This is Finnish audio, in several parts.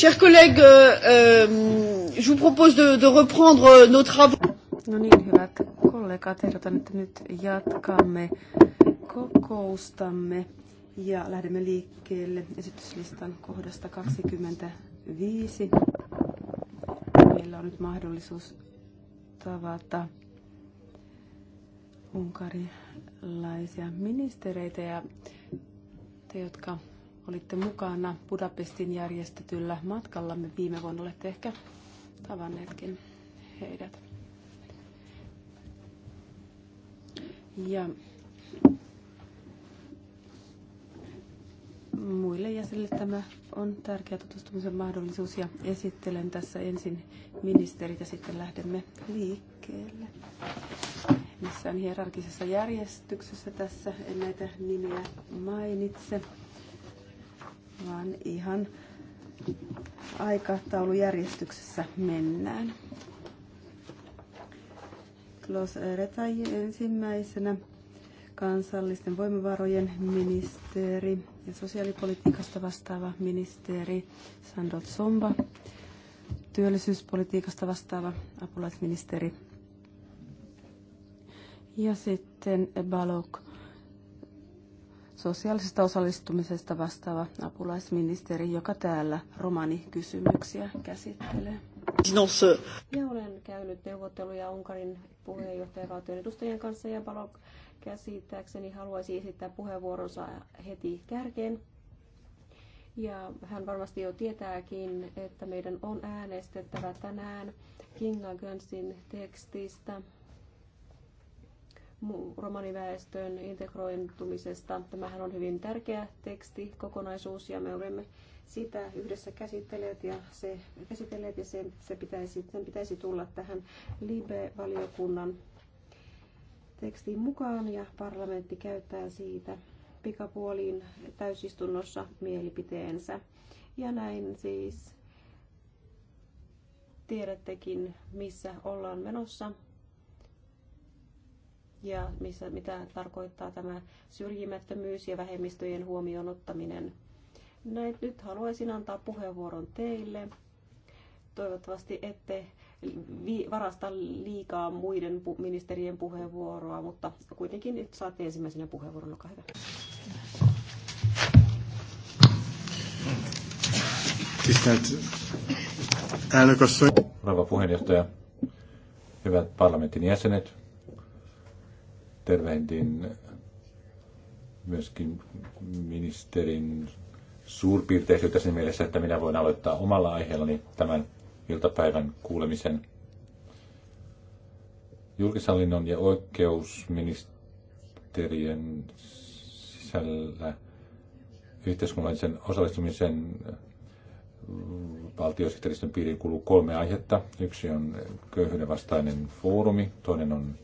Chers collègues, euh, euh, je vous propose de, de reprendre euh, nos travaux. No niin, hyvät kollegat, ehdotan, että nyt jatkamme kokoustamme ja lähdemme liikkeelle esityslistan kohdasta 25. Meillä on nyt mahdollisuus tavata unkarilaisia ministereitä ja te, jotka Olitte mukana Budapestin järjestetyllä matkallamme viime vuonna. Olette ehkä tavanneetkin heidät. Ja muille jäsenille tämä on tärkeä tutustumisen mahdollisuus ja esittelen tässä ensin ministerit ja sitten lähdemme liikkeelle. Missään hierarkisessa järjestyksessä tässä en näitä nimiä mainitse vaan ihan aikataulujärjestyksessä mennään. Los Retaille ensimmäisenä kansallisten voimavarojen ministeri ja sosiaalipolitiikasta vastaava ministeri Sandot Somba, työllisyyspolitiikasta vastaava apulaisministeri ja sitten Balok sosiaalisesta osallistumisesta vastaava apulaisministeri, joka täällä romanikysymyksiä käsittelee. Ja olen käynyt neuvotteluja Unkarin puheenjohtajavaltion edustajien kanssa ja Balok käsittääkseni haluaisi esittää puheenvuoronsa heti kärkeen. Ja hän varmasti jo tietääkin, että meidän on äänestettävä tänään Kinga Gönsin tekstistä romaniväestön integrointumisesta. Tämähän on hyvin tärkeä teksti, kokonaisuus ja me olemme sitä yhdessä käsitelleet ja se, käsitelleet ja se, se pitäisi, sen pitäisi tulla tähän LIBE-valiokunnan tekstiin mukaan ja parlamentti käyttää siitä pikapuoliin täysistunnossa mielipiteensä. Ja näin siis tiedättekin, missä ollaan menossa ja missä, mitä tarkoittaa tämä syrjimättömyys ja vähemmistöjen huomioon ottaminen. Näin, nyt haluaisin antaa puheenvuoron teille. Toivottavasti ette varasta liikaa muiden ministerien puheenvuoroa, mutta kuitenkin nyt saatte ensimmäisenä puheenvuoron, olkaa hyvä. Tisztelt puheenjohtaja, hyvät parlamentin jäsenet, tervehdin myöskin ministerin suurpiirteisyyttä siinä mielessä, että minä voin aloittaa omalla aiheellani tämän iltapäivän kuulemisen. Julkishallinnon ja oikeusministeriön sisällä yhteiskunnallisen osallistumisen valtiosihteeristön piiriin kuuluu kolme aihetta. Yksi on köyhyyden vastainen foorumi, toinen on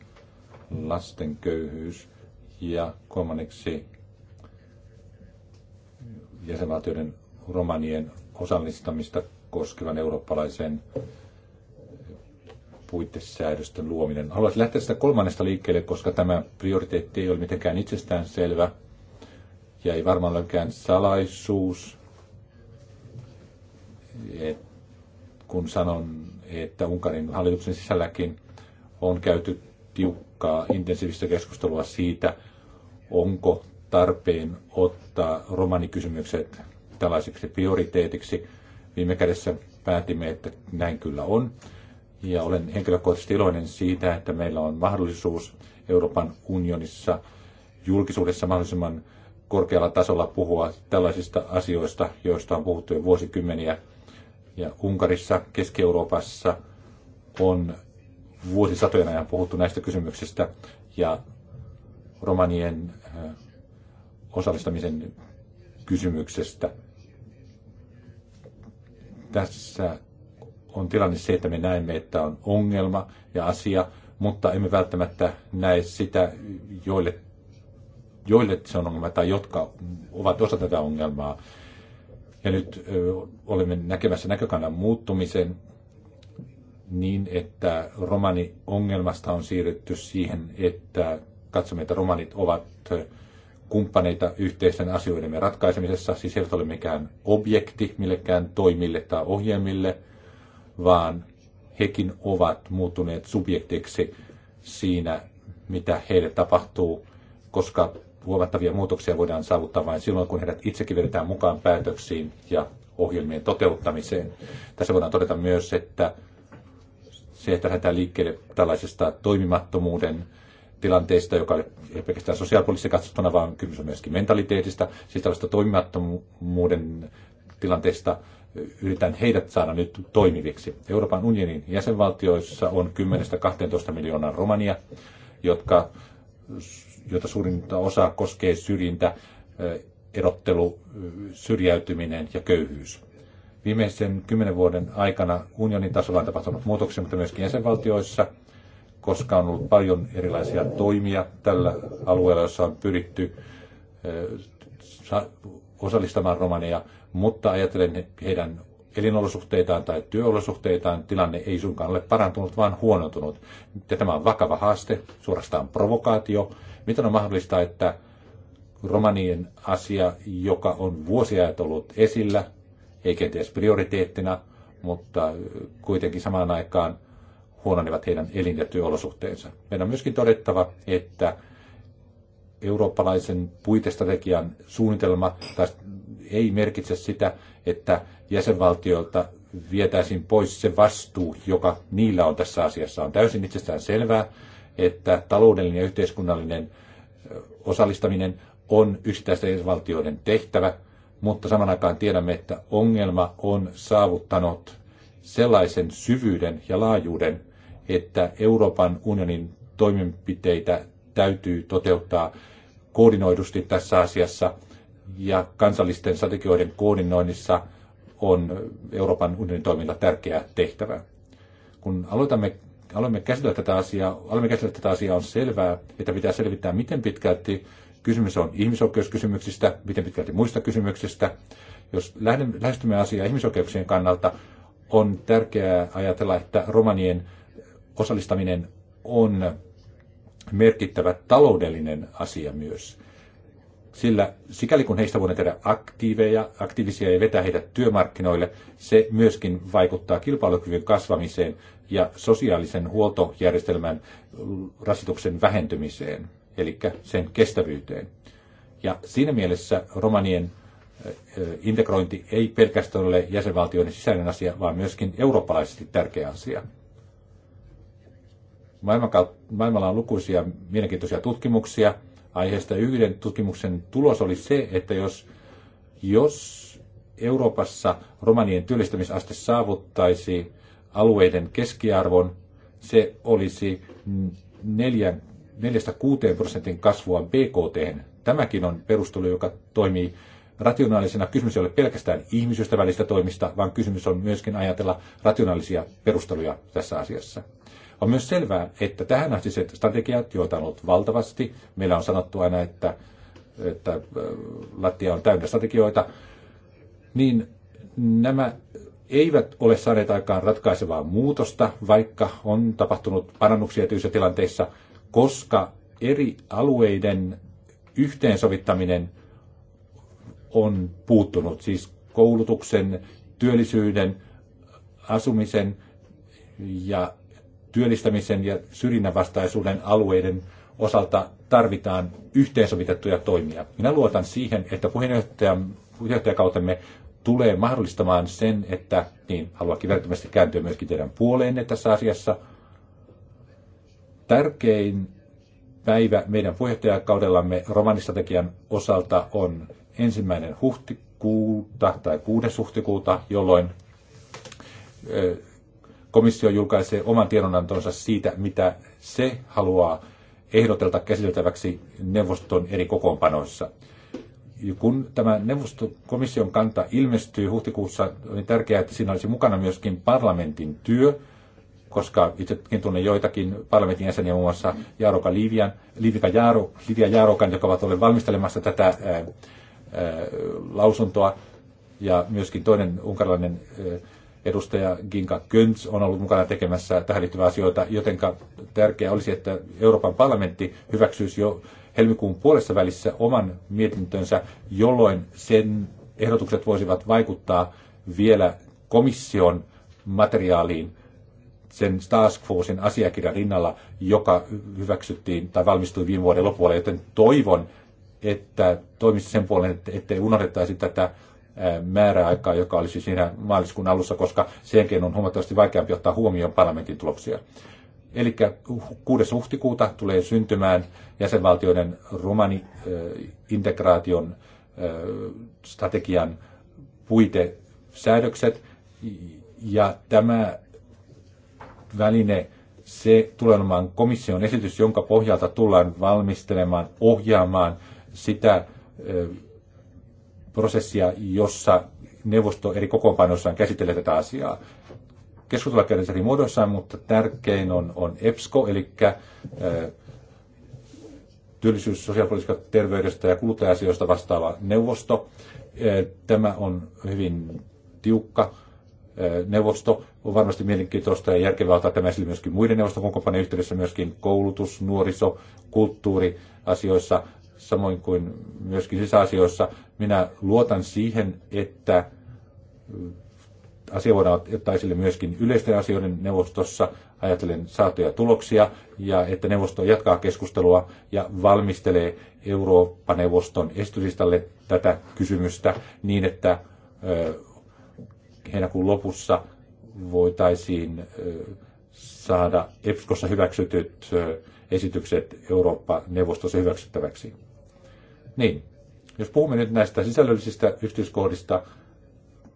lasten köyhyys ja kolmanneksi jäsenvaltioiden romanien osallistamista koskevan eurooppalaisen puitesäädösten luominen. Haluaisin lähteä sitä kolmannesta liikkeelle, koska tämä prioriteetti ei ole mitenkään itsestäänselvä ja ei varmaan ole salaisuus, Et kun sanon, että Unkarin hallituksen sisälläkin on käyty tiukkaa jatkaa intensiivistä keskustelua siitä, onko tarpeen ottaa romanikysymykset tällaiseksi prioriteetiksi. Viime kädessä päätimme, että näin kyllä on. Ja olen henkilökohtaisesti iloinen siitä, että meillä on mahdollisuus Euroopan unionissa julkisuudessa mahdollisimman korkealla tasolla puhua tällaisista asioista, joista on puhuttu jo vuosikymmeniä. Ja Unkarissa, Keski-Euroopassa on vuosisatojen ajan puhuttu näistä kysymyksistä ja romanien äh, osallistamisen kysymyksestä. Tässä on tilanne se, että me näemme, että on ongelma ja asia, mutta emme välttämättä näe sitä, joille, joille se on ongelma tai jotka ovat osa tätä ongelmaa. Ja nyt ö, olemme näkemässä näkökannan muuttumisen niin, että romaniongelmasta on siirrytty siihen, että katsomme, että romanit ovat kumppaneita yhteisten asioidemme ratkaisemisessa. Siis eivät ole mikään objekti millekään toimille tai ohjelmille, vaan hekin ovat muuttuneet subjektiksi siinä, mitä heille tapahtuu, koska huomattavia muutoksia voidaan saavuttaa vain silloin, kun heidät itsekin vedetään mukaan päätöksiin ja ohjelmien toteuttamiseen. Tässä voidaan todeta myös, että se, että lähdetään liikkeelle tällaisesta toimimattomuuden tilanteesta, joka ei ole pelkästään sosiaalipoliittisesti katsottuna, vaan kysymys on myöskin mentaliteetista, siis tällaista toimimattomuuden tilanteesta yritän heidät saada nyt toimiviksi. Euroopan unionin jäsenvaltioissa on 10-12 miljoonaa romania, jotka, joita suurin osa koskee syrjintä, eh, erottelu, eh, syrjäytyminen ja köyhyys. Viimeisen kymmenen vuoden aikana unionin tasolla on tapahtunut muutoksia, mutta myöskin jäsenvaltioissa, koska on ollut paljon erilaisia toimia tällä alueella, jossa on pyritty osallistamaan romaneja, mutta ajatellen heidän elinolosuhteitaan tai työolosuhteitaan tilanne ei suinkaan ole parantunut, vaan huonontunut. Ja tämä on vakava haaste, suorastaan provokaatio. Miten on mahdollista, että romanien asia, joka on vuosia ollut esillä, ei kenties prioriteettina, mutta kuitenkin samaan aikaan huononevat heidän elin- ja työolosuhteensa. Meidän on myöskin todettava, että eurooppalaisen puitestrategian suunnitelma ei merkitse sitä, että jäsenvaltioilta vietäisiin pois se vastuu, joka niillä on tässä asiassa. On täysin itsestään selvää, että taloudellinen ja yhteiskunnallinen osallistaminen on yksittäisten jäsenvaltioiden tehtävä, mutta saman aikaan tiedämme, että ongelma on saavuttanut sellaisen syvyyden ja laajuuden, että Euroopan unionin toimenpiteitä täytyy toteuttaa koordinoidusti tässä asiassa ja kansallisten strategioiden koordinoinnissa on Euroopan unionin toimilla tärkeä tehtävä. Kun aloitamme aloimme käsitellä tätä asiaa, aloimme käsitellä tätä asiaa, on selvää, että pitää selvittää, miten pitkälti Kysymys on ihmisoikeuskysymyksistä, miten pitkälti muista kysymyksistä. Jos lähestymme asiaa ihmisoikeuksien kannalta, on tärkeää ajatella, että romanien osallistaminen on merkittävä taloudellinen asia myös. Sillä sikäli kun heistä voidaan tehdä aktiiveja, aktiivisia ja vetää heidät työmarkkinoille, se myöskin vaikuttaa kilpailukyvyn kasvamiseen ja sosiaalisen huoltojärjestelmän rasituksen vähentymiseen eli sen kestävyyteen. Ja siinä mielessä romanien integrointi ei pelkästään ole jäsenvaltioiden sisäinen asia, vaan myöskin eurooppalaisesti tärkeä asia. Maailmalla on lukuisia mielenkiintoisia tutkimuksia aiheesta. Yhden tutkimuksen tulos oli se, että jos, jos Euroopassa romanien työllistämisaste saavuttaisi alueiden keskiarvon, se olisi neljän 4-6 prosentin kasvua BKT. Tämäkin on perustelu, joka toimii rationaalisena. Kysymys ei ole pelkästään ihmisystä välistä toimista, vaan kysymys on myöskin ajatella rationaalisia perusteluja tässä asiassa. On myös selvää, että tähän asti se strategiat, joita on ollut valtavasti, meillä on sanottu aina, että, että lattia on täynnä strategioita, niin nämä eivät ole saaneet aikaan ratkaisevaa muutosta, vaikka on tapahtunut parannuksia tietyissä tilanteissa – koska eri alueiden yhteensovittaminen on puuttunut, siis koulutuksen, työllisyyden, asumisen ja työllistämisen ja syrjinnänvastaisuuden alueiden osalta tarvitaan yhteensovitettuja toimia. Minä luotan siihen, että puheenjohtajakautemme tulee mahdollistamaan sen, että, niin haluan välttämättä kääntyä myöskin teidän puoleenne tässä asiassa, Tärkein päivä meidän puheenjohtajakaudellamme romanistrategian osalta on ensimmäinen huhtikuuta tai 6. huhtikuuta, jolloin komissio julkaisee oman tiedonantonsa siitä, mitä se haluaa ehdotelta käsiteltäväksi neuvoston eri kokoonpanoissa. Kun tämä neuvostokomission komission kanta ilmestyy huhtikuussa, oli tärkeää, että siinä olisi mukana myöskin parlamentin työ, koska itsekin tunnen joitakin parlamentin jäseniä, muun muassa Jaaroka Livian, Livika Jaaro, Livia Jaarokan, jotka ovat olleet valmistelemassa tätä ää, ää, lausuntoa. Ja myöskin toinen unkarilainen ää, edustaja Ginka Könz on ollut mukana tekemässä tähän liittyviä asioita, jotenka tärkeää olisi, että Euroopan parlamentti hyväksyisi jo helmikuun puolessa välissä oman mietintönsä, jolloin sen ehdotukset voisivat vaikuttaa vielä komission materiaaliin sen Task Forcein asiakirjan rinnalla, joka hyväksyttiin tai valmistui viime vuoden lopulla, joten toivon, että toimisi sen puolen, että, ettei unohdettaisi tätä määräaikaa, joka olisi siinä maaliskuun alussa, koska senkin on huomattavasti vaikeampi ottaa huomioon parlamentin tuloksia. Eli 6. huhtikuuta tulee syntymään jäsenvaltioiden romani-integraation strategian puitesäädökset, ja tämä väline, se tulee olemaan komission esitys, jonka pohjalta tullaan valmistelemaan, ohjaamaan sitä prosessia, jossa neuvosto eri kokoonpanoissaan käsittelee tätä asiaa. Keskustelua käydään eri muodoissaan, mutta tärkein on, on EPSCO, eli työllisyys, sosiaalipolitiikka, terveydestä ja kuluttaja-asioista vastaava neuvosto. Tämä on hyvin tiukka neuvosto on varmasti mielenkiintoista ja järkevää ottaa tämä esille myöskin muiden neuvoston kokoonpanojen yhteydessä myöskin koulutus, nuoriso, kulttuuri asioissa, samoin kuin myöskin sisäasioissa. Minä luotan siihen, että asia voidaan ottaa esille myöskin yleisten asioiden neuvostossa, ajatellen saatuja tuloksia, ja että neuvosto jatkaa keskustelua ja valmistelee Eurooppa-neuvoston estysistalle tätä kysymystä niin, että heinäkuun lopussa voitaisiin saada EPSKossa hyväksytyt esitykset Eurooppa-neuvostossa hyväksyttäväksi. Niin, jos puhumme nyt näistä sisällöllisistä yksityiskohdista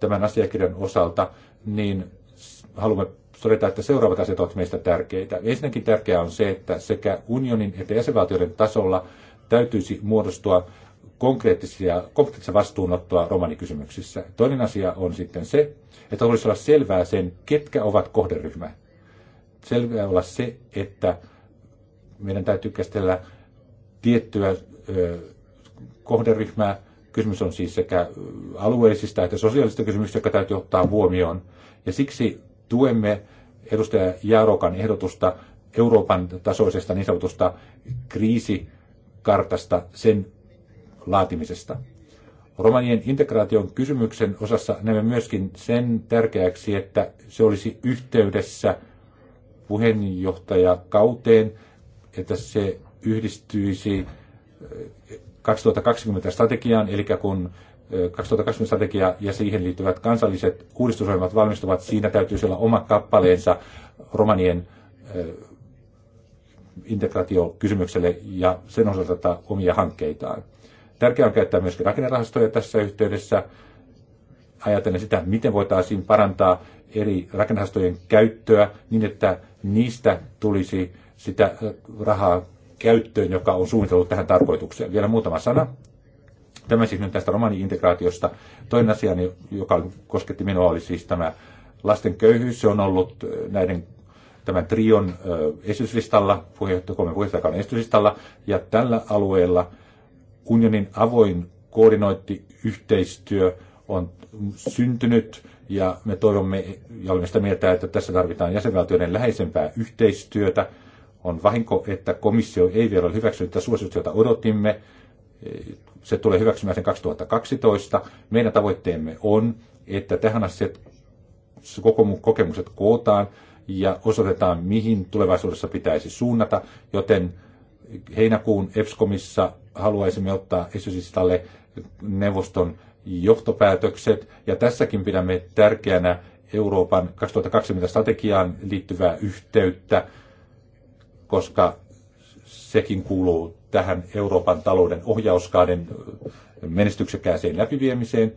tämän asiakirjan osalta, niin haluamme todeta, että seuraavat asiat ovat meistä tärkeitä. Ensinnäkin tärkeää on se, että sekä unionin että jäsenvaltioiden tasolla täytyisi muodostua konkreettisia, konkreettisia vastuunottoa romanikysymyksissä. Toinen asia on sitten se, että olisi olla selvää sen, ketkä ovat kohderyhmä. Selvää olla se, että meidän täytyy käsitellä tiettyä ö, kohderyhmää. Kysymys on siis sekä alueellisista että sosiaalisista kysymyksistä, jotka täytyy ottaa huomioon. Ja siksi tuemme edustaja Jaarokan ehdotusta Euroopan tasoisesta niin sanotusta kriisikartasta sen laatimisesta. Romanien integraation kysymyksen osassa näemme myöskin sen tärkeäksi, että se olisi yhteydessä puheenjohtajakauteen, että se yhdistyisi 2020 eh, strategiaan, eli kun 2020 eh, strategia ja siihen liittyvät kansalliset uudistusohjelmat valmistuvat, siinä täytyy olla oma kappaleensa romanien eh, integraatiokysymykselle ja sen osalta omia hankkeitaan. Tärkeää on käyttää myöskin rakennerahastoja tässä yhteydessä. Ajatellen sitä, miten voitaisiin parantaa eri rakennerahastojen käyttöä niin, että niistä tulisi sitä rahaa käyttöön, joka on suunniteltu tähän tarkoitukseen. Vielä muutama sana. Tämä siis nyt tästä romani-integraatiosta. Toinen asia, niin, joka kosketti minua, oli siis tämä lasten köyhyys. Se on ollut näiden tämän trion esityslistalla, puheenjohtajakomen puheenjohtajakauden esityslistalla, ja tällä alueella – unionin avoin koordinoitti yhteistyö on syntynyt ja me toivomme ja olemme sitä mieltä, että tässä tarvitaan jäsenvaltioiden läheisempää yhteistyötä. On vahinko, että komissio ei vielä ole hyväksynyt tätä suositusta, jota odotimme. Se tulee hyväksymään sen 2012. Meidän tavoitteemme on, että tähän asiat kokemukset kootaan ja osoitetaan, mihin tulevaisuudessa pitäisi suunnata, joten heinäkuun EPSCOMissa haluaisimme ottaa Esysistalle neuvoston johtopäätökset, ja tässäkin pidämme tärkeänä Euroopan 2020 strategiaan liittyvää yhteyttä, koska sekin kuuluu tähän Euroopan talouden ohjauskauden menestyksekkääseen läpiviemiseen.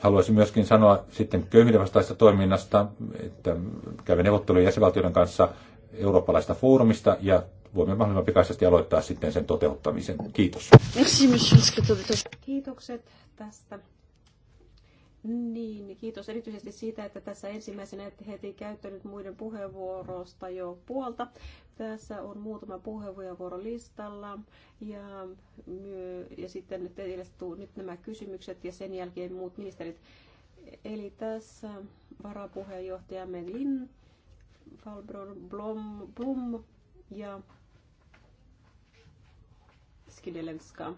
Haluaisin myöskin sanoa sitten köyhyyden vastaista toiminnasta, että kävi neuvotteluja jäsenvaltioiden kanssa eurooppalaista foorumista ja voimme mahdollisimman pikaisesti aloittaa sitten sen toteuttamisen. Kiitos. Kiitokset tästä. Niin, kiitos erityisesti siitä, että tässä ensimmäisenä ette heti käyttänyt muiden puheenvuorosta jo puolta. Tässä on muutama puheenvuoro listalla ja, ja sitten teille nyt nämä kysymykset ja sen jälkeen muut ministerit. Eli tässä varapuheenjohtajamme Lin Falbror Blom, Blom ja Skidelevska.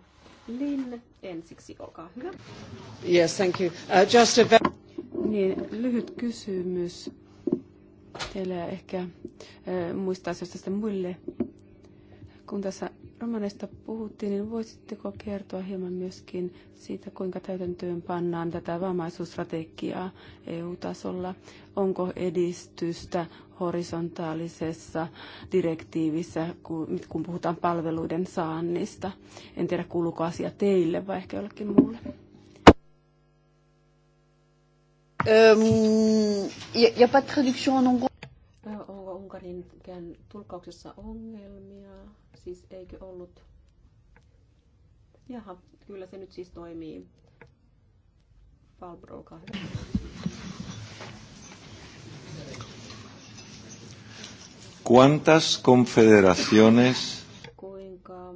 Lin ensiksi, olkaa hyvä. Yes, thank you. Uh, just a Niin, lyhyt kysymys teille ehkä äh, muista asioista sitten muille. Kun tässä romaneista puhuttiin, niin voisitteko kertoa hieman myöskin siitä, kuinka täytäntöön pannaan tätä vammaisuusstrategiaa EU-tasolla? Onko edistystä? horisontaalisessa direktiivissä, kun puhutaan palveluiden saannista. En tiedä, kuuluuko asia teille vai ehkä jollekin muulle. Il n'y Onko Unkarin tulkauksessa ongelmia? Siis eikö ollut? Jaha, kyllä se nyt siis toimii. Palbro, ¿Cuántas confederaciones? Kuinka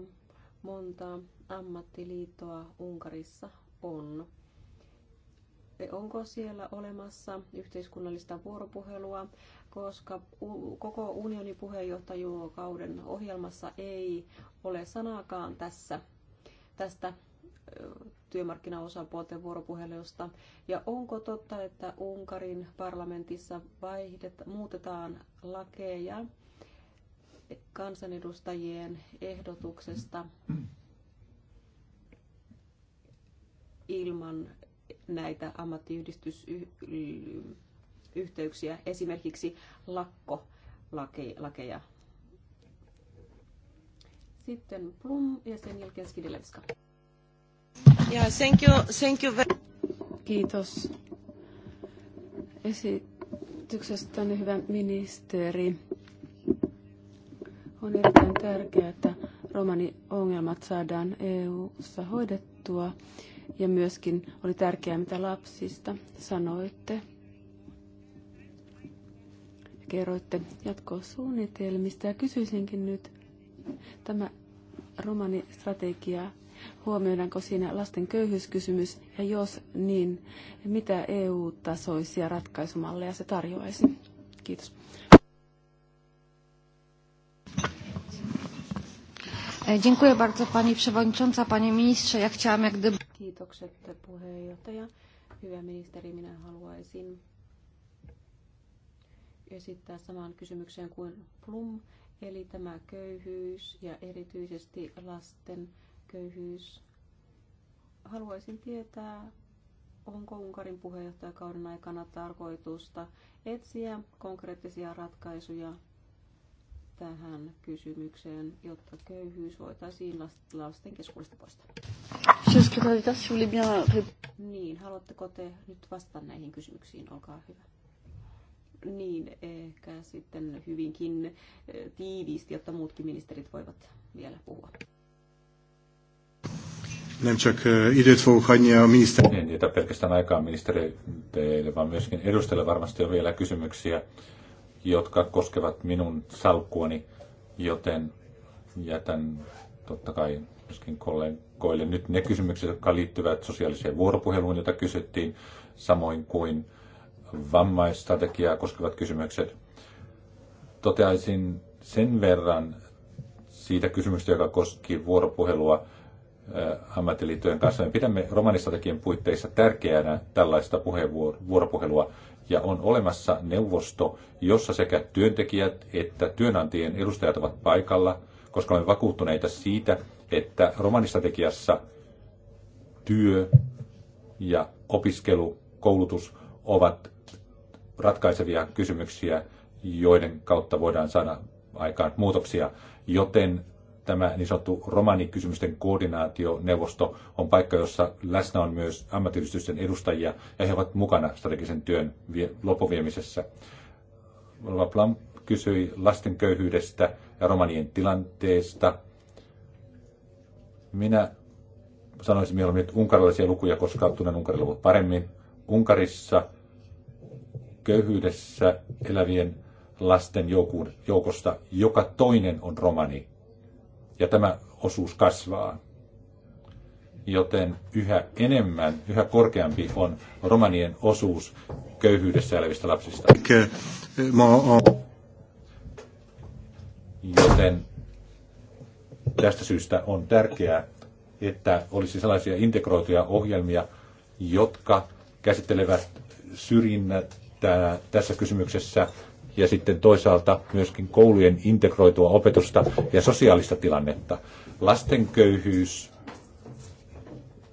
monta ammattiliittoa Unkarissa on? E, onko siellä olemassa yhteiskunnallista vuoropuhelua, koska koko unionin puheenjohtajuokauden ohjelmassa ei ole sanaakaan tässä, tästä työmarkkinaosapuolten vuoropuhelusta. Ja onko totta, että Unkarin parlamentissa vaihdet, muutetaan lakeja kansanedustajien ehdotuksesta ilman näitä ammattiyhdistysyhteyksiä, esimerkiksi lakkolakeja. Sitten Plum ja sen jälkeen Skidelevska. Yeah, thank you, thank you. Kiitos esityksestäni, hyvä ministeri. On erittäin tärkeää, että romaniongelmat saadaan EU-ssa hoidettua ja myöskin oli tärkeää, mitä lapsista sanoitte. Kerroitte jatkosuunnitelmista ja kysyisinkin nyt, tämä romanistrategia Huomioidaanko siinä lasten köyhyyskysymys ja jos niin, mitä EU-tasoisia ratkaisumalleja se tarjoaisi? Kiitos. E, dziękuję bardzo Pani Przewodnicząca, Panie Ministrze. Ja chciałam jak gdyby... Kiitokset puheenjohtaja. Hyvä ministeri, minä haluaisin esittää saman kysymykseen kuin Plum, eli tämä köyhyys ja erityisesti lasten köyhyys. Haluaisin tietää, onko Unkarin puheenjohtajakauden aikana tarkoitusta etsiä konkreettisia ratkaisuja tähän kysymykseen, jotta köyhyys voitaisiin lasten keskuudesta poistaa. Niin, haluatteko te nyt vastata näihin kysymyksiin? Olkaa hyvä. Niin, ehkä sitten hyvinkin eh, tiiviisti, jotta muutkin ministerit voivat vielä puhua nem csak időt fogok hagyni a ministeri. En niin, jätä pelkästään aikaa ministereille, vaan myöskin edustajille varmasti on vielä kysymyksiä, jotka koskevat minun salkkuani, joten jätän totta kai myöskin kollegoille nyt ne kysymykset, jotka liittyvät sosiaaliseen vuoropuheluun, jota kysyttiin, samoin kuin vammaistrategiaa koskevat kysymykset. Toteaisin sen verran siitä kysymyksestä, joka koski vuoropuhelua ammattiliittojen kanssa. Me pidämme romanistrategian puitteissa tärkeänä tällaista vuoropuhelua ja on olemassa neuvosto, jossa sekä työntekijät että työnantajien edustajat ovat paikalla, koska olemme vakuuttuneita siitä, että romanistrategiassa työ ja opiskelu, koulutus ovat ratkaisevia kysymyksiä, joiden kautta voidaan saada aikaan muutoksia, joten tämä niin sanottu romanikysymysten koordinaationeuvosto on paikka, jossa läsnä on myös ammattiyhdistysten edustajia ja he ovat mukana strategisen työn lopoviemisessä. Olva Plam kysyi lasten köyhyydestä ja romanien tilanteesta. Minä sanoisin mieluummin että unkarilaisia lukuja, koska tunnen Unkarin luvut paremmin. Unkarissa köyhyydessä elävien lasten joukosta joka toinen on romani ja tämä osuus kasvaa. Joten yhä enemmän, yhä korkeampi on romanien osuus köyhyydessä elävistä lapsista. Joten tästä syystä on tärkeää, että olisi sellaisia integroituja ohjelmia, jotka käsittelevät syrjinnät tässä kysymyksessä ja sitten toisaalta myöskin koulujen integroitua opetusta ja sosiaalista tilannetta. Lasten köyhyys,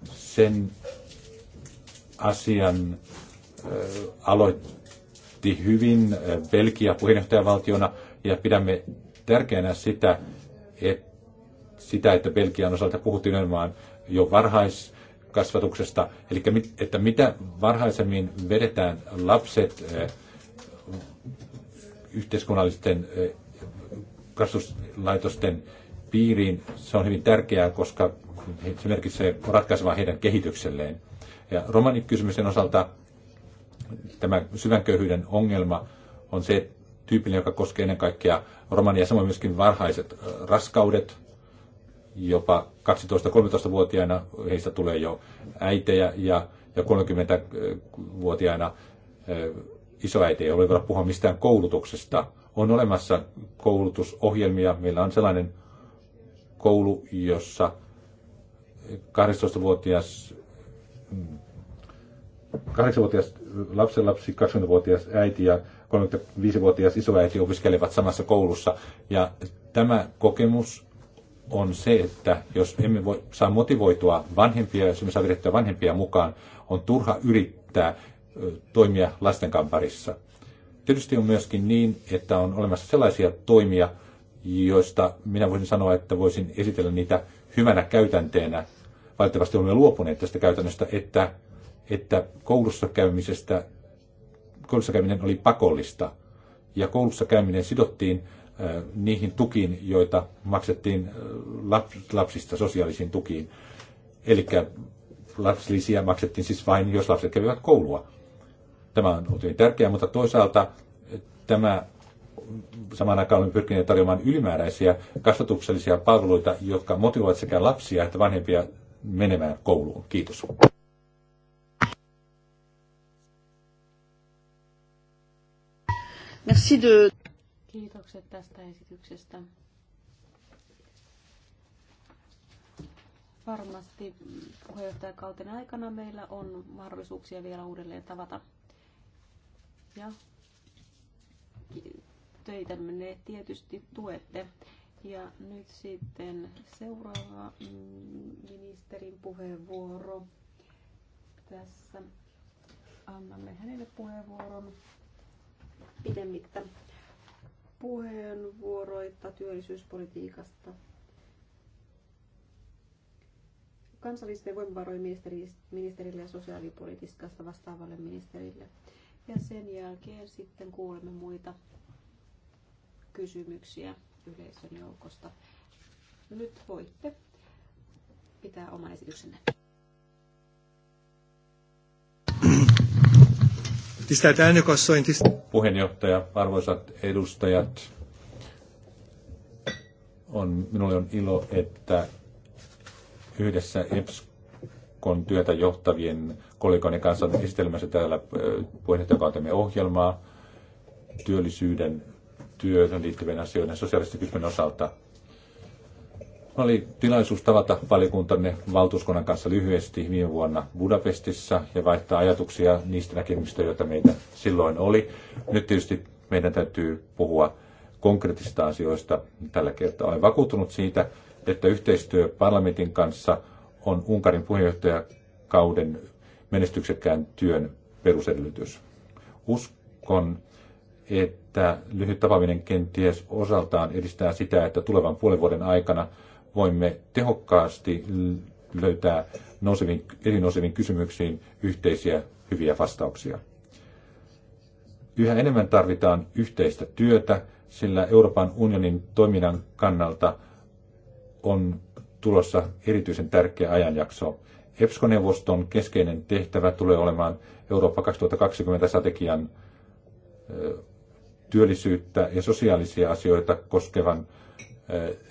sen asian aloitti hyvin Belgia puheenjohtajavaltiona ja pidämme tärkeänä sitä, että, sitä, että Belgian osalta puhuttiin enemmän jo varhaiskasvatuksesta, eli että mitä varhaisemmin vedetään lapset yhteiskunnallisten kasvuslaitosten piiriin. Se on hyvin tärkeää, koska se merkitsee ratkaisevaa heidän kehitykselleen. Ja romanikysymyksen osalta tämä syvän köyhyyden ongelma on se tyypillinen, joka koskee ennen kaikkea romania, samoin myöskin varhaiset raskaudet. Jopa 12-13-vuotiaina heistä tulee jo äitejä ja, ja 30-vuotiaina isoäiti ei ole vielä puhua mistään koulutuksesta. On olemassa koulutusohjelmia. Meillä on sellainen koulu, jossa 12-vuotias 8-vuotias lapsenlapsi, 20-vuotias äiti ja 35-vuotias isoäiti opiskelevat samassa koulussa. Ja tämä kokemus on se, että jos emme voi, saa motivoitua vanhempia, jos emme saa vedettyä vanhempia mukaan, on turha yrittää toimia lastenkaan parissa. Tietysti on myöskin niin, että on olemassa sellaisia toimia, joista minä voisin sanoa, että voisin esitellä niitä hyvänä käytänteenä. Valitettavasti olemme luopuneet tästä käytännöstä, että, että koulussa, käymisestä, koulussa käyminen oli pakollista. Ja koulussa käyminen sidottiin niihin tukiin, joita maksettiin lapsista sosiaalisiin tukiin. Eli lapsilisiä maksettiin siis vain, jos lapset kävivät koulua. Tämä on ollut hyvin tärkeää, mutta toisaalta tämä samaan aikaan olemme pyrkineet tarjoamaan ylimääräisiä kasvatuksellisia palveluita, jotka motivoivat sekä lapsia että vanhempia menemään kouluun. Kiitos. Merci de... Kiitokset tästä esityksestä. Varmasti puheenjohtajakauten aikana meillä on mahdollisuuksia vielä uudelleen tavata ja töitä menee tietysti tuette. Ja nyt sitten seuraava ministerin puheenvuoro. Tässä annamme hänelle puheenvuoron pidemmittä puheenvuoroita työllisyyspolitiikasta. Kansallisten voimavarojen ministerille ja sosiaalipolitiikasta vastaavalle ministerille. Ja sen jälkeen sitten kuulemme muita kysymyksiä yleisön joukosta. No nyt voitte pitää oman esityksenne. Puheenjohtaja, arvoisat edustajat, on, minulle on ilo, että yhdessä EPSKon työtä johtavien kollegani kanssa esitelmässä täällä puheenjohtajakautemme ohjelmaa työllisyyden, työhön liittyvien asioiden, sosiaalisten kysymyksen osalta. Oli tilaisuus tavata valiokuntanne valtuuskunnan kanssa lyhyesti viime vuonna Budapestissa ja vaihtaa ajatuksia niistä näkemyksistä, joita meitä silloin oli. Nyt tietysti meidän täytyy puhua konkreettisista asioista tällä kertaa. Olen vakuuttunut siitä, että yhteistyö parlamentin kanssa on Unkarin puheenjohtajakauden menestyksekkään työn perusedellytys. Uskon, että lyhyt tapaaminen kenties osaltaan edistää sitä, että tulevan puolen vuoden aikana voimme tehokkaasti löytää nouseviin, eri nouseviin kysymyksiin yhteisiä hyviä vastauksia. Yhä enemmän tarvitaan yhteistä työtä, sillä Euroopan unionin toiminnan kannalta on tulossa erityisen tärkeä ajanjakso – EPSCO-neuvoston keskeinen tehtävä tulee olemaan Eurooppa 2020-strategian työllisyyttä ja sosiaalisia asioita koskevan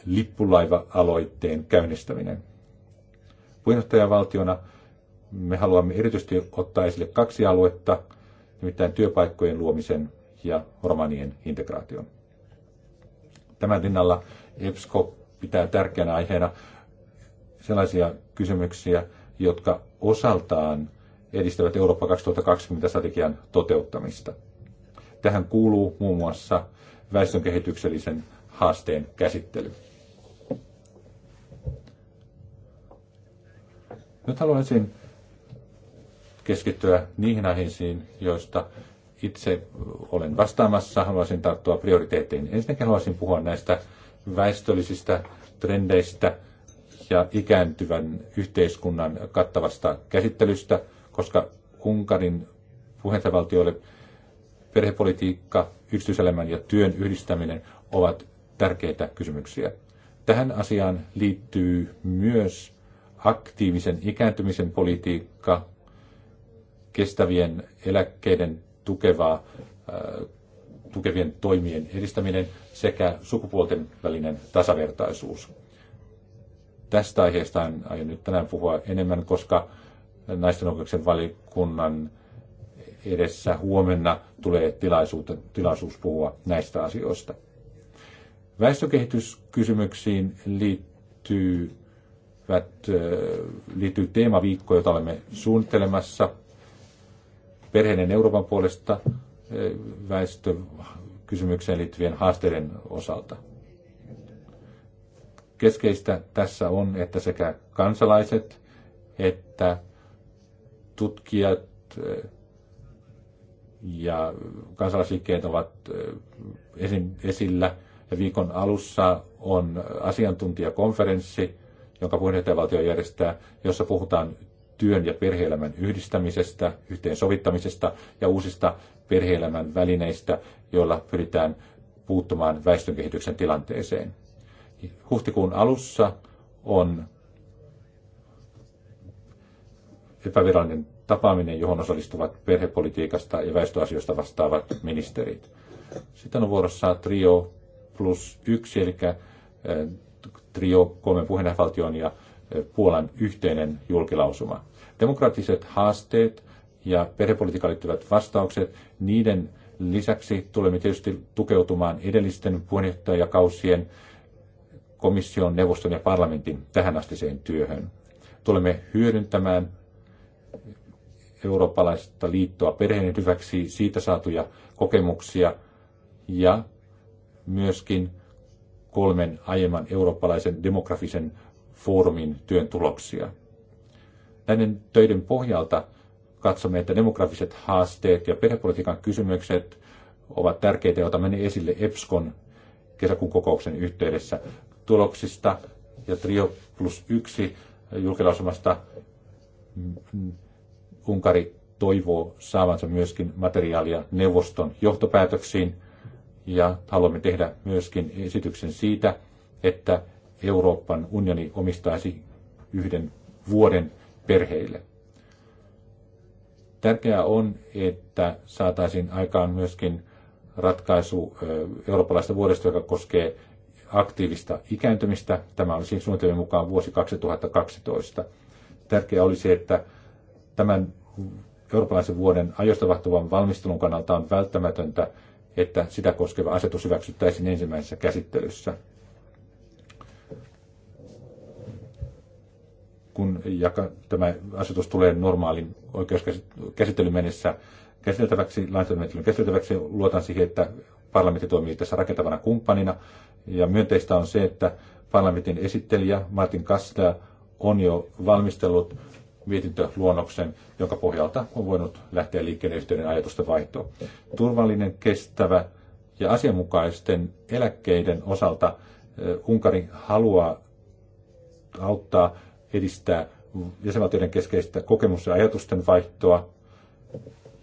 lippulaiva-aloitteen käynnistäminen. Puheenjohtajavaltiona me haluamme erityisesti ottaa esille kaksi aluetta, nimittäin työpaikkojen luomisen ja romanien integraation. Tämän rinnalla EPSCO pitää tärkeänä aiheena sellaisia kysymyksiä, jotka osaltaan edistävät Eurooppa 2020-strategian toteuttamista. Tähän kuuluu muun muassa väestönkehityksellisen haasteen käsittely. Nyt haluaisin keskittyä niihin aiheisiin, joista itse olen vastaamassa. Haluaisin tarttua prioriteetteihin. Ensinnäkin haluaisin puhua näistä väestöllisistä trendeistä – ja ikääntyvän yhteiskunnan kattavasta käsittelystä, koska Unkarin puheenjohtajavaltioille perhepolitiikka, yksityiselämän ja työn yhdistäminen ovat tärkeitä kysymyksiä. Tähän asiaan liittyy myös aktiivisen ikääntymisen politiikka, kestävien eläkkeiden tukevaa, äh, tukevien toimien edistäminen sekä sukupuolten välinen tasavertaisuus. Tästä aiheesta aion nyt tänään puhua enemmän, koska naisten oikeuksien valikunnan edessä huomenna tulee tilaisuus puhua näistä asioista. Väestökehityskysymyksiin liittyy liittyy teemaviikko, jota olemme suunnittelemassa perheiden Euroopan puolesta väestökysymykseen liittyvien haasteiden osalta. Keskeistä tässä on, että sekä kansalaiset että tutkijat eh, ja kansalaisliikkeet ovat eh, esillä. Ja viikon alussa on asiantuntijakonferenssi, jonka puheenjohtajavaltio järjestää, jossa puhutaan työn ja perheelämän yhdistämisestä, yhteensovittamisesta ja uusista perheelämän välineistä, joilla pyritään puuttumaan väestönkehityksen tilanteeseen. Huhtikuun alussa on epävirallinen tapaaminen, johon osallistuvat perhepolitiikasta ja väestöasioista vastaavat ministerit. Sitten on vuorossa trio plus yksi, eli eh, trio kolmen puheenjohtajan ja eh, Puolan yhteinen julkilausuma. Demokraattiset haasteet ja perhepolitiikkaan liittyvät vastaukset, niiden lisäksi tulemme tietysti tukeutumaan edellisten puheenjohtajakausien komission, neuvoston ja parlamentin tähänastiseen työhön. Tulemme hyödyntämään eurooppalaista liittoa perheen hyväksi siitä saatuja kokemuksia ja myöskin kolmen aiemman eurooppalaisen demografisen foorumin työn tuloksia. Näiden töiden pohjalta katsomme, että demografiset haasteet ja perhepolitiikan kysymykset ovat tärkeitä, joita menee esille EPSCON kesäkuun kokouksen yhteydessä tuloksista ja Trio plus yksi julkilausumasta Unkari toivoo saavansa myöskin materiaalia neuvoston johtopäätöksiin ja haluamme tehdä myöskin esityksen siitä, että Euroopan unioni omistaisi yhden vuoden perheille. Tärkeää on, että saataisiin aikaan myöskin ratkaisu eurooppalaista vuodesta, joka koskee aktiivista ikääntymistä. Tämä olisi siis suunnitelmien mukaan vuosi 2012. Tärkeää olisi, että tämän eurooppalaisen vuoden ajoista tapahtuvan valmistelun kannalta on välttämätöntä, että sitä koskeva asetus hyväksyttäisiin ensimmäisessä käsittelyssä. Kun tämä asetus tulee normaalin oikeuskäsittelyn mennessä käsiteltäväksi, lainsäädäntömenettelyn käsiteltäväksi, luotan siihen, että parlamentti toimii tässä rakentavana kumppanina ja myönteistä on se, että parlamentin esittelijä Martin Kastler on jo valmistellut mietintöluonnoksen, jonka pohjalta on voinut lähteä liikkeelle yhteyden ajatusten vaihtoon. Turvallinen, kestävä ja asianmukaisten eläkkeiden osalta eh, Unkari haluaa auttaa edistää jäsenvaltioiden keskeistä kokemus- ja ajatusten vaihtoa,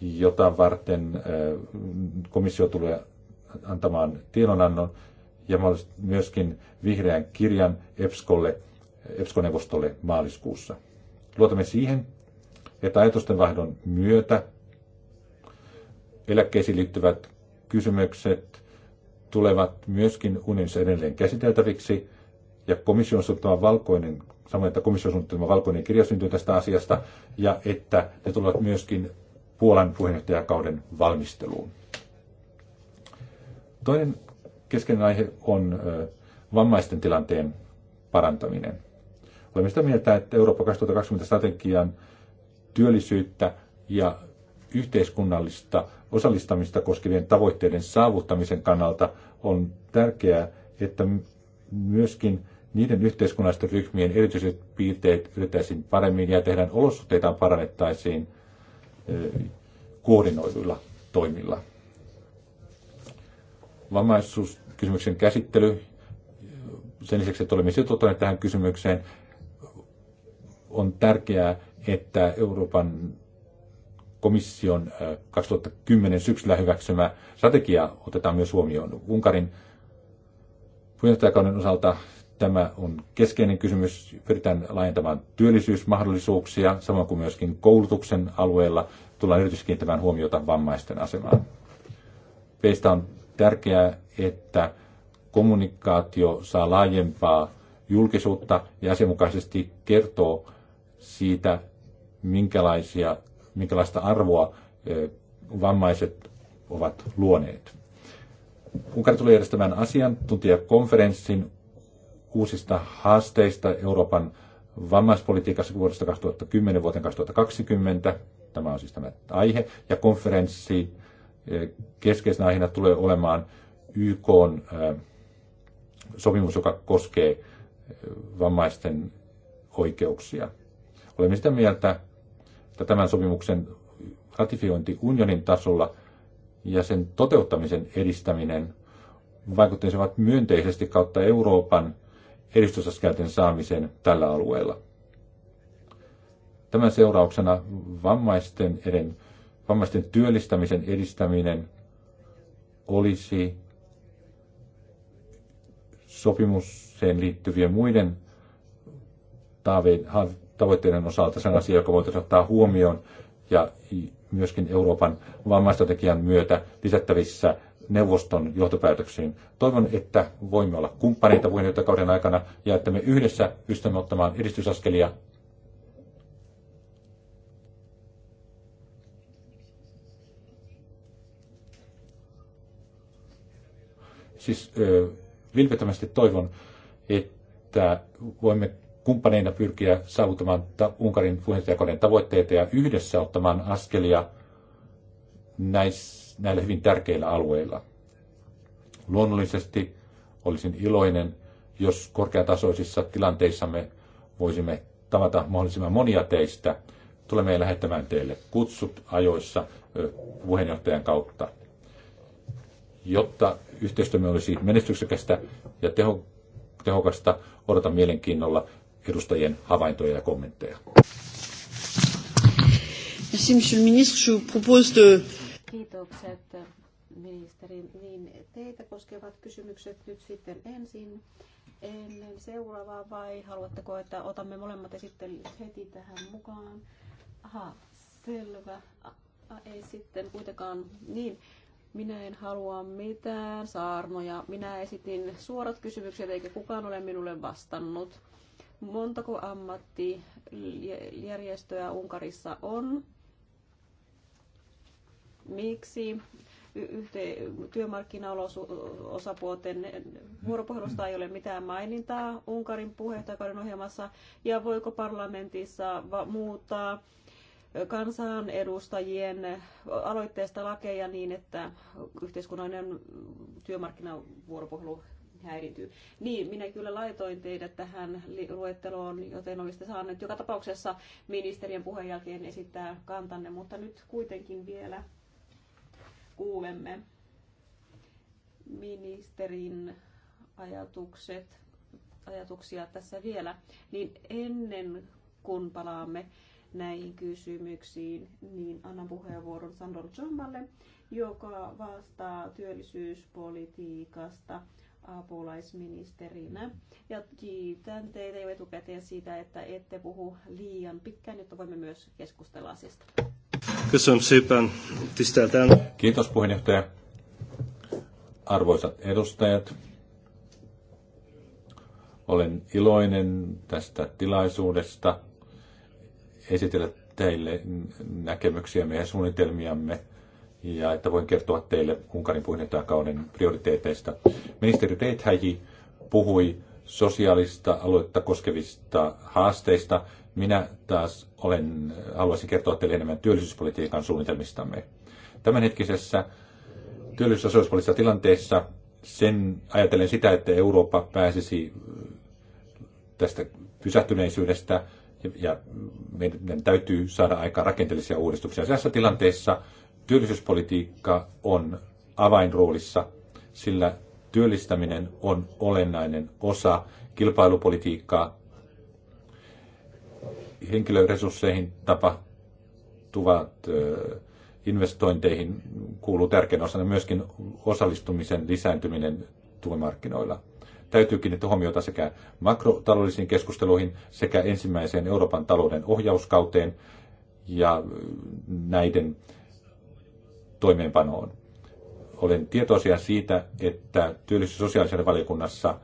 jota varten eh, komissio tulee antamaan tiedonannon ja myöskin vihreän kirjan EPSKolle, EPSKO-neuvostolle maaliskuussa. Luotamme siihen, että ajatusten vaihdon myötä eläkkeisiin liittyvät kysymykset tulevat myöskin unionissa edelleen käsiteltäviksi, ja komission suunnittelema valkoinen, samoin että komission suunnittelema valkoinen kirja syntyy tästä asiasta, ja että ne tulevat myöskin Puolan puheenjohtajakauden valmisteluun. Toinen keskeinen aihe on vammaisten tilanteen parantaminen. Olemme sitä mieltä, että Eurooppa 2020 strategian työllisyyttä ja yhteiskunnallista osallistamista koskevien tavoitteiden saavuttamisen kannalta on tärkeää, että myöskin niiden yhteiskunnallisten ryhmien erityiset piirteet yritettäisiin paremmin ja tehdään olosuhteitaan parannettaisiin koordinoiduilla toimilla. Vammaisuus kysymyksen käsittely, sen lisäksi, että olemme sitoutuneet tähän kysymykseen, on tärkeää, että Euroopan komission 2010 syksyllä hyväksymä strategia otetaan myös huomioon. Unkarin puheenjohtajakauden osalta tämä on keskeinen kysymys. Pyritään laajentamaan työllisyysmahdollisuuksia, samoin kuin myöskin koulutuksen alueella tullaan erityisesti kiinnittämään huomiota vammaisten asemaan. Peistä on tärkeää, että kommunikaatio saa laajempaa julkisuutta ja asianmukaisesti kertoo siitä, minkälaisia, minkälaista arvoa vammaiset ovat luoneet. Unkari tulee järjestämään asiantuntijakonferenssin uusista haasteista Euroopan vammaispolitiikassa vuodesta 2010 vuoteen 2020. Tämä on siis tämä aihe. Ja konferenssi keskeisenä aiheena tulee olemaan YK sopimus, joka koskee vammaisten oikeuksia. Olemme sitä mieltä, että tämän sopimuksen ratifiointi unionin tasolla ja sen toteuttamisen edistäminen vaikuttaisivat myönteisesti kautta Euroopan edistysaskelten saamisen tällä alueella. Tämän seurauksena vammaisten eden vammaisten työllistämisen edistäminen olisi sopimukseen liittyvien muiden tavoitteiden osalta asia, joka voitaisiin ottaa huomioon ja myöskin Euroopan vammaistrategian myötä lisättävissä neuvoston johtopäätöksiin. Toivon, että voimme olla kumppaneita kauden aikana ja että me yhdessä pystymme ottamaan edistysaskelia siis vilpittömästi toivon, että voimme kumppaneina pyrkiä saavuttamaan Unkarin puheenjohtajakauden tavoitteita ja yhdessä ottamaan askelia näis, näillä hyvin tärkeillä alueilla. Luonnollisesti olisin iloinen, jos korkeatasoisissa tilanteissamme voisimme tavata mahdollisimman monia teistä. Tulemme lähettämään teille kutsut ajoissa puheenjohtajan kautta. Jotta yhteistyömme olisi menestyksekästä ja teho, tehokasta, odotan mielenkiinnolla edustajien havaintoja ja kommentteja. Merci, monsieur le ministre. Je propose de... Kiitokset, ministeri. Niin, teitä koskevat kysymykset nyt sitten ensin ennen seuraavaa vai haluatteko, että otamme molemmat esittelijät heti tähän mukaan? Aha, selvä. A, ei sitten kuitenkaan. Niin, minä en halua mitään saarnoja. Minä esitin suorat kysymykset eikä kukaan ole minulle vastannut. Montako ammattijärjestöä Unkarissa on? Miksi yhte- työmarkkinaosapuolten vuoropuhelusta ei ole mitään mainintaa Unkarin puheenjohtajakauden ohjelmassa ja voiko parlamentissa muuttaa kansanedustajien aloitteesta lakeja niin, että yhteiskunnallinen työmarkkinavuoropuhelu häirintyy. Niin, minä kyllä laitoin teidät tähän luetteloon, joten olisitte saaneet joka tapauksessa ministerien puheen jälkeen esittää kantanne, mutta nyt kuitenkin vielä kuulemme ministerin ajatukset, ajatuksia tässä vielä, niin ennen kuin palaamme näihin kysymyksiin, niin annan puheenvuoron Sandor Jommalle, joka vastaa työllisyyspolitiikasta apulaisministerinä. Ja kiitän teitä jo etukäteen siitä, että ette puhu liian pitkään, jotta voimme myös keskustella asiasta. Kiitos puheenjohtaja. Arvoisat edustajat, olen iloinen tästä tilaisuudesta – esitellä teille näkemyksiämme ja suunnitelmiamme ja että voin kertoa teille Unkarin puheenjohtajakauden prioriteeteista. Ministeri Reithäji puhui sosiaalista aluetta koskevista haasteista. Minä taas olen, haluaisin kertoa teille enemmän työllisyyspolitiikan suunnitelmistamme. Tämänhetkisessä työllisyys- ja sosiaalisessa tilanteessa sen ajatellen sitä, että Eurooppa pääsisi tästä pysähtyneisyydestä ja meidän täytyy saada aika rakenteellisia uudistuksia. Tässä tilanteessa työllisyyspolitiikka on avainroolissa, sillä työllistäminen on olennainen osa kilpailupolitiikkaa. Henkilöresursseihin tapahtuvat investointeihin kuuluu tärkeän osana myöskin osallistumisen lisääntyminen työmarkkinoilla täytyy kiinnittää huomiota sekä makrotaloudellisiin keskusteluihin sekä ensimmäiseen Euroopan talouden ohjauskauteen ja näiden toimeenpanoon. Olen tietoisia siitä, että työllisyys- ja sosiaalisen valiokunnassa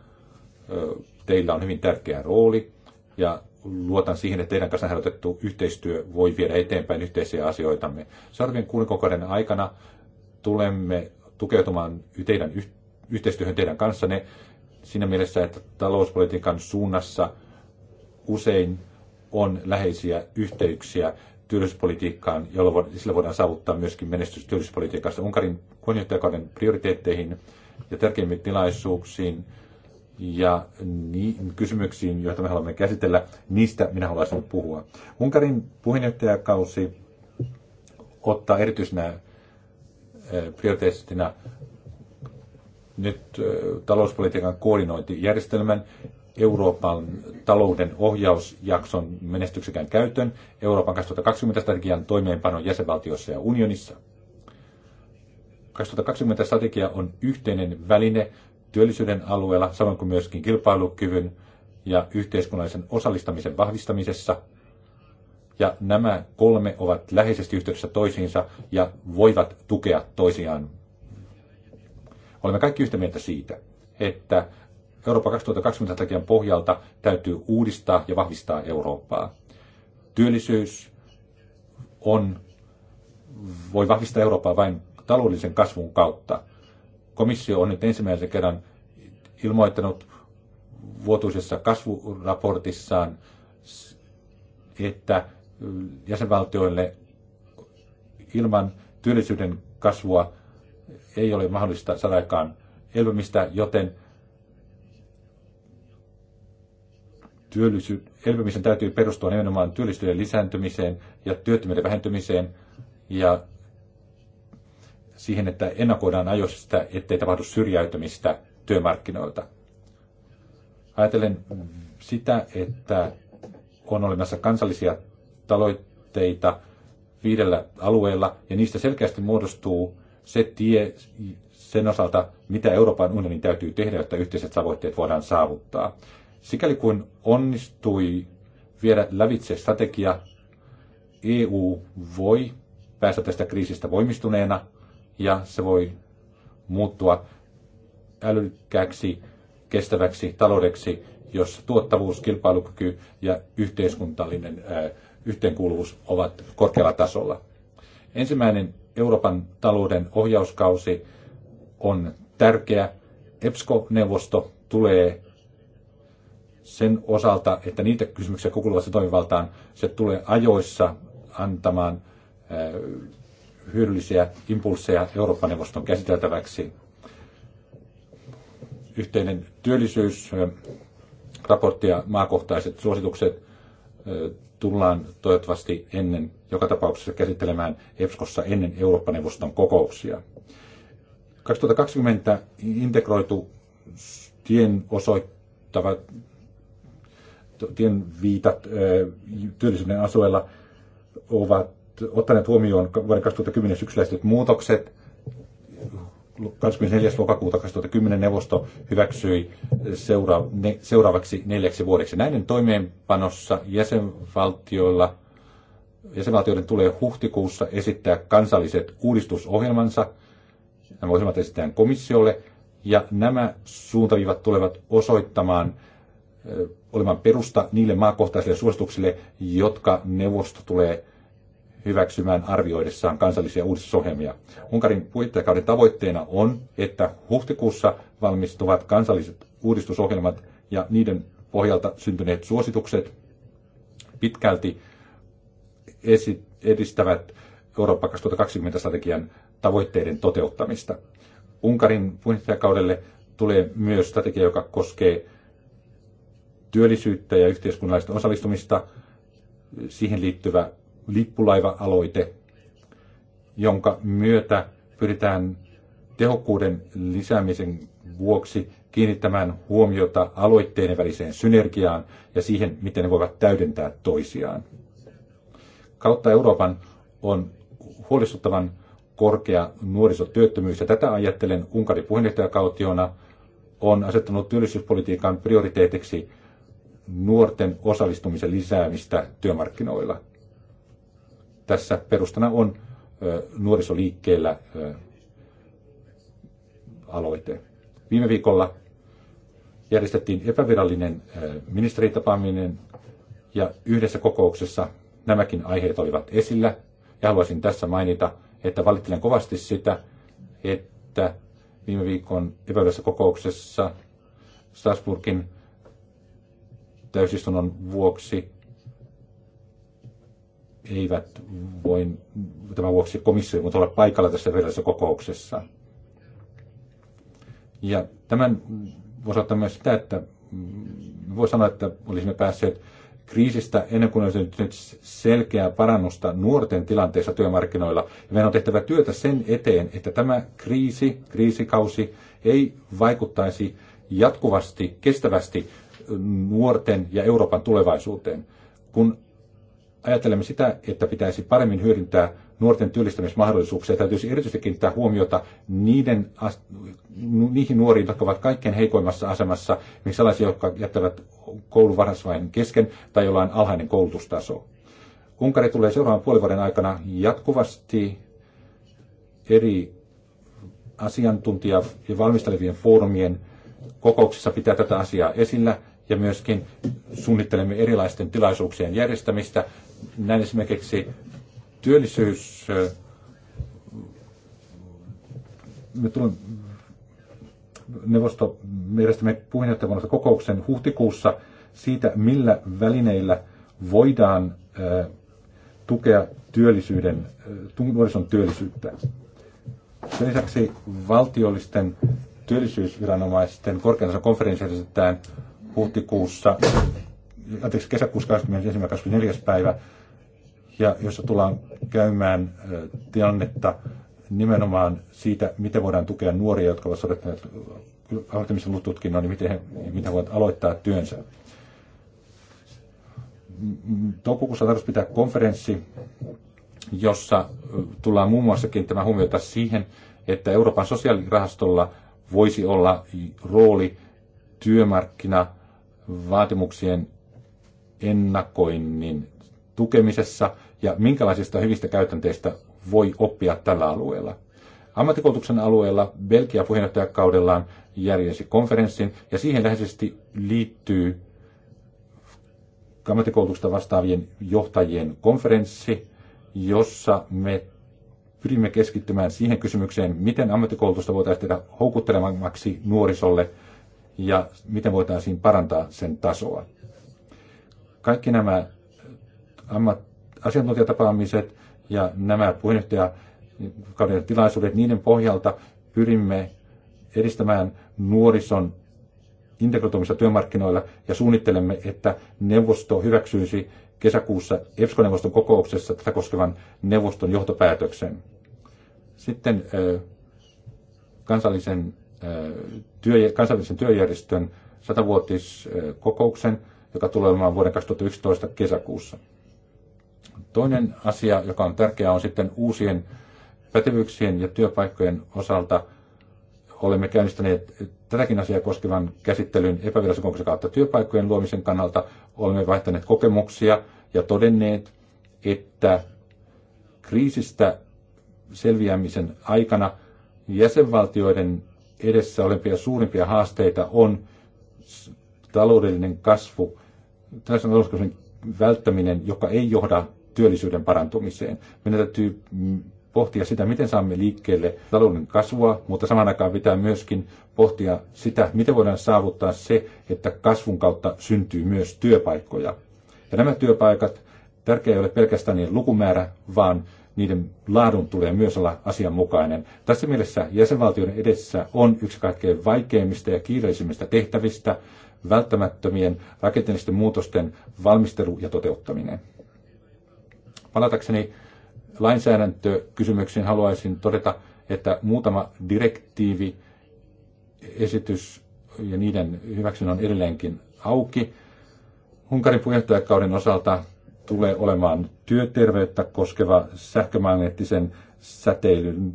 teillä on hyvin tärkeä rooli ja luotan siihen, että teidän kanssa harjoitettu yhteistyö voi viedä eteenpäin yhteisiä asioitamme. Seuraavien kuuden kuukauden aikana tulemme tukeutumaan teidän yhteistyöhön teidän kanssanne siinä mielessä, että talouspolitiikan suunnassa usein on läheisiä yhteyksiä työllisyyspolitiikkaan, jolloin sillä voidaan saavuttaa myöskin menestys työllisyyspolitiikassa Unkarin puheenjohtajakauden prioriteetteihin ja tärkeimpiin tilaisuuksiin ja niin, kysymyksiin, joita me haluamme käsitellä, niistä minä haluaisin puhua. Unkarin puheenjohtajakausi ottaa erityisenä eh, prioriteettina nyt talouspolitiikan koordinointijärjestelmän, Euroopan talouden ohjausjakson menestyksekään käytön, Euroopan 2020 strategian toimeenpanon jäsenvaltiossa ja unionissa. 2020 strategia on yhteinen väline työllisyyden alueella, samoin kuin myöskin kilpailukyvyn ja yhteiskunnallisen osallistamisen vahvistamisessa. Ja nämä kolme ovat läheisesti yhteydessä toisiinsa ja voivat tukea toisiaan Olemme kaikki yhtä mieltä siitä, että Eurooppa 2020 strategian pohjalta täytyy uudistaa ja vahvistaa Eurooppaa. Työllisyys on, voi vahvistaa Eurooppaa vain taloudellisen kasvun kautta. Komissio on nyt ensimmäisen kerran ilmoittanut vuotuisessa kasvuraportissaan, että jäsenvaltioille ilman työllisyyden kasvua ei ole mahdollista saada aikaan elpymistä, joten elpymisen täytyy perustua nimenomaan työllisyyden lisääntymiseen ja työttömyyden vähentymiseen ja siihen, että ennakoidaan ajoissa sitä, ettei tapahdu syrjäytymistä työmarkkinoilta. Ajatellen sitä, että on olemassa kansallisia taloitteita viidellä alueella, ja niistä selkeästi muodostuu se tie sen osalta, mitä Euroopan unionin täytyy tehdä, jotta yhteiset tavoitteet voidaan saavuttaa. Sikäli kun onnistui viedä lävitse strategia, EU voi päästä tästä kriisistä voimistuneena ja se voi muuttua älykkääksi, kestäväksi taloudeksi, jos tuottavuus, kilpailukyky ja yhteiskuntallinen yhteenkuuluvuus ovat korkealla tasolla. Ensimmäinen Euroopan talouden ohjauskausi on tärkeä. EPSCO-neuvosto tulee sen osalta, että niitä kysymyksiä kuuluvat se toimivaltaan, se tulee ajoissa antamaan äh, hyödyllisiä impulseja Euroopan neuvoston käsiteltäväksi. Yhteinen raportti ja maakohtaiset suositukset äh, tullaan toivottavasti ennen, joka tapauksessa käsittelemään EFSKossa ennen Eurooppa-neuvoston kokouksia. 2020 integroitu tien osoittavat tien viitat työllisyyden asuella ovat ottaneet huomioon vuoden 2010 syksyläiset muutokset 24. lokakuuta 2010 neuvosto hyväksyi seura- ne, seuraavaksi neljäksi vuodeksi. Näiden toimeenpanossa jäsenvaltioilla, jäsenvaltioiden tulee huhtikuussa esittää kansalliset uudistusohjelmansa. Nämä ohjelmat esitetään komissiolle ja nämä suuntaviivat tulevat osoittamaan olemaan perusta niille maakohtaisille suosituksille, jotka neuvosto tulee – hyväksymään arvioidessaan kansallisia uudistusohjelmia. Unkarin puheenjohtajakauden tavoitteena on, että huhtikuussa valmistuvat kansalliset uudistusohjelmat ja niiden pohjalta syntyneet suositukset pitkälti edistävät Eurooppa 2020-strategian tavoitteiden toteuttamista. Unkarin puheenjohtajakaudelle tulee myös strategia, joka koskee työllisyyttä ja yhteiskunnallista osallistumista, siihen liittyvä lippulaiva-aloite, jonka myötä pyritään tehokkuuden lisäämisen vuoksi kiinnittämään huomiota aloitteiden väliseen synergiaan ja siihen, miten ne voivat täydentää toisiaan. Kautta Euroopan on huolestuttavan korkea nuorisotyöttömyys, ja tätä ajattelen Unkarin puheenjohtajakautiona on asettanut työllisyyspolitiikan prioriteetiksi nuorten osallistumisen lisäämistä työmarkkinoilla. Tässä perustana on nuorisoliikkeellä aloite. Viime viikolla järjestettiin epävirallinen ministeritapaaminen ja yhdessä kokouksessa nämäkin aiheet olivat esillä. Ja haluaisin tässä mainita, että valittelen kovasti sitä, että viime viikon epävirallisessa kokouksessa Strasbourgin täysistunnon vuoksi eivät voi, tämän vuoksi komissio voi olla paikalla tässä virallisessa kokouksessa. Ja tämän osoittaa myös sitä, että voi sanoa, että olisimme päässeet kriisistä ennen kuin olisi nyt selkeää parannusta nuorten tilanteessa työmarkkinoilla. Ja meidän on tehtävä työtä sen eteen, että tämä kriisi, kriisikausi ei vaikuttaisi jatkuvasti, kestävästi nuorten ja Euroopan tulevaisuuteen. Kun ajattelemme sitä, että pitäisi paremmin hyödyntää nuorten työllistämismahdollisuuksia, täytyisi erityisesti kiinnittää huomiota niiden, niihin nuoriin, jotka ovat kaikkein heikoimmassa asemassa, miksi sellaisia, jotka jättävät koulun varhaisvaiheen kesken tai jolla on alhainen koulutustaso. Unkari tulee seuraavan puolen vuoden aikana jatkuvasti eri asiantuntija- ja valmistelevien foorumien kokouksissa pitää tätä asiaa esillä ja myöskin suunnittelemme erilaisten tilaisuuksien järjestämistä, näin esimerkiksi työllisyys, me tulemme neuvosto järjestämme puheenjohtajavuonna kokouksen huhtikuussa siitä, millä välineillä voidaan tukea työllisyyden, nuorison työllisyyttä. Sen lisäksi valtiollisten työllisyysviranomaisten korkean konferenssi järjestetään huhtikuussa anteeksi, kesäkuussa 21. 24. päivä, ja jossa tullaan käymään tilannetta nimenomaan siitä, miten voidaan tukea nuoria, jotka ovat suorittaneet aloittamisen tutkinnon, niin miten he, miten voivat aloittaa työnsä. Mm, mm, toukokuussa on pitää konferenssi, jossa tullaan muun muassa kiinnittämään huomiota siihen, että Euroopan sosiaalirahastolla voisi olla rooli työmarkkina vaatimuksien ennakoinnin tukemisessa ja minkälaisista hyvistä käytänteistä voi oppia tällä alueella. Ammattikoulutuksen alueella Belgia puheenjohtajakaudellaan järjesi konferenssin ja siihen läheisesti liittyy ammattikoulutuksesta vastaavien johtajien konferenssi, jossa me pyrimme keskittymään siihen kysymykseen, miten ammattikoulutusta voitaisiin tehdä houkuttelemaksi nuorisolle ja miten voitaisiin parantaa sen tasoa. Kaikki nämä äh, ammat, asiantuntijatapaamiset ja nämä puheenjohtajakauden tilaisuudet, niiden pohjalta pyrimme edistämään nuorison integroitumista työmarkkinoilla ja suunnittelemme, että neuvosto hyväksyisi kesäkuussa EFSCO-neuvoston kokouksessa tätä koskevan neuvoston johtopäätöksen. Sitten äh, kansallisen, äh, työ, kansallisen työjärjestön satavuotiskokouksen joka tulee olemaan vuoden 2011 kesäkuussa. Toinen asia, joka on tärkeää, on sitten uusien pätevyyksien ja työpaikkojen osalta olemme käynnistäneet tätäkin asiaa koskevan käsittelyn epävirallisen konkurssin kautta työpaikkojen luomisen kannalta. Olemme vaihtaneet kokemuksia ja todenneet, että kriisistä selviämisen aikana jäsenvaltioiden edessä olempia suurimpia haasteita on taloudellinen kasvu tällaisen talouskasvun välttäminen, joka ei johda työllisyyden parantumiseen. Meidän täytyy pohtia sitä, miten saamme liikkeelle talouden kasvua, mutta saman aikaan pitää myöskin pohtia sitä, miten voidaan saavuttaa se, että kasvun kautta syntyy myös työpaikkoja. Ja nämä työpaikat, tärkeä ei ole pelkästään niiden lukumäärä, vaan niiden laadun tulee myös olla asianmukainen. Tässä mielessä jäsenvaltioiden edessä on yksi kaikkein vaikeimmista ja kiireisimmistä tehtävistä, välttämättömien rakenteellisten muutosten valmistelu ja toteuttaminen. Palatakseni lainsäädäntökysymyksiin haluaisin todeta, että muutama direktiivi, esitys ja niiden hyväksyn on edelleenkin auki. Unkarin puheenjohtajakauden osalta tulee olemaan työterveyttä koskeva sähkömagneettisen säteilyn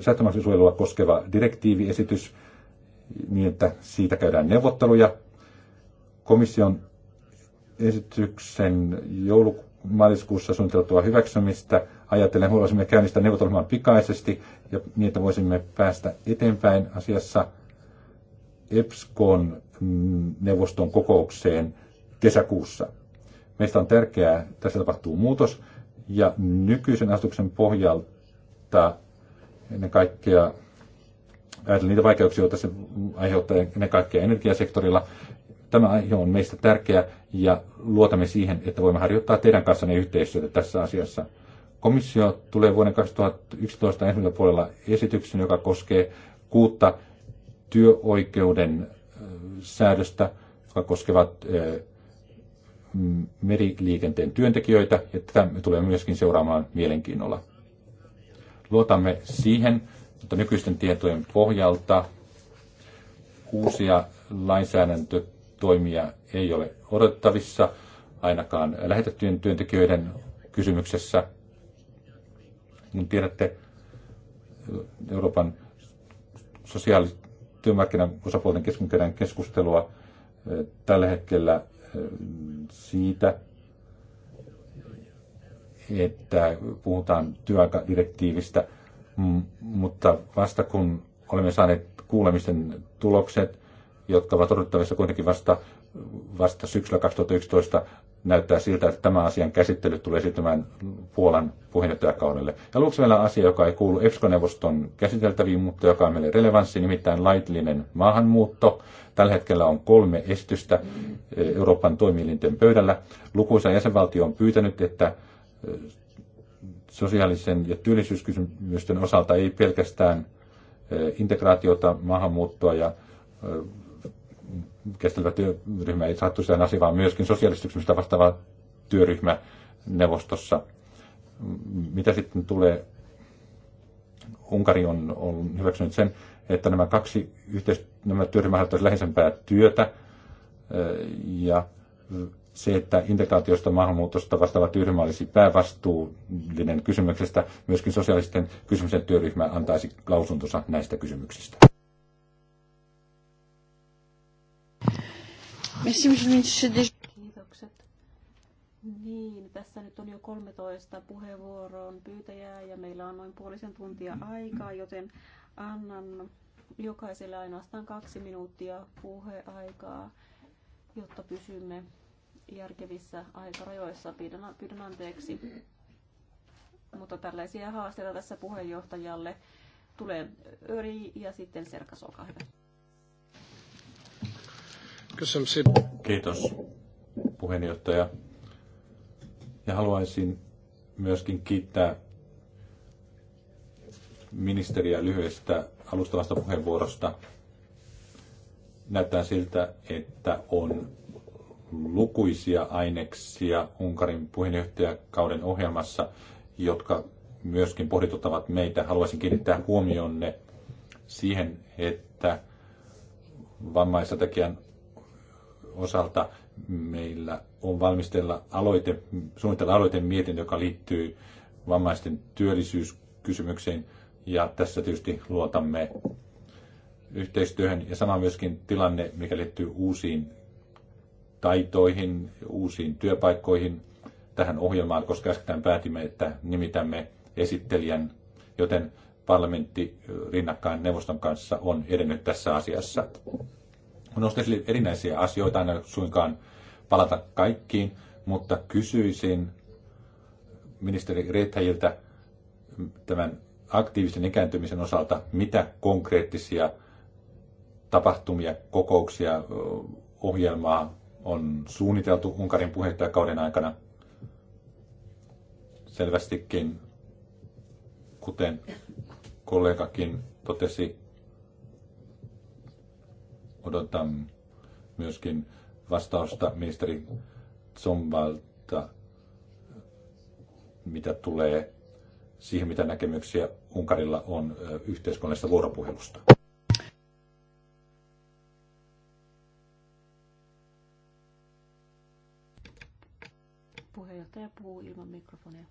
sähkömagneettisen suojelua koskeva direktiiviesitys, niin että siitä käydään neuvotteluja komission esityksen joulukuun maaliskuussa suunniteltua hyväksymistä. Ajattelen, haluaisimme käynnistää neuvotelemaan pikaisesti ja niin, että voisimme päästä eteenpäin asiassa Epskon mm, neuvoston kokoukseen kesäkuussa. Meistä on tärkeää, että tässä tapahtuu muutos ja nykyisen asetuksen pohjalta ennen kaikkea ajatellen niitä vaikeuksia, joita se aiheuttaa ennen kaikkea energiasektorilla Tämä aihe on meistä tärkeä ja luotamme siihen, että voimme harjoittaa teidän kanssanne yhteistyötä tässä asiassa. Komissio tulee vuoden 2011 ensimmäisellä puolella esityksen, joka koskee kuutta työoikeuden säädöstä, jotka koskevat meriliikenteen työntekijöitä, ja tätä me tulemme myöskin seuraamaan mielenkiinnolla. Luotamme siihen, että nykyisten tietojen pohjalta uusia lainsäädäntö toimia ei ole odotettavissa, ainakaan lähetettyjen työntekijöiden kysymyksessä. Kun niin tiedätte, Euroopan sosiaalityömarkkinan osapuolten kesken keskustelua tällä hetkellä siitä, että puhutaan työaikadirektiivistä, mutta vasta kun olemme saaneet kuulemisten tulokset, jotka ovat odottavissa kuitenkin vasta, vasta syksyllä 2011, näyttää siltä, että tämä asian käsittely tulee siirtymään Puolan puheenjohtajakaudelle. Ja luoksi vielä asia, joka ei kuulu EPSCO-neuvoston käsiteltäviin, mutta joka on meille relevanssi, nimittäin laitillinen maahanmuutto. Tällä hetkellä on kolme estystä eh, Euroopan toimielinten pöydällä. Lukuisa jäsenvaltio on pyytänyt, että eh, sosiaalisen ja työllisyyskysymysten osalta ei pelkästään eh, integraatiota, maahanmuuttoa ja kestävä työryhmä ei saattu sen asiaa, vaan myöskin sosiaalistyksestä vastaava työryhmä neuvostossa. Mitä sitten tulee, Unkari on, on hyväksynyt sen, että nämä kaksi yhteis- nämä työryhmää harjoittaisi läheisempää työtä ja se, että integraatiosta maahanmuutosta vastaava työryhmä olisi päävastuullinen kysymyksestä, myöskin sosiaalisten kysymysten työryhmä antaisi lausuntonsa näistä kysymyksistä. Kiitokset. Niin, tässä nyt on jo 13 puheenvuoron pyytäjää ja meillä on noin puolisen tuntia aikaa, joten annan jokaiselle ainoastaan kaksi minuuttia puheaikaa, jotta pysymme järkevissä aikarajoissa. Pyydän, pyydän anteeksi. Mutta tällaisia haasteita tässä puheenjohtajalle tulee Öri ja sitten Serkas, olkaa hyvä. Kiitos puheenjohtaja. Ja haluaisin myöskin kiittää ministeriä lyhyestä alustavasta puheenvuorosta. Näyttää siltä, että on lukuisia aineksia Unkarin puheenjohtajakauden ohjelmassa, jotka myöskin pohdituttavat meitä. Haluaisin kiinnittää huomionne siihen, että vammaistrategian osalta meillä on valmistella aloite, suunnitella aloite mietin, joka liittyy vammaisten työllisyyskysymykseen. Ja tässä tietysti luotamme yhteistyöhön ja sama myöskin tilanne, mikä liittyy uusiin taitoihin, uusiin työpaikkoihin tähän ohjelmaan, koska äsken päätimme, että nimitämme esittelijän, joten parlamentti rinnakkain neuvoston kanssa on edennyt tässä asiassa nostan esille erinäisiä asioita, en suinkaan palata kaikkiin, mutta kysyisin ministeri Rethäjiltä tämän aktiivisen ikääntymisen osalta, mitä konkreettisia tapahtumia, kokouksia, ohjelmaa on suunniteltu Unkarin puheenjohtajakauden aikana. Selvästikin, kuten kollegakin totesi, odotan myöskin vastausta ministeri Zombalta, mitä tulee siihen, mitä näkemyksiä Unkarilla on yhteiskunnallisesta vuoropuhelusta. Puheenjohtaja puhuu ilman mikrofonia.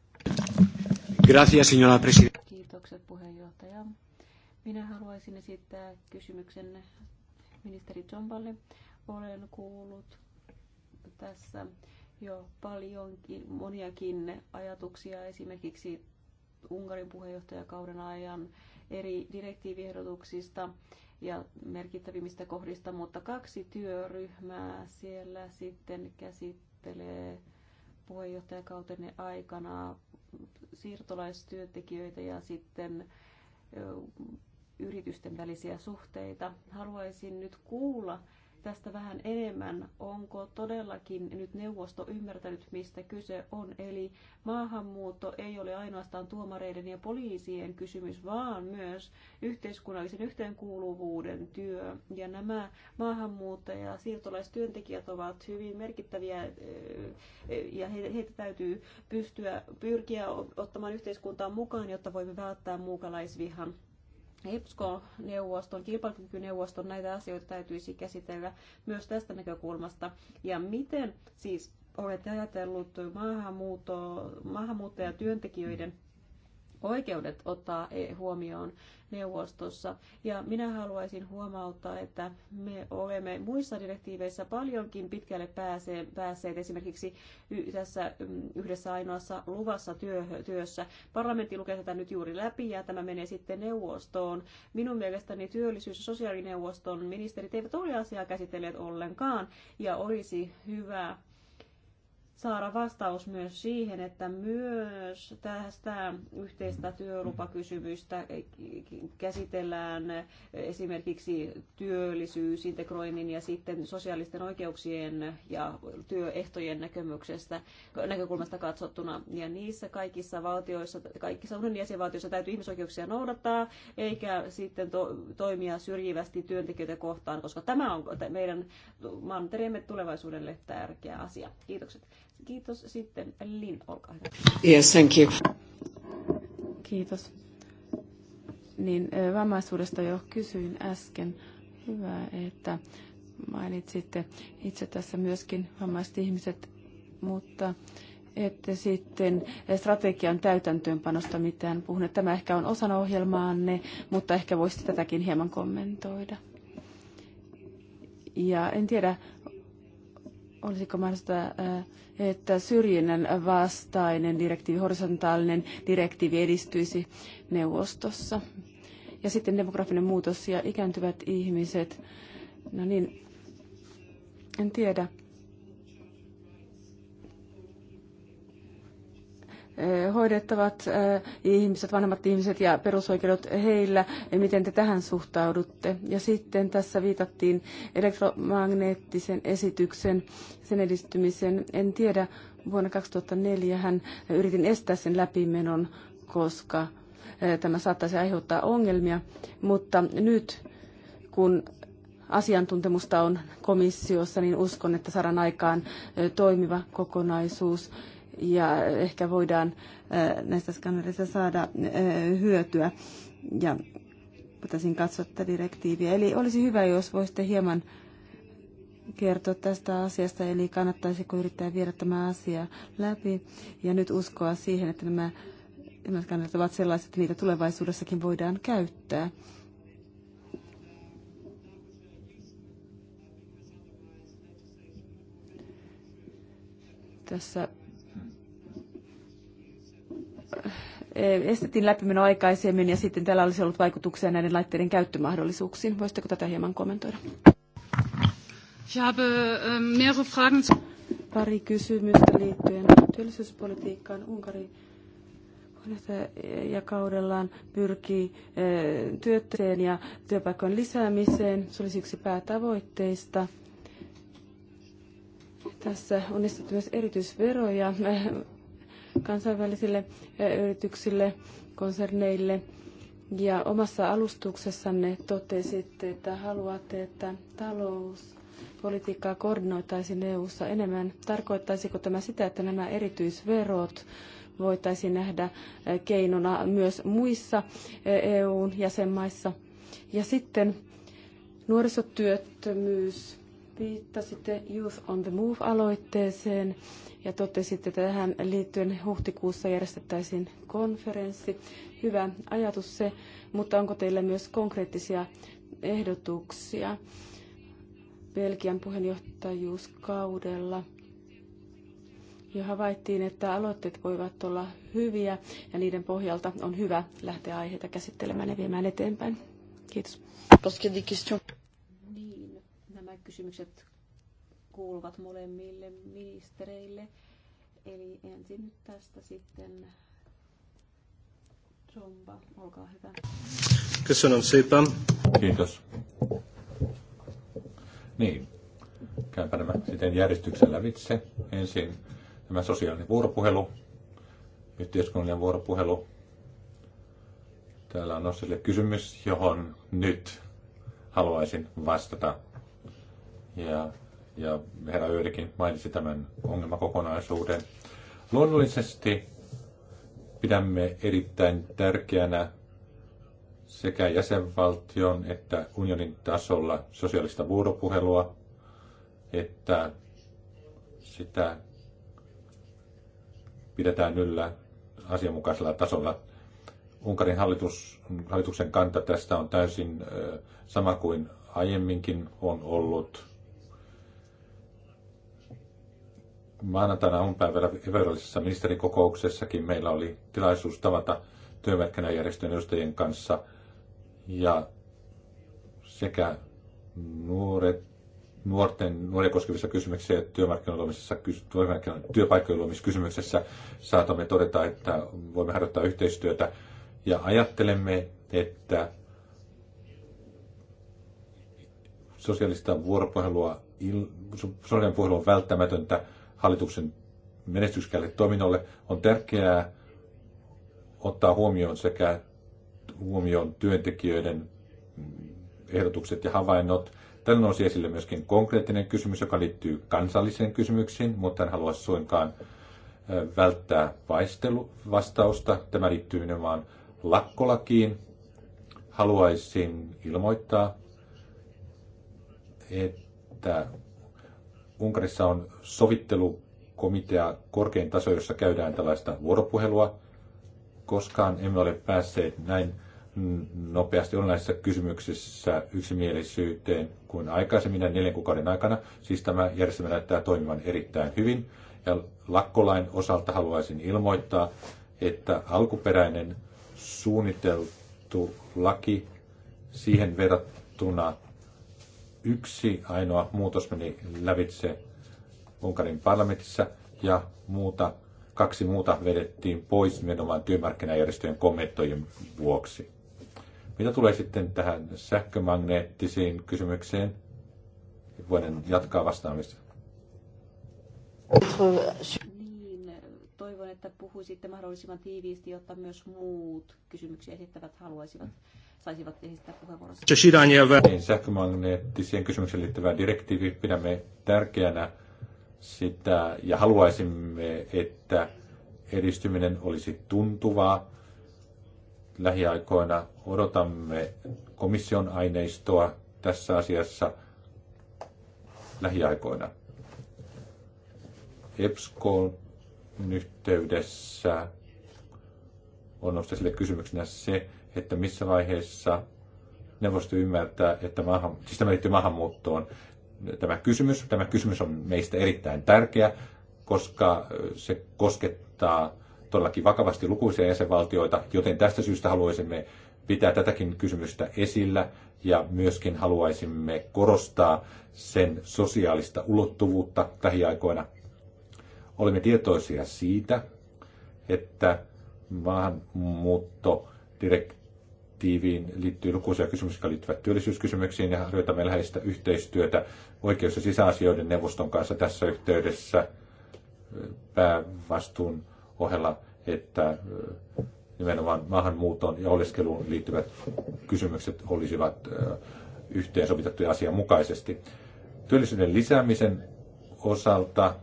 Gracias, señora presidenta. Kiitokset puheenjohtaja. Minä haluaisin esittää kysymyksen ministeri Jomballe. Olen kuullut tässä jo paljonkin, moniakin ajatuksia esimerkiksi Unkarin puheenjohtajakauden ajan eri direktiiviehdotuksista ja merkittävimmistä kohdista, mutta kaksi työryhmää siellä sitten käsittelee puheenjohtajakautenne aikana siirtolaistyöntekijöitä ja sitten yritysten välisiä suhteita. Haluaisin nyt kuulla tästä vähän enemmän. Onko todellakin nyt neuvosto ymmärtänyt, mistä kyse on? Eli maahanmuutto ei ole ainoastaan tuomareiden ja poliisien kysymys, vaan myös yhteiskunnallisen yhteenkuuluvuuden työ. Ja nämä maahanmuuttaja- ja siirtolaistyöntekijät ovat hyvin merkittäviä eh, ja heitä täytyy pystyä pyrkiä ottamaan yhteiskuntaan mukaan, jotta voimme välttää muukalaisvihan EPSCO-neuvoston, kilpailukykyneuvoston näitä asioita täytyisi käsitellä myös tästä näkökulmasta. Ja miten siis olette ajatellut maahanmuutto, maahanmuuttajatyöntekijöiden oikeudet ottaa e- huomioon neuvostossa. Ja minä haluaisin huomauttaa, että me olemme muissa direktiiveissä paljonkin pitkälle päässeet esimerkiksi tässä mm, yhdessä ainoassa luvassa työ, työssä. Parlamentti lukee tätä nyt juuri läpi ja tämä menee sitten neuvostoon. Minun mielestäni työllisyys- ja sosiaalineuvoston ministerit eivät ole asiaa käsitelleet ollenkaan ja olisi hyvä saada vastaus myös siihen, että myös tästä yhteistä työlupakysymystä käsitellään esimerkiksi työllisyysintegroinnin ja sitten sosiaalisten oikeuksien ja työehtojen näkemyksestä, näkökulmasta katsottuna. Ja niissä kaikissa valtioissa, kaikissa unionin jäsenvaltioissa täytyy ihmisoikeuksia noudattaa, eikä sitten to, toimia syrjivästi työntekijöitä kohtaan, koska tämä on meidän mantereemme tulevaisuudelle tärkeä asia. Kiitokset. Kiitos. Sitten Lin, olkaa hyvä. Yes, thank you. Kiitos. Niin, vammaisuudesta jo kysyin äsken. Hyvä, että mainitsitte itse tässä myöskin vammaiset ihmiset, mutta että sitten strategian täytäntöönpanosta mitään puhunut. Tämä ehkä on osana ohjelmaanne, mutta ehkä voisitte tätäkin hieman kommentoida. Ja en tiedä, olisiko mahdollista, äh, että syrjinnän vastainen direktiivi, horisontaalinen direktiivi edistyisi neuvostossa? Ja sitten demografinen muutos ja ikääntyvät ihmiset. No niin, en tiedä. hoidettavat ihmiset, vanhemmat ihmiset ja perusoikeudet heillä, miten te tähän suhtaudutte. Ja sitten tässä viitattiin elektromagneettisen esityksen, sen edistymisen. En tiedä, vuonna 2004 hän yritin estää sen läpimenon, koska tämä saattaisi aiheuttaa ongelmia, mutta nyt kun asiantuntemusta on komissiossa, niin uskon, että saadaan aikaan toimiva kokonaisuus ja ehkä voidaan näistä skannereista saada hyötyä. Ja voitaisiin katsoa tätä direktiiviä. Eli olisi hyvä, jos voisitte hieman kertoa tästä asiasta, eli kannattaisiko yrittää viedä tämä asia läpi ja nyt uskoa siihen, että nämä skannerit ovat sellaiset, että niitä tulevaisuudessakin voidaan käyttää. Tässä Eh, estettiin läpimeno aikaisemmin ja sitten tällä olisi ollut vaikutuksia näiden laitteiden käyttömahdollisuuksiin. Voisitteko tätä hieman kommentoida? Ich habe ähm, mehrere Fragen zu pari kysymystä liittyen työllisyyspolitiikkaan. Unkari eh, ja kaudellaan pyrkii eh, työttömyyteen ja työpaikkojen lisäämiseen. Se olisi yksi päätavoitteista. Tässä on esitetty myös erityisveroja kansainvälisille eh, yrityksille, konserneille. Ja omassa alustuksessanne totesitte, että haluatte, että talouspolitiikkaa koordinoitaisiin EU-ssa enemmän. Tarkoittaisiko tämä sitä, että nämä erityisverot voitaisiin nähdä eh, keinona myös muissa EUn eh, e jäsenmaissa? Ja sitten nuorisotyöttömyys Viittasitte Youth on the Move-aloitteeseen ja totesitte, että tähän liittyen huhtikuussa järjestettäisiin konferenssi. Hyvä ajatus se, mutta onko teillä myös konkreettisia ehdotuksia Belgian puheenjohtajuuskaudella? Jo havaittiin, että aloitteet voivat olla hyviä ja niiden pohjalta on hyvä lähteä aiheita käsittelemään ja viemään eteenpäin. Kiitos kysymykset kuuluvat molemmille ministereille. Eli ensin tästä sitten Zomba, olkaa hyvä. Köszönöm siitä. Kiitos. Niin, käypä nämä sitten järjestyksellä vitse. Ensin tämä sosiaalinen vuoropuhelu, yhteiskunnallinen vuoropuhelu. Täällä on nostettu kysymys, johon nyt haluaisin vastata ja, ja herra Yörikin mainitsi tämän ongelmakokonaisuuden. Luonnollisesti pidämme erittäin tärkeänä sekä jäsenvaltion että unionin tasolla sosiaalista vuoropuhelua, että sitä pidetään yllä asianmukaisella tasolla. Unkarin hallitus, hallituksen kanta tästä on täysin sama kuin aiemminkin on ollut. maanantaina aamupäivällä epävirallisessa ministerikokouksessakin meillä oli tilaisuus tavata työmarkkinajärjestöjen edustajien kanssa ja sekä nuoret, nuorten, nuoria koskevissa kysymyksissä ja työmarkkinoiden työpaikkojen kysymyksessä saatamme todeta, että voimme harjoittaa yhteistyötä ja ajattelemme, että sosiaalista vuoropuhelua, sosiaalinen puhelu on välttämätöntä, hallituksen menestyskälle toiminnolle, on tärkeää ottaa huomioon sekä huomioon työntekijöiden ehdotukset ja havainnot. Tällä nousi esille myöskin konkreettinen kysymys, joka liittyy kansalliseen kysymyksiin, mutta en halua suinkaan välttää vaistelu, vastausta. Tämä liittyy nimenomaan lakkolakiin. Haluaisin ilmoittaa, että Unkarissa on sovittelukomitea korkein taso, jossa käydään tällaista vuoropuhelua. Koskaan emme ole päässeet näin nopeasti onlaisissa kysymyksissä yksimielisyyteen kuin aikaisemmin näin neljän kuukauden aikana. Siis tämä järjestelmä näyttää toimivan erittäin hyvin. Ja lakkolain osalta haluaisin ilmoittaa, että alkuperäinen suunniteltu laki siihen verrattuna Yksi ainoa muutos meni lävitse Unkarin parlamentissa ja muuta, kaksi muuta vedettiin pois nimenomaan työmarkkinajärjestöjen kommentojen vuoksi. Mitä tulee sitten tähän sähkömagneettisiin kysymykseen? Voin jatkaa vastaamista. Niin, toivon, että puhuisitte mahdollisimman tiiviisti, jotta myös muut kysymyksiä esittävät haluaisivat saisivat esittää puheenvuorossa. Niin, sähkömagneettiseen kysymykseen liittyvää direktiivi pidämme tärkeänä sitä ja haluaisimme, että edistyminen olisi tuntuvaa. Lähiaikoina odotamme komission aineistoa tässä asiassa lähiaikoina. EPSCOn yhteydessä on nostettu sille kysymyksenä se, että missä vaiheessa neuvosto ymmärtää, että maahan, siis tämä liittyy maahanmuuttoon, tämä kysymys. Tämä kysymys on meistä erittäin tärkeä, koska se koskettaa todellakin vakavasti lukuisia jäsenvaltioita, joten tästä syystä haluaisimme pitää tätäkin kysymystä esillä ja myöskin haluaisimme korostaa sen sosiaalista ulottuvuutta lähiaikoina. Olemme tietoisia siitä, että maahanmuuttodirektiivi direktiiviin liittyy lukuisia kysymyksiä, jotka liittyvät työllisyyskysymyksiin ja harjoitamme läheistä yhteistyötä oikeus- ja sisäasioiden neuvoston kanssa tässä yhteydessä päävastuun ohella, että nimenomaan maahanmuuton ja oleskeluun liittyvät kysymykset olisivat yhteensovitettuja asianmukaisesti. Työllisyyden lisäämisen osalta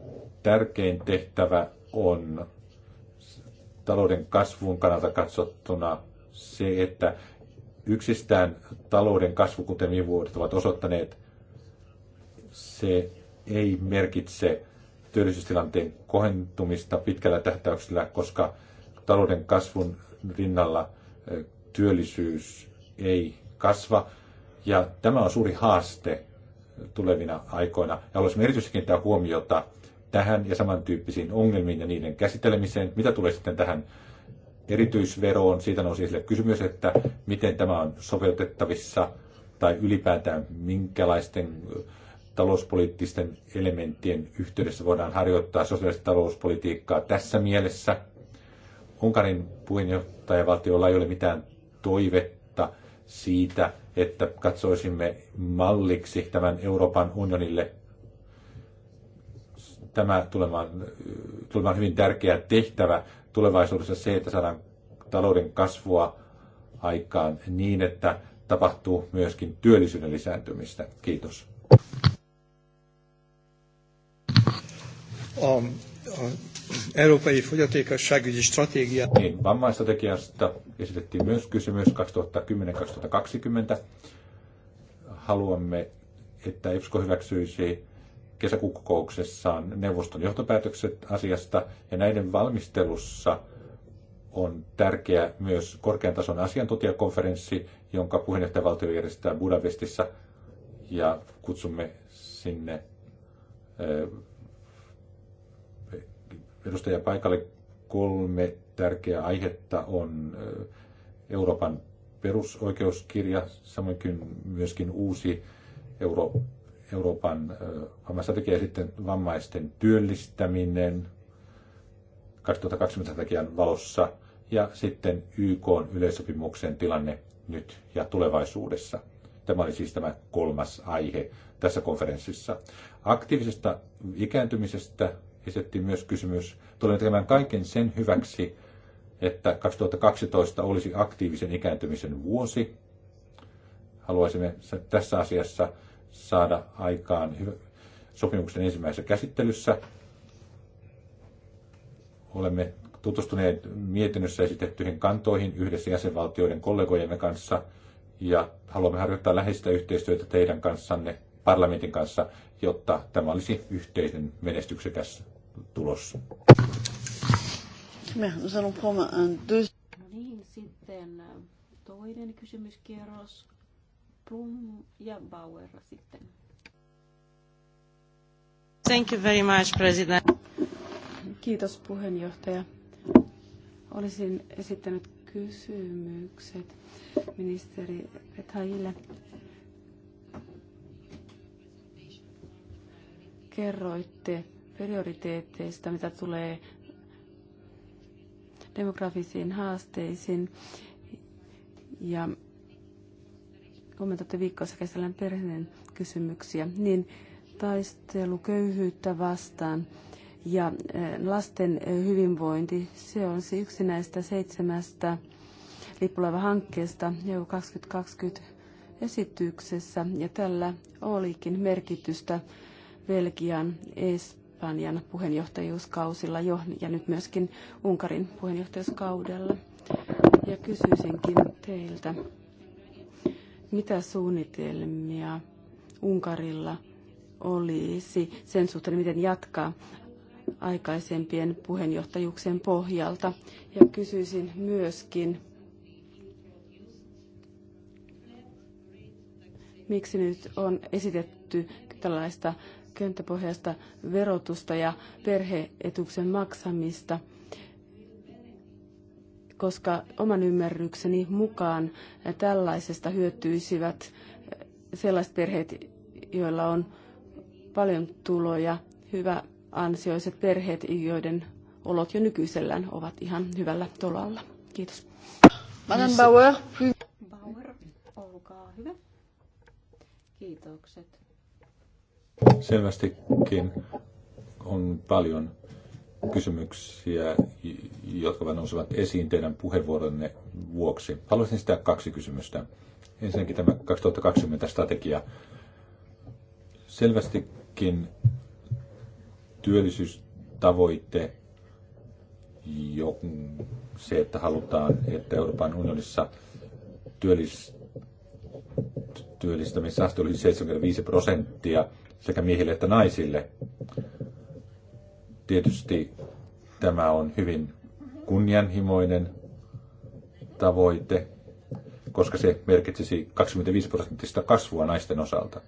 tärkein tehtävä on talouden kasvun kannalta katsottuna se, että yksistään talouden kasvu, kuten viime vuodet ovat osoittaneet, se ei merkitse työllisyystilanteen kohentumista pitkällä tähtäyksellä, koska talouden kasvun rinnalla työllisyys ei kasva. Ja tämä on suuri haaste tulevina aikoina. Ja haluaisimme erityisesti kiinnittää huomiota tähän ja samantyyppisiin ongelmiin ja niiden käsittelemiseen. Mitä tulee sitten tähän erityisveroon. Siitä nousi esille kysymys, että miten tämä on sopeutettavissa tai ylipäätään minkälaisten talouspoliittisten elementtien yhteydessä voidaan harjoittaa sosiaalista talouspolitiikkaa tässä mielessä. Unkarin puheenjohtajavaltiolla ei ole mitään toivetta siitä, että katsoisimme malliksi tämän Euroopan unionille tämä tulemaan, tulemaan hyvin tärkeä tehtävä tulevaisuudessa se, että saadaan talouden kasvua aikaan niin, että tapahtuu myöskin työllisyyden lisääntymistä. Kiitos. Um, Európai fogyatékosságügyi stratégia. Niin, vammaistrategiasta esitettiin myös kysymys 2010-2020. Haluamme, että EPSCO hyväksyisi kesäkuukokouksessaan neuvoston johtopäätökset asiasta ja näiden valmistelussa on tärkeä myös korkean tason asiantuntijakonferenssi, jonka puheenjohtajavaltio järjestää Budapestissa ja kutsumme sinne eh, edustaja paikalle kolme tärkeää aihetta on eh, Euroopan perusoikeuskirja, samoin kuin myöskin uusi Euroopan Euroopan vammaisstrategia ja sitten vammaisten työllistäminen 2020 strategian valossa ja sitten YK yleissopimuksen tilanne nyt ja tulevaisuudessa. Tämä oli siis tämä kolmas aihe tässä konferenssissa. Aktiivisesta ikääntymisestä esitettiin myös kysymys. Tulemme tekemään kaiken sen hyväksi, että 2012 olisi aktiivisen ikääntymisen vuosi. Haluaisimme tässä asiassa saada aikaan sopimuksen ensimmäisessä käsittelyssä. Olemme tutustuneet mietinnössä esitettyihin kantoihin yhdessä jäsenvaltioiden kollegojemme kanssa ja haluamme harjoittaa läheistä yhteistyötä teidän kanssanne, parlamentin kanssa, jotta tämä olisi yhteinen menestyksekäs tulos. No niin, sitten toinen kysymyskierros. Blum ja Bauer sitten. Thank you very much, President. Kiitos puheenjohtaja. Olisin esittänyt kysymykset ministeri Retaille. Kerroitte prioriteetteista, mitä tulee demografisiin haasteisiin ja Huomenta, että viikkoissa käsitellään perheen kysymyksiä. Niin taistelu köyhyyttä vastaan ja eh, lasten hyvinvointi, se on se yksi näistä seitsemästä hankkeesta EU 2020 esityksessä. Ja tällä olikin merkitystä Belgian, Espanjan puheenjohtajuuskausilla jo ja nyt myöskin Unkarin puheenjohtajuuskaudella. Ja kysyisinkin teiltä, mitä suunnitelmia Unkarilla olisi sen suhteen, miten jatkaa aikaisempien puheenjohtajuuksien pohjalta. Ja kysyisin myöskin, miksi nyt on esitetty tällaista könttäpohjaista verotusta ja perheetuksen maksamista – koska oman ymmärrykseni mukaan tällaisesta hyötyisivät eh, sellaiset perheet, joilla on paljon tuloja, hyvä ansioiset perheet, joiden olot jo nykyisellään ovat ihan hyvällä tolalla. Kiitos. Madame Bauer. Bauer, olkaa hyvä. Kiitokset. Selvästikin on paljon kysymyksiä, jotka nousevat esiin teidän puheenvuoronne vuoksi. Haluaisin sitä kaksi kysymystä. Ensinnäkin tämä 2020 strategia. Selvästikin työllisyystavoite, se, että halutaan, että Euroopan unionissa työllis, työllistämisaste olisi 75 prosenttia sekä miehille että naisille. Tietysti tämä on hyvin kunnianhimoinen tavoite, koska se merkitsisi 25 prosenttista kasvua naisten osalta.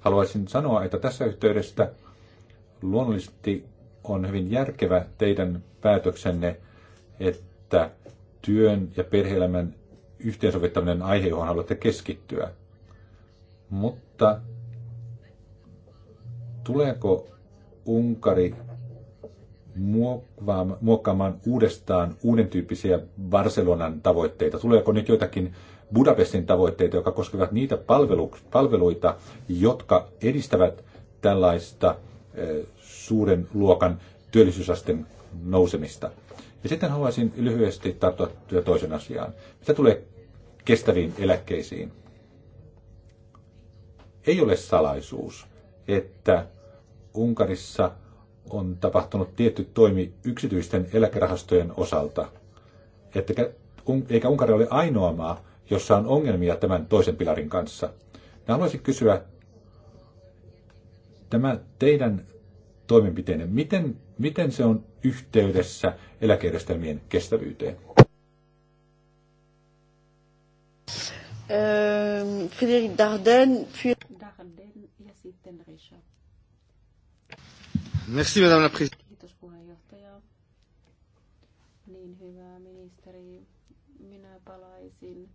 Haluaisin sanoa, että tässä yhteydessä luonnollisesti on hyvin järkevä teidän päätöksenne, että työn ja perheelämän yhteensovittaminen aihe, johon haluatte keskittyä. Mutta tuleeko Unkari muokkaamaan uudestaan uuden tyyppisiä Barcelonan tavoitteita? Tuleeko nyt joitakin Budapestin tavoitteita, jotka koskevat niitä palvelu- palveluita, jotka edistävät tällaista eh, suuren luokan työllisyysasten nousemista? Ja sitten haluaisin lyhyesti tarttua toisen asiaan. Mitä tulee kestäviin eläkkeisiin? Ei ole salaisuus, että Unkarissa on tapahtunut tietty toimi yksityisten eläkerahastojen osalta. Ettekä, eikä Unkari ole ainoa maa, jossa on ongelmia tämän toisen pilarin kanssa. Ja haluaisin kysyä, tämä teidän toimenpiteenne, miten, miten se on yhteydessä eläkejärjestelmien kestävyyteen? Öö, Frédéric Darden, puis... Darden ja sitten Richard Merci, madame la Kiitos puheenjohtaja. Niin hyvää ministeri, minä palaisin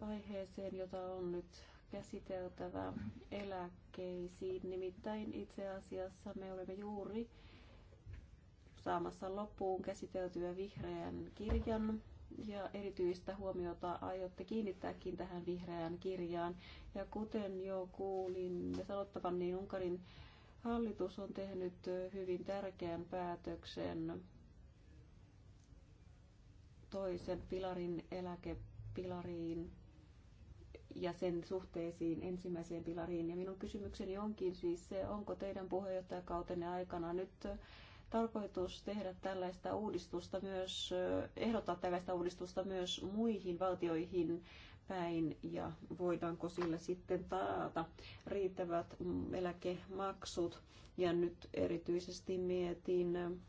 aiheeseen, jota on nyt käsiteltävä eläkkeisiin. Nimittäin itse asiassa me olemme juuri saamassa loppuun käsiteltyä vihreän kirjan ja erityistä huomiota aiotte kiinnittääkin tähän vihreään kirjaan. Ja kuten jo kuulin sanottavan, niin Unkarin Hallitus on tehnyt hyvin tärkeän päätöksen toisen pilarin eläkepilariin ja sen suhteisiin ensimmäiseen pilariin. Ja minun kysymykseni onkin siis se, onko teidän puheenjohtajakautenne aikana nyt tarkoitus tehdä tällaista uudistusta myös, ehdottaa tällaista uudistusta myös muihin valtioihin päin ja voidaanko sillä sitten taata riittävät eläkemaksut. Ja nyt erityisesti mietin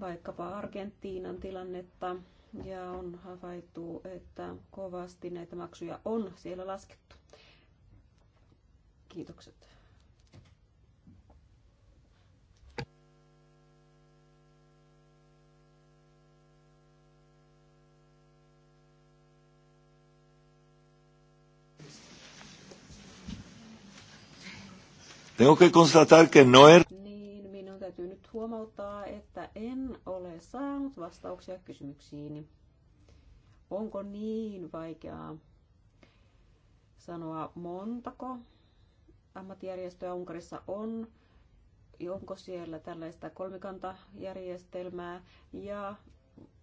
vaikkapa Argentiinan tilannetta ja on havaittu, että kovasti näitä maksuja on siellä laskettu. Kiitokset. Tengo que constatar que no er... Niin, minun täytyy nyt huomauttaa, että en ole saanut vastauksia kysymyksiini. Onko niin vaikeaa sanoa montako ammattijärjestöä Unkarissa on? Onko siellä tällaista kolmikantajärjestelmää ja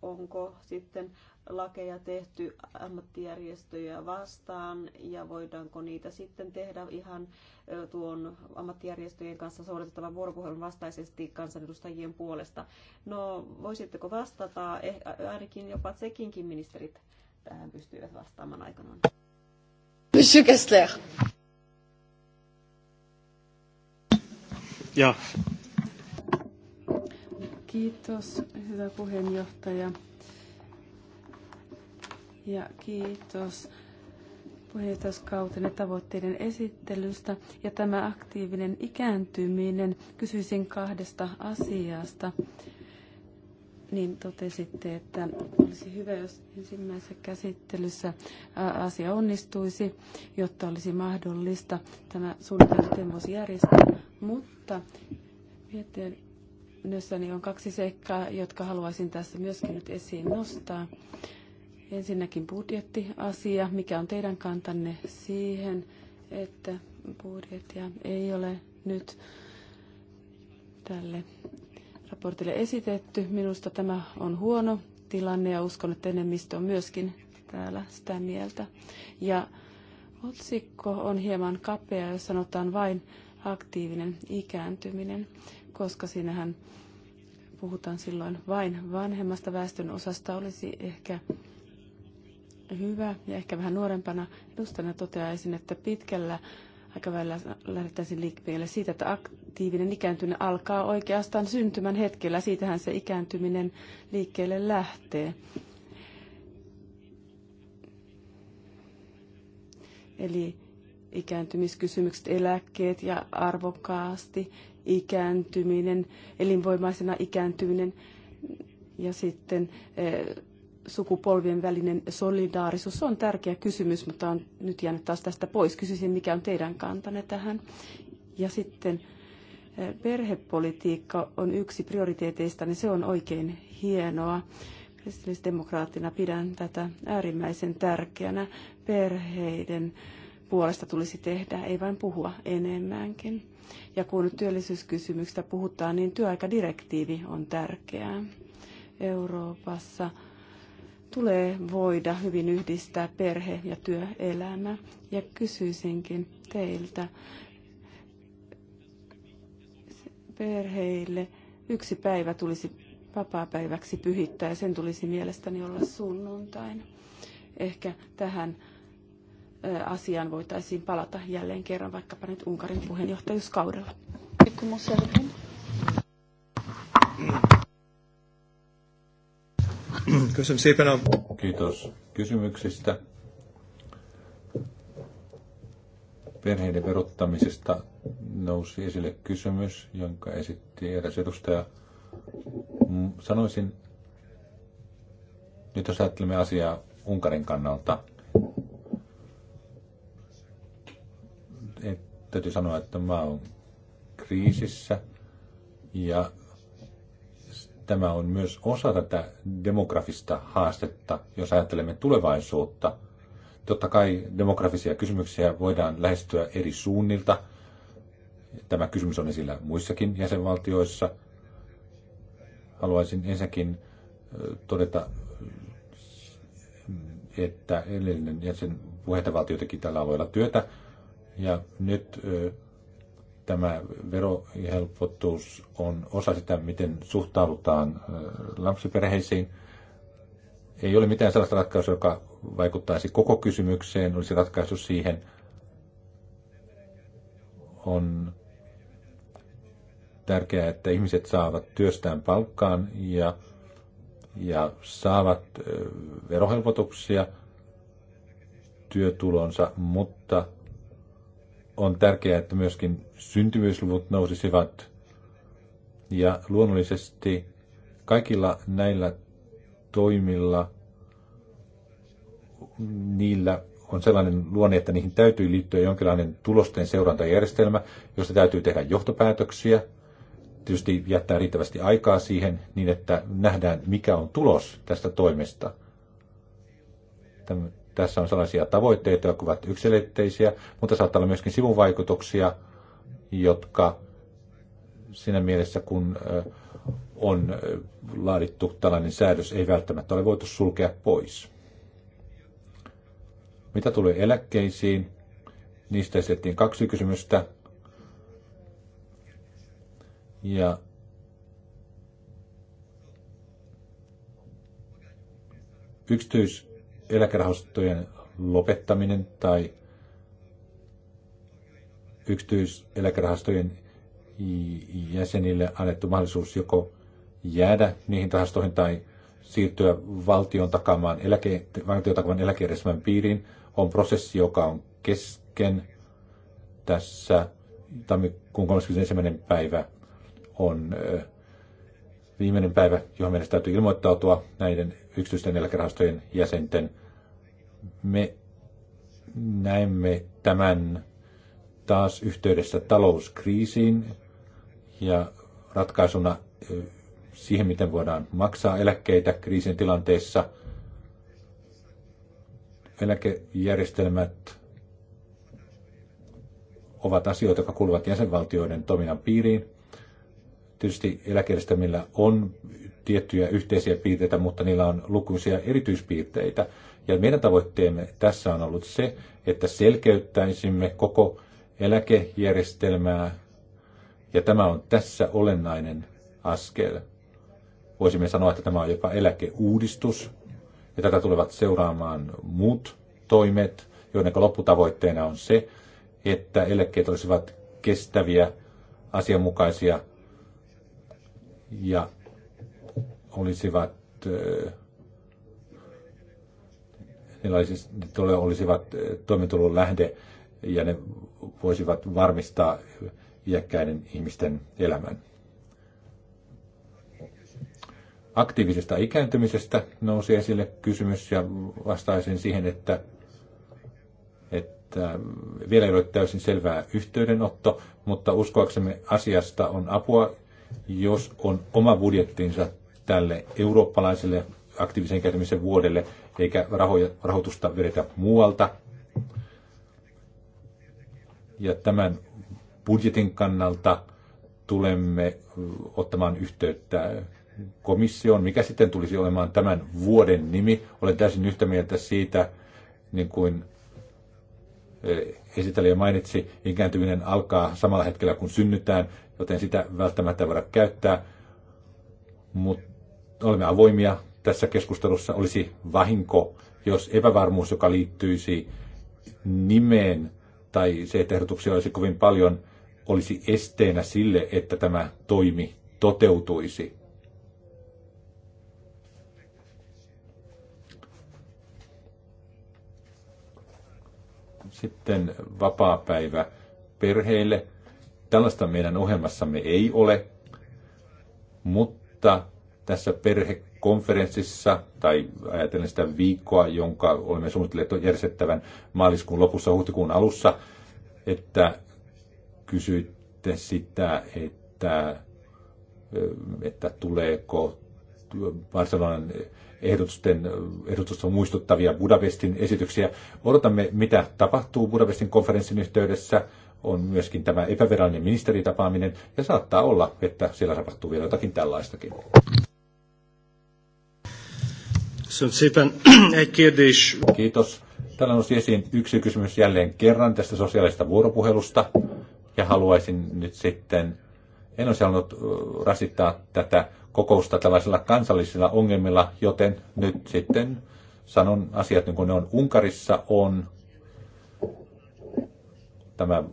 onko sitten lakeja tehty ammattijärjestöjä vastaan ja voidaanko niitä sitten tehdä ihan tuon ammattijärjestöjen kanssa suoritettavan vuoropuhelun vastaisesti kansanedustajien puolesta. No voisitteko vastata, eh, ainakin jopa sekinkin ministerit tähän pystyivät vastaamaan aikanaan. Monsieur Kessler. Ja. Kiitos, hyvä puheenjohtaja ja kiitos puheenjohtajuuskautenne tavoitteiden esittelystä ja tämä aktiivinen ikääntyminen. Kysyisin kahdesta asiasta. Niin totesitte, että olisi hyvä, jos ensimmäisessä käsittelyssä asia onnistuisi, jotta olisi mahdollista tämä suunnitelma voisi järjestää. Mutta mietinnössäni on kaksi seikkaa, jotka haluaisin tässä myöskin nyt esiin nostaa. Ensinnäkin budjettiasia. Mikä on teidän kantanne siihen, että budjettia ei ole nyt tälle raportille esitetty? Minusta tämä on huono tilanne ja uskon, että enemmistö on myöskin täällä sitä mieltä. Ja otsikko on hieman kapea, jos sanotaan vain aktiivinen ikääntyminen, koska siinähän puhutaan silloin vain vanhemmasta väestön osasta. Olisi ehkä hyvä ja ehkä vähän nuorempana edustajana toteaisin, että pitkällä aikavälillä lähdettäisiin liikkeelle siitä, että aktiivinen ikääntyminen alkaa oikeastaan syntymän hetkellä. Siitähän se ikääntyminen liikkeelle lähtee. Eli ikääntymiskysymykset, eläkkeet ja arvokkaasti ikääntyminen, elinvoimaisena ikääntyminen ja sitten eh, sukupolvien välinen solidaarisuus on tärkeä kysymys, mutta on nyt jäänyt taas tästä pois. Kysyisin, mikä on teidän kantanne tähän. Ja sitten eh, perhepolitiikka on yksi prioriteeteista, niin se on oikein hienoa. Kristillisdemokraattina pidän tätä äärimmäisen tärkeänä. Perheiden puolesta tulisi tehdä, ei vain puhua enemmänkin. Ja kun työllisyyskysymyksistä puhutaan, niin työaikadirektiivi on tärkeää. Euroopassa tulee voida hyvin yhdistää perhe- ja työelämä. Ja kysyisinkin teiltä perheille yksi päivä tulisi vapaapäiväksi pyhittää ja sen tulisi mielestäni olla sunnuntaina. Ehkä tähän asiaan voitaisiin palata jälleen kerran vaikkapa nyt Unkarin puheenjohtajuuskaudella. Kiitos. Kiitos kysymyksistä. Perheiden verottamisesta nousi esille kysymys, jonka esitti eräs edustaja. Mm, sanoisin, nyt jos ajattelemme asiaa Unkarin kannalta, että täytyy sanoa, että mä oon kriisissä ja tämä on myös osa tätä demografista haastetta, jos ajattelemme tulevaisuutta. Totta kai demografisia kysymyksiä voidaan lähestyä eri suunnilta. Tämä kysymys on esillä muissakin jäsenvaltioissa. Haluaisin ensinnäkin todeta, että edellinen jäsen puheenjohtajavaltio teki tällä alueella työtä. Ja nyt tämä verohelpotus on osa sitä, miten suhtaudutaan äh, lapsiperheisiin. Ei ole mitään sellaista ratkaisua, joka vaikuttaisi koko kysymykseen, olisi ratkaisu siihen. On tärkeää, että ihmiset saavat työstään palkkaan ja, ja saavat äh, verohelpotuksia työtulonsa, mutta on tärkeää, että myöskin syntyvyysluvut nousisivat. Ja luonnollisesti kaikilla näillä toimilla, niillä on sellainen luonne, että niihin täytyy liittyä jonkinlainen tulosten seurantajärjestelmä, josta täytyy tehdä johtopäätöksiä, tietysti jättää riittävästi aikaa siihen, niin että nähdään, mikä on tulos tästä toimesta. Tämä tässä on sellaisia tavoitteita, jotka ovat yksilitteisiä, mutta saattaa olla myöskin sivuvaikutuksia, jotka siinä mielessä, kun on laadittu tällainen säädös, ei välttämättä ole voitu sulkea pois. Mitä tulee eläkkeisiin, niistä esitettiin kaksi kysymystä. Ja yksityis eläkerahastojen lopettaminen tai yksityiseläkerahastojen jäsenille annettu mahdollisuus joko jäädä niihin rahastoihin tai siirtyä valtion takaamaan, eläke, valtion takaamaan eläkejärjestelmän piiriin on prosessi, joka on kesken. Tässä tammikuun 31. päivä on viimeinen päivä, johon meidän täytyy ilmoittautua näiden yksityisten eläkerahastojen jäsenten. Me näemme tämän taas yhteydessä talouskriisiin ja ratkaisuna siihen, miten voidaan maksaa eläkkeitä kriisin tilanteessa. Eläkejärjestelmät ovat asioita, jotka kuuluvat jäsenvaltioiden toiminnan piiriin. Tietysti eläkejärjestelmillä on tiettyjä yhteisiä piirteitä, mutta niillä on lukuisia erityispiirteitä. Ja meidän tavoitteemme tässä on ollut se, että selkeyttäisimme koko eläkejärjestelmää, ja tämä on tässä olennainen askel. Voisimme sanoa, että tämä on jopa eläkeuudistus, ja tätä tulevat seuraamaan muut toimet, joiden lopputavoitteena on se, että eläkkeet olisivat kestäviä, asianmukaisia, ja olisivat niillä siis, tule, olisivat toimeentulon lähde ja ne voisivat varmistaa iäkkäiden ihmisten elämän. Aktiivisesta ikääntymisestä nousi esille kysymys ja vastaisin siihen, että, että vielä ei ole täysin selvää yhteydenotto, mutta uskoaksemme asiasta on apua jos on oma budjettinsa tälle eurooppalaiselle aktiivisen käytämisen vuodelle, eikä rahoja, rahoitusta vedetä muualta. Ja tämän budjetin kannalta tulemme ottamaan yhteyttä komissioon. Mikä sitten tulisi olemaan tämän vuoden nimi? Olen täysin yhtä mieltä siitä, niin kuin eh, esittelijä mainitsi, ikääntyminen alkaa samalla hetkellä kun synnytään joten sitä välttämättä voida käyttää. Mutta olemme avoimia tässä keskustelussa. Olisi vahinko, jos epävarmuus, joka liittyisi nimeen tai se, että ehdotuksia olisi kovin paljon, olisi esteenä sille, että tämä toimi toteutuisi. Sitten vapaa päivä perheille. Tällaista meidän ohjelmassamme ei ole, mutta tässä perhekonferenssissa tai ajatellen sitä viikkoa, jonka olemme suunnitelleet järjestettävän maaliskuun lopussa huhtikuun alussa, että kysyitte sitä, että, että tuleeko Barcelonan ehdotusten, ehdotusten muistuttavia Budapestin esityksiä. Odotamme, mitä tapahtuu Budapestin konferenssin yhteydessä on myöskin tämä epävirallinen ministeritapaaminen, ja saattaa olla, että siellä tapahtuu vielä jotakin tällaistakin. Kiitos. Täällä on esiin yksi kysymys jälleen kerran tästä sosiaalista vuoropuhelusta, ja haluaisin nyt sitten, en olisi halunnut rasittaa tätä kokousta tällaisilla kansallisilla ongelmilla, joten nyt sitten sanon asiat niin kuin ne on. Unkarissa on tämä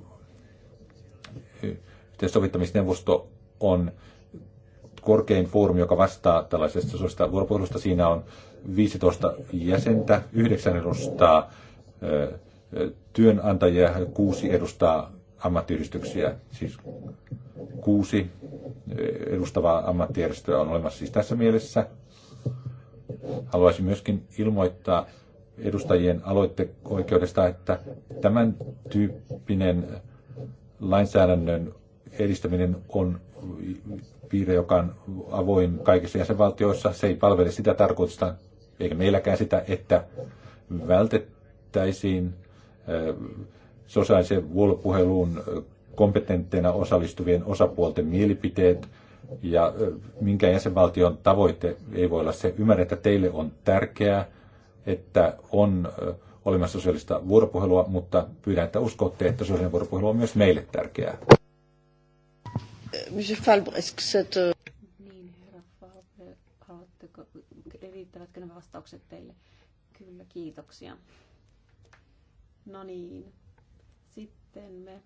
sitten sovittamisneuvosto on korkein foorumi, joka vastaa tällaisesta sosiaalista vuoropuhelusta. Siinä on 15 jäsentä, yhdeksän edustaa työnantajia, kuusi edustaa ammattiyhdistyksiä, siis kuusi edustavaa ammattijärjestöä on olemassa siis tässä mielessä. Haluaisin myöskin ilmoittaa edustajien aloitteoikeudesta, että tämän tyyppinen lainsäädännön edistäminen on piirre, joka on avoin kaikissa jäsenvaltioissa. Se ei palvele sitä tarkoitusta, eikä meilläkään sitä, että vältettäisiin äh, sosiaalisen vuoropuheluun kompetentteina osallistuvien osapuolten mielipiteet ja äh, minkä jäsenvaltion tavoite ei voi olla se. ymmärrä, että teille on tärkeää, että on äh, olemassa sosiaalista vuoropuhelua, mutta pyydän, että uskotte, että sosiaalinen vuoropuhelu on myös meille tärkeää. Monsieur Falbre, est-ce que cette... Euh, niin, herra Falbre, haluatteko, riittävätkö nämä vastaukset teille? Kyllä, kiitoksia. No niin, sitten me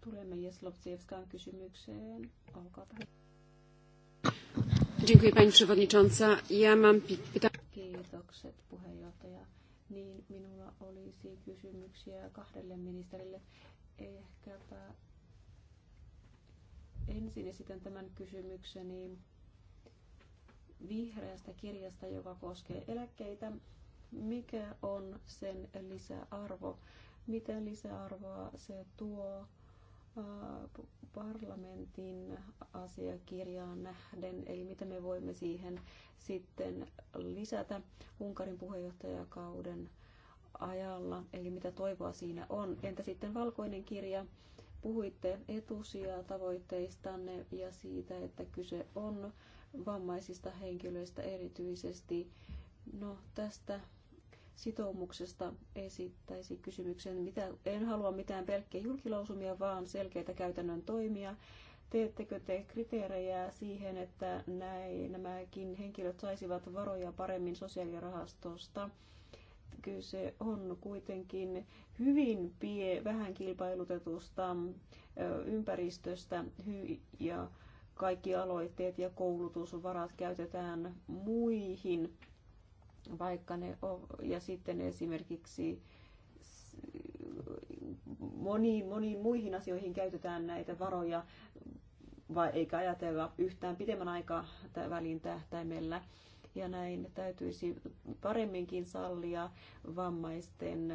tulemme Jeslovtsievskan kysymykseen. Olkaa hyvä. Dziękuję Pani Przewodnicząca. Ja mam pytanie. Kiitokset puheenjohtaja niin minulla olisi kysymyksiä kahdelle ministerille. Ehkäpä ensin esitän tämän kysymykseni vihreästä kirjasta, joka koskee eläkkeitä. Mikä on sen lisäarvo? Miten lisäarvoa se tuo parlamentin asiakirjaan nähden, eli mitä me voimme siihen sitten lisätä Unkarin puheenjohtajakauden ajalla, eli mitä toivoa siinä on. Entä sitten valkoinen kirja? Puhuitte etusia tavoitteistanne ja siitä, että kyse on vammaisista henkilöistä erityisesti. No tästä sitoumuksesta esittäisi kysymyksen. Mitä, en halua mitään pelkkiä julkilausumia, vaan selkeitä käytännön toimia. Teettekö te kriteerejä siihen, että näin, nämäkin henkilöt saisivat varoja paremmin sosiaalirahastosta? Kyse on kuitenkin hyvin pie, vähän kilpailutetusta ympäristöstä ja kaikki aloitteet ja koulutusvarat käytetään muihin vaikka ne ja sitten esimerkiksi moniin, moniin muihin asioihin käytetään näitä varoja, vai eikä ajatella yhtään pidemmän aikaa välin tähtäimellä. Ja näin täytyisi paremminkin sallia vammaisten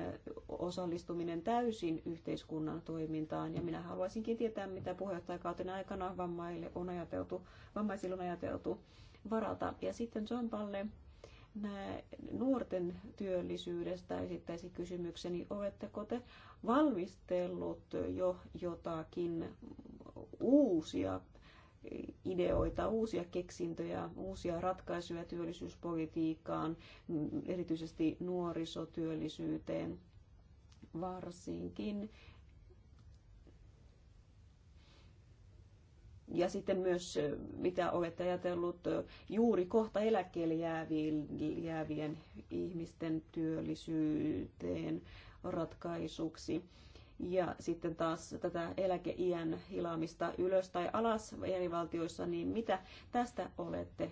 osallistuminen täysin yhteiskunnan toimintaan. Ja minä haluaisinkin tietää, mitä puheenjohtajakauten aikana vammaille on ajateltu, vammaisille on ajateltu varata. Ja sitten John Palle nuorten työllisyydestä esittäisi kysymykseni, oletteko te valmistellut jo jotakin uusia ideoita, uusia keksintöjä, uusia ratkaisuja työllisyyspolitiikkaan, erityisesti nuorisotyöllisyyteen varsinkin ja sitten myös, mitä olette ajatellut juuri kohta eläkkeelle jäävien ihmisten työllisyyteen ratkaisuksi. Ja sitten taas tätä eläkeiän hilaamista ylös tai alas eri valtioissa, niin mitä tästä olette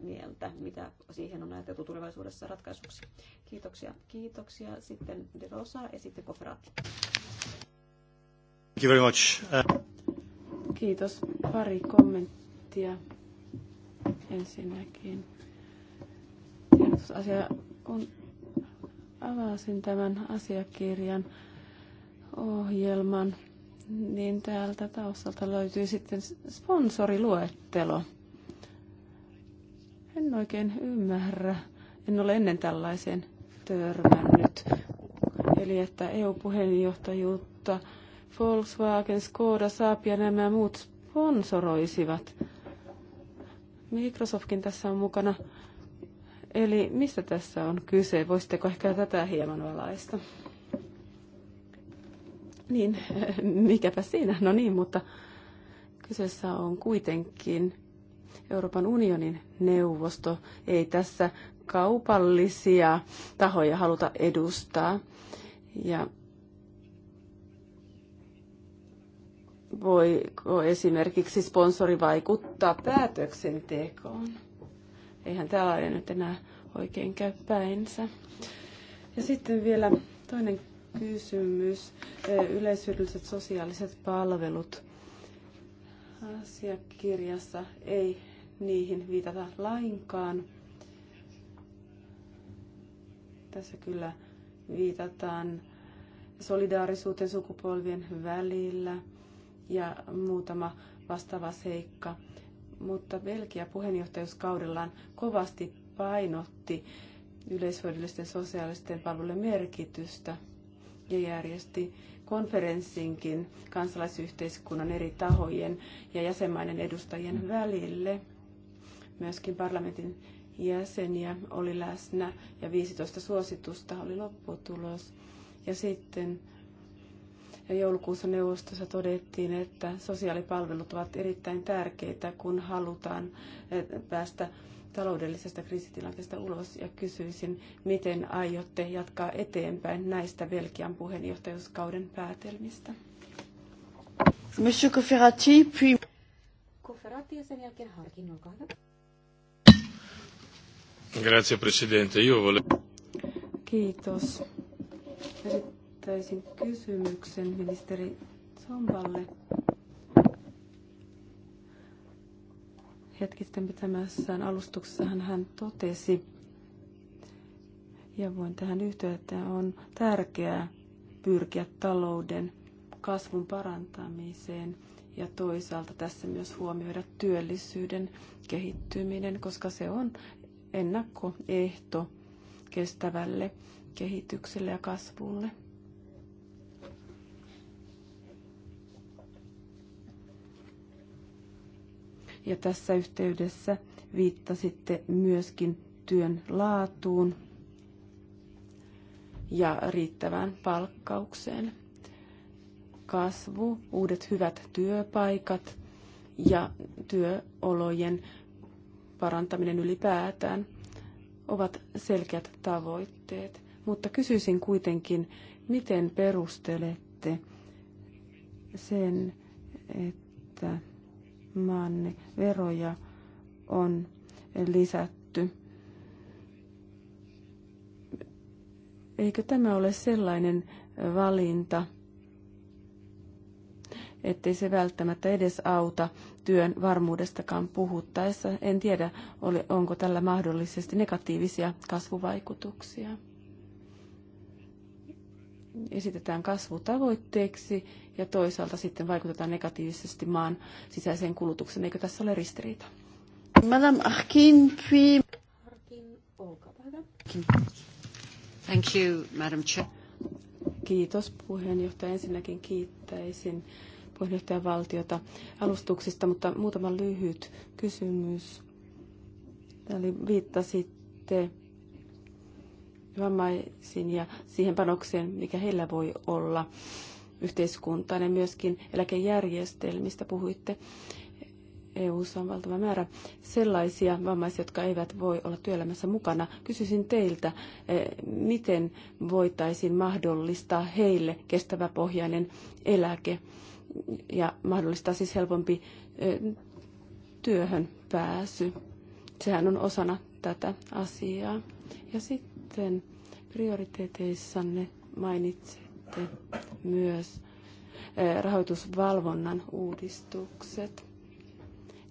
mieltä? Mitä siihen on ajateltu tulevaisuudessa ratkaisuksi? Kiitoksia. Kiitoksia. Sitten De Rosa ja sitten Koferati. Thank you very much. Uh... Kiitos. Pari kommenttia ensinnäkin. Tiedotusasia, kun avasin tämän asiakirjan ohjelman, niin täältä taustalta löytyy sitten sponsoriluettelo. En oikein ymmärrä. En ole ennen tällaisen törmännyt. Eli että EU-puheenjohtajuutta Volkswagen, Skoda, Saab ja nämä muut sponsoroisivat. Microsoftkin tässä on mukana. Eli mistä tässä on kyse? Voisitteko ehkä tätä hieman valaista? Niin, mikäpä siinä. No niin, mutta kyseessä on kuitenkin Euroopan unionin neuvosto. Ei tässä kaupallisia tahoja haluta edustaa. Ja voiko esimerkiksi sponsori vaikuttaa päätöksentekoon. Eihän tällainen nyt enää oikein käy päinsä. Ja sitten vielä toinen kysymys. Yleishyödylliset sosiaaliset palvelut. Asiakirjassa ei niihin viitata lainkaan. Tässä kyllä viitataan solidaarisuuteen sukupolvien välillä – ja muutama vastaava seikka. Mutta Belgia puheenjohtajuuskaudellaan kovasti painotti yleishyödyllisten sosiaalisten palvelujen merkitystä ja järjesti konferenssinkin kansalaisyhteiskunnan eri tahojen ja jäsenmaiden edustajien välille. Myöskin parlamentin jäseniä oli läsnä ja 15 suositusta oli lopputulos. Ja sitten ja joulukuussa neuvostossa todettiin, että sosiaalipalvelut ovat erittäin tärkeitä, kun halutaan päästä taloudellisesta kriisitilanteesta ulos ja kysyisin, miten aiotte jatkaa eteenpäin näistä Belgian puheenjohtajuuskauden päätelmistä. Monsieur Cofferati, puis... Cofferati ja sen jälkeen Harkin, olkaa hyvä. Grazie Presidente, io volevo... Kiitos esittäisin kysymyksen ministeri Zompalle. Hetki sitten pitämässään alustuksessa hän totesi, ja voin tähän yhtyä, että on tärkeää pyrkiä talouden kasvun parantamiseen ja toisaalta tässä myös huomioida työllisyyden kehittyminen, koska se on ennakkoehto kestävälle kehitykselle ja kasvulle. Ja tässä yhteydessä viittasitte myöskin työn laatuun ja riittävään palkkaukseen. Kasvu, uudet hyvät työpaikat ja työolojen parantaminen ylipäätään ovat selkeät tavoitteet. Mutta kysyisin kuitenkin, miten perustelette sen, että maanne veroja on lisätty. Eikö tämä ole sellainen valinta, ettei se välttämättä edes auta työn varmuudestakaan puhuttaessa. En tiedä, onko tällä mahdollisesti negatiivisia kasvuvaikutuksia. Esitetään kasvutavoitteeksi ja toisaalta sitten vaikutetaan negatiivisesti maan sisäiseen kulutukseen. Eikö tässä ole ristiriita? Madame Arkin, puis... Arkin, Thank you, Madam Chair. Kiitos puheenjohtaja. Ensinnäkin kiittäisin puheenjohtajan valtiota alustuksista, mutta muutama lyhyt kysymys. Eli viittasitte vammaisiin ja siihen panokseen, mikä heillä voi olla yhteiskuntaan ja myöskin eläkejärjestelmistä puhuitte. eu on valtava määrä sellaisia vammaisia, jotka eivät voi olla työelämässä mukana. Kysyisin teiltä, e, miten voitaisiin mahdollistaa heille kestäväpohjainen eläke ja mahdollistaa siis helpompi e, työhön pääsy. Sehän on osana tätä asiaa. Ja sitten prioriteeteissanne mainitsit sitten myös rahoitusvalvonnan uudistukset.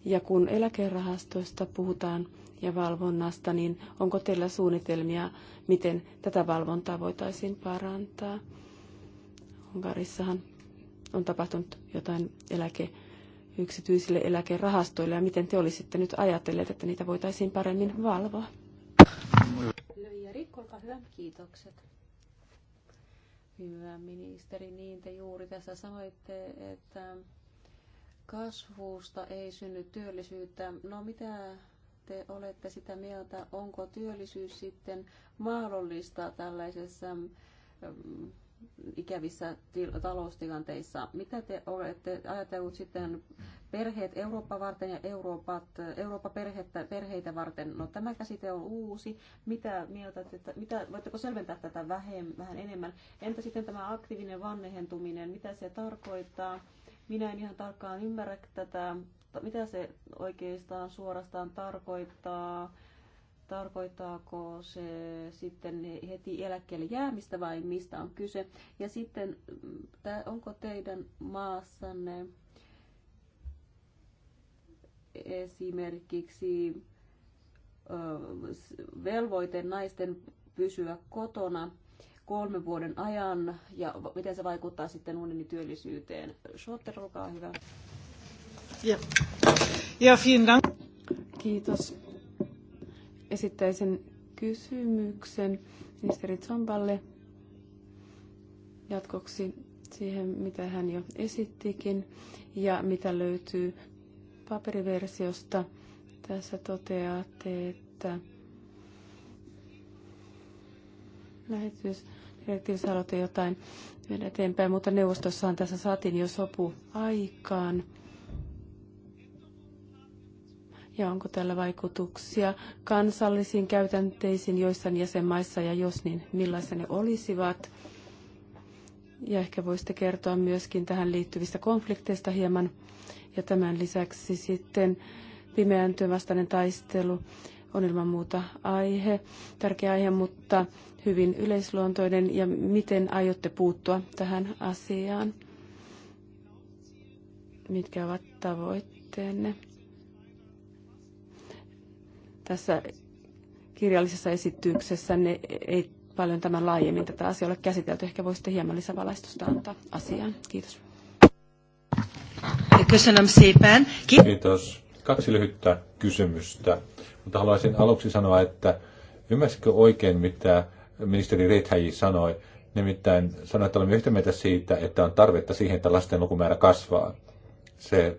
Ja kun eläkerahastoista puhutaan ja valvonnasta, niin onko teillä suunnitelmia, miten tätä valvontaa voitaisiin parantaa? Unkarissahan on tapahtunut jotain eläke yksityisille eläkerahastoille ja miten te olisitte nyt ajatelleet, että niitä voitaisiin paremmin valvoa? Lyijä Rikko, olkaa hyvä. Kiitokset. Hyvä ministeri, niin te juuri tässä sanoitte, että kasvusta ei synny työllisyyttä. No mitä te olette sitä mieltä, onko työllisyys sitten mahdollista tällaisessa mm, ikävissä taloustilanteissa. Mitä te olette ajatellut sitten perheet Eurooppa varten ja Euroopat, Eurooppa perhettä, perheitä varten? No tämä käsite on uusi. Mitä mieltä, että, mitä, voitteko selventää tätä vähem, vähän enemmän? Entä sitten tämä aktiivinen vanhentuminen? Mitä se tarkoittaa? Minä en ihan tarkkaan ymmärrä tätä. Mitä se oikeastaan suorastaan tarkoittaa? tarkoittaako se sitten heti eläkkeelle jäämistä vai mistä on kyse? Ja sitten, mm, onko teidän maassanne esimerkiksi velvoite naisten pysyä kotona kolmen vuoden ajan ja miten se vaikuttaa sitten unionityöllisyyteen? työllisyyteen? Schotter, olkaa hyvä. Ja. Ja, vielen Dank. Kiitos esittäisin kysymyksen ministeri Zomballe jatkoksi siihen, mitä hän jo esittikin ja mitä löytyy paperiversiosta. Tässä toteatte, että lähetys direktiivissä jotain eteenpäin, mutta neuvostossahan tässä saatiin jo sopu aikaan ja onko tällä vaikutuksia kansallisiin käytänteisiin joissain jäsenmaissa ja jos niin millaisia ne olisivat. Ja ehkä voisitte kertoa myöskin tähän liittyvistä konflikteista hieman. Ja tämän lisäksi sitten pimeän työn taistelu on ilman muuta aihe, tärkeä aihe, mutta hyvin yleisluontoinen. Ja miten aiotte puuttua tähän asiaan? Mitkä ovat tavoitteenne? tässä kirjallisessa esityksessä ne ei paljon tämän laajemmin tätä asiaa ole käsitelty. Ehkä voisitte hieman lisävalaistusta antaa asiaan. Kiitos. Kiitos. Kaksi lyhyttä kysymystä. Mutta haluaisin aluksi sanoa, että ymmärsikö oikein, mitä ministeri Reithäji sanoi? Nimittäin sanoi, että olemme yhtä mieltä siitä, että on tarvetta siihen, että lasten lukumäärä kasvaa. Se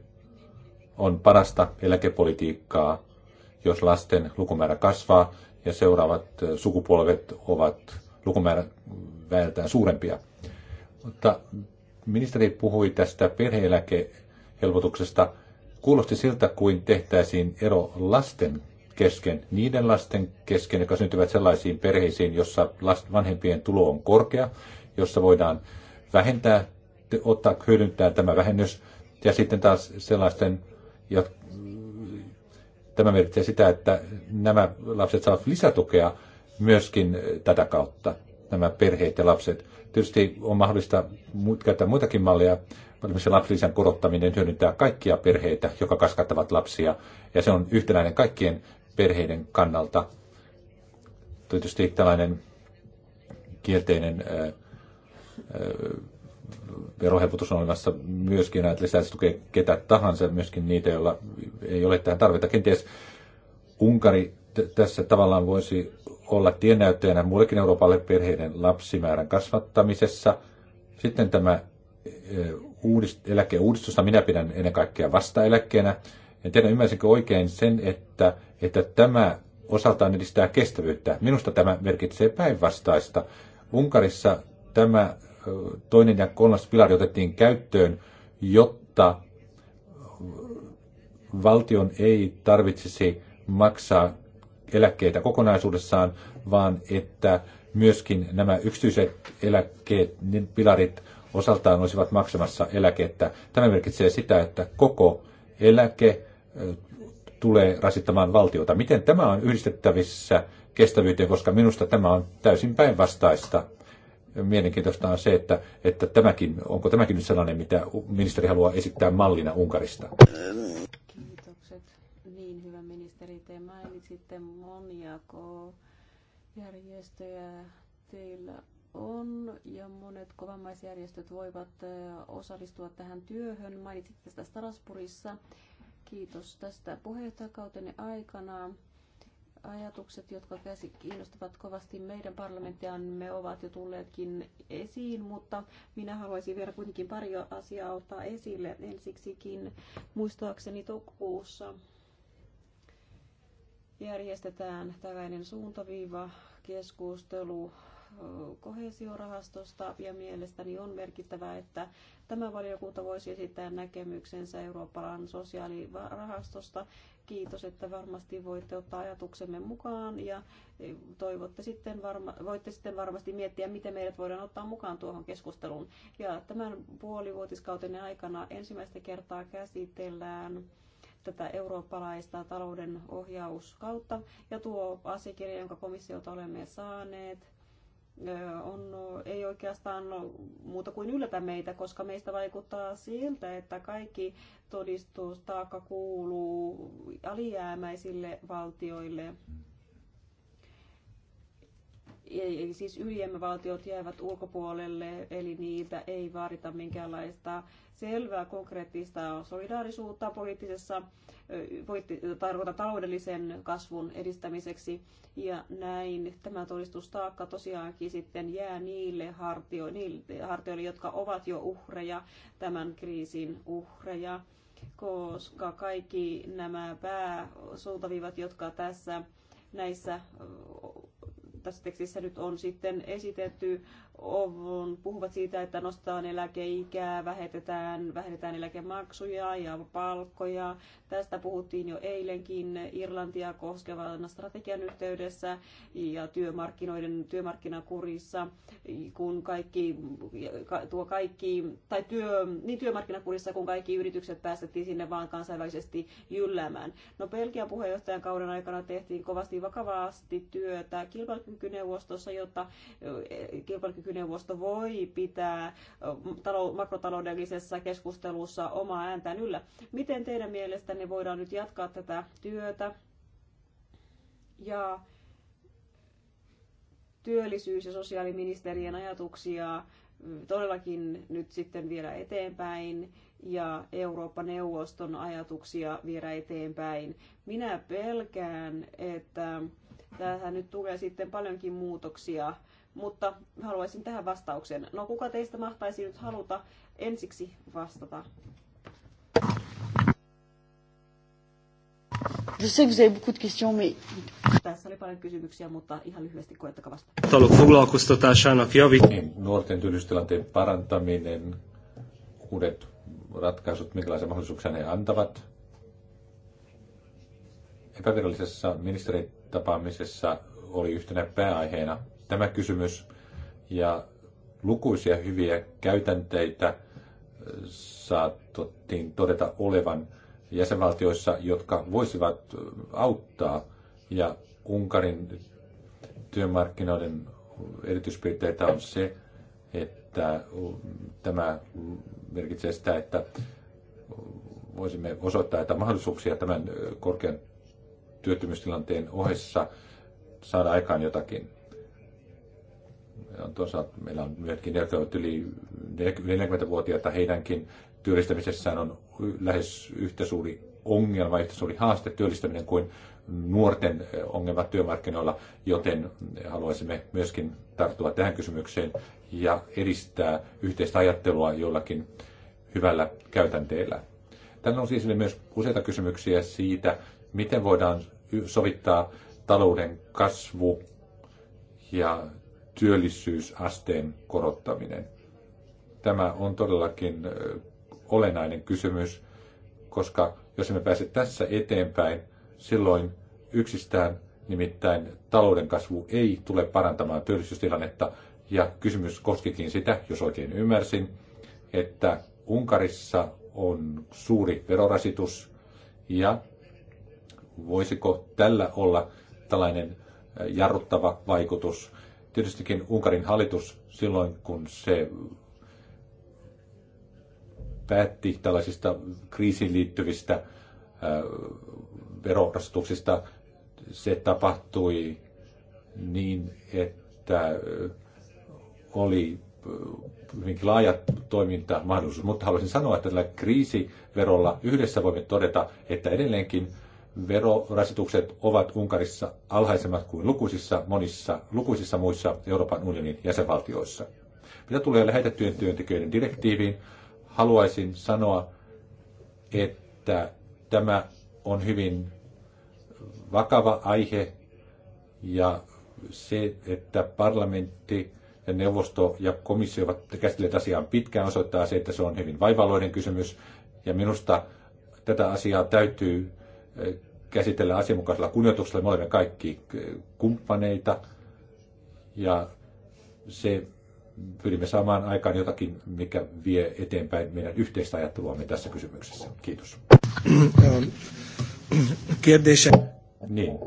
on parasta eläkepolitiikkaa jos lasten lukumäärä kasvaa ja seuraavat sukupolvet ovat lukumäärä väeltään suurempia. Mutta ministeri puhui tästä perheeläkehelpotuksesta. Kuulosti siltä, kuin tehtäisiin ero lasten kesken, niiden lasten kesken, jotka syntyvät sellaisiin perheisiin, jossa last, vanhempien tulo on korkea, jossa voidaan vähentää, ottaa hyödyntää tämä vähennys, ja sitten taas sellaisten, Tämä merkitsee sitä, että nämä lapset saavat lisätukea myöskin tätä kautta, nämä perheet ja lapset. Tietysti on mahdollista käyttää muitakin malleja. Esimerkiksi lapsilisän korottaminen hyödyntää kaikkia perheitä, jotka kasvattavat lapsia, ja se on yhtenäinen kaikkien perheiden kannalta. Tietysti tällainen kielteinen verohelpotusohjelmassa myöskin, että lisäksi tukee ketä tahansa, myöskin niitä, joilla ei ole tähän tarvetta. Kenties Unkari tässä tavallaan voisi olla tiennäyttäjänä muillekin Euroopalle perheiden lapsimäärän kasvattamisessa. Sitten tämä eh, uudist- eläkeuudistusta minä pidän ennen kaikkea vastaeläkkeenä. En tiedä, ymmärsinkö oikein sen, että, että tämä osaltaan edistää kestävyyttä. Minusta tämä merkitsee päinvastaista. Unkarissa tämä toinen ja kolmas pilari otettiin käyttöön, jotta valtion ei tarvitsisi maksaa eläkkeitä kokonaisuudessaan, vaan että myöskin nämä yksityiset eläkkeet, niin pilarit osaltaan olisivat maksamassa eläkettä. Tämä merkitsee sitä, että koko eläke tulee rasittamaan valtiota. Miten tämä on yhdistettävissä kestävyyteen, koska minusta tämä on täysin päinvastaista mielenkiintoista on se, että, että tämäkin, onko tämäkin nyt sellainen, mitä ministeri haluaa esittää mallina Unkarista. Kiitokset. Niin hyvä ministeri, te mainitsitte monia järjestöjä teillä on ja monet kovammaisjärjestöt voivat osallistua tähän työhön. Mainitsitte tästä Strasbourgissa. Kiitos tästä puheenjohtajakautenne aikana ajatukset, jotka kiinnostavat kovasti meidän parlamenttiamme, ovat jo tulleetkin esiin, mutta minä haluaisin vielä kuitenkin pari asiaa ottaa esille. Ensiksikin muistaakseni toukokuussa järjestetään tällainen suuntaviiva keskustelu kohesiorahastosta ja mielestäni on merkittävää, että tämä valiokunta voisi esittää näkemyksensä Euroopan sosiaalirahastosta. Kiitos, että varmasti voitte ottaa ajatuksemme mukaan ja toivotte sitten varma, voitte sitten varmasti miettiä, miten meidät voidaan ottaa mukaan tuohon keskusteluun. Ja tämän puolivuotiskauten aikana ensimmäistä kertaa käsitellään tätä eurooppalaista talouden ohjauskautta ja tuo asiakirja, jonka komissiota olemme saaneet, on, ei oikeastaan muuta kuin yllätä meitä, koska meistä vaikuttaa siltä, että kaikki todistustaakka kuuluu alijäämäisille valtioille ei siis ylijäämävaltiot jäävät ulkopuolelle, eli niitä ei vaadita minkäänlaista selvää konkreettista solidaarisuutta poliittisessa, tarkoita taloudellisen kasvun edistämiseksi. Ja näin tämä todistustaakka tosiaankin sitten jää niille hartioille, jotka ovat jo uhreja, tämän kriisin uhreja, koska kaikki nämä pääsuuntaviivat, jotka tässä näissä tässä tekstissä nyt on sitten esitetty puhuvat siitä, että nostetaan eläkeikää, vähennetään, vähennetään eläkemaksuja ja palkkoja. Tästä puhuttiin jo eilenkin Irlantia koskevan strategian yhteydessä ja työmarkkinoiden työmarkkinakurissa, kun kaikki, tuo kaikki, tai työ, niin työmarkkinakurissa, kun kaikki yritykset päästettiin sinne vaan kansainvälisesti jylläämään. No Belgian puheenjohtajan kauden aikana tehtiin kovasti vakavasti työtä kilpailukykyneuvostossa, jotta kilpailukyky nykyneuvosto voi pitää makrotaloudellisessa keskustelussa omaa ääntään yllä. Miten teidän mielestänne voidaan nyt jatkaa tätä työtä? Ja työllisyys- ja sosiaaliministerien ajatuksia todellakin nyt sitten viedä eteenpäin ja Eurooppa-neuvoston ajatuksia viedä eteenpäin. Minä pelkään, että tähän nyt tulee sitten paljonkin muutoksia mutta haluaisin tähän vastauksen. No kuka teistä mahtaisi nyt haluta ensiksi vastata? Je sais que vous avez beaucoup de questions, mais... Tässä oli paljon kysymyksiä, mutta ihan lyhyesti koettakaa vastata. Foglalkoztatásának niin, Nuorten työllisyystilanteen parantaminen, uudet ratkaisut, minkälaisia mahdollisuuksia ne antavat. Epävirallisessa ministeritapaamisessa oli yhtenä pääaiheena tämä kysymys ja lukuisia hyviä käytänteitä äh, saatettiin todeta olevan jäsenvaltioissa, jotka voisivat auttaa ja Unkarin työmarkkinoiden erityispiirteitä on se, että tämä merkitsee sitä, että voisimme osoittaa, että mahdollisuuksia tämän korkean työttömyystilanteen ohessa saada aikaan jotakin toisaalta meillä on myöskin jotka ovat yli 40-vuotiaita, heidänkin työllistämisessään on lähes yhtä suuri ongelma, yhtä suuri haaste työllistäminen kuin nuorten eh, ongelmat työmarkkinoilla, joten haluaisimme myöskin tarttua tähän kysymykseen ja edistää yhteistä ajattelua jollakin hyvällä käytänteellä. Tänne on siis myös useita kysymyksiä siitä, miten voidaan sovittaa talouden kasvu ja työllisyysasteen korottaminen. Tämä on todellakin olennainen kysymys, koska jos emme pääse tässä eteenpäin, silloin yksistään nimittäin talouden kasvu ei tule parantamaan työllisyystilannetta. Ja kysymys koskikin sitä, jos oikein ymmärsin, että Unkarissa on suuri verorasitus ja voisiko tällä olla tällainen jarruttava vaikutus Tietystikin Unkarin hallitus silloin, kun se päätti tällaisista kriisiin liittyvistä verorasituksista, se tapahtui niin, että oli hyvinkin laajat toimintamahdollisuus. Mutta haluaisin sanoa, että tällä kriisiverolla yhdessä voimme todeta, että edelleenkin verorasitukset ovat Unkarissa alhaisemmat kuin lukuisissa, monissa, lukuisissa muissa Euroopan unionin jäsenvaltioissa. Mitä tulee lähetettyjen työntekijöiden direktiiviin, haluaisin sanoa, että tämä on hyvin vakava aihe ja se, että parlamentti ja neuvosto ja komissio ovat käsitelleet asiaa pitkään, osoittaa se, että se on hyvin vaivaloinen kysymys. Ja minusta tätä asiaa täytyy käsitellä asianmukaisella kunnioituksella. Me olemme kaikki kumppaneita ja se pyrimme saamaan aikaan jotakin, mikä vie eteenpäin meidän yhteistä ajatteluamme tässä kysymyksessä. Kiitos. Ähm, kérdése. Niin.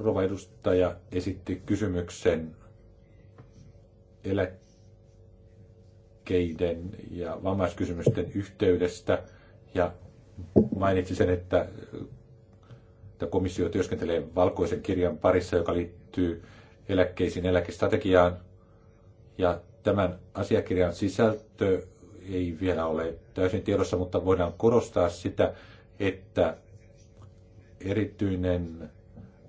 Rova edustaja esitti kysymyksen eläkkeiden ja vammaiskysymysten yhteydestä ja mainitsi sen, että komissio työskentelee valkoisen kirjan parissa, joka liittyy eläkkeisiin eläkestrategiaan. Ja tämän asiakirjan sisältö ei vielä ole täysin tiedossa, mutta voidaan korostaa sitä, että erityinen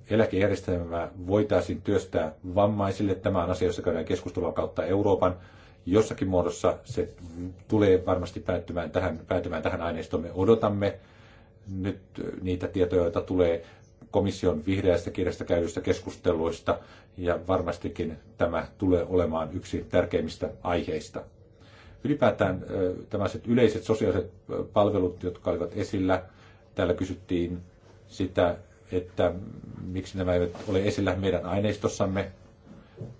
eläkejärjestelmä voitaisiin työstää vammaisille. Tämä on asia, jossa käydään keskustelua kautta Euroopan jossakin muodossa se tulee varmasti päättymään tähän, päätymään tähän aineistoon. Me odotamme nyt niitä tietoja, joita tulee komission vihreästä kirjasta käydyistä keskusteluista, ja varmastikin tämä tulee olemaan yksi tärkeimmistä aiheista. Ylipäätään tämmöiset yleiset sosiaaliset palvelut, jotka olivat esillä, täällä kysyttiin sitä, että miksi nämä eivät ole esillä meidän aineistossamme.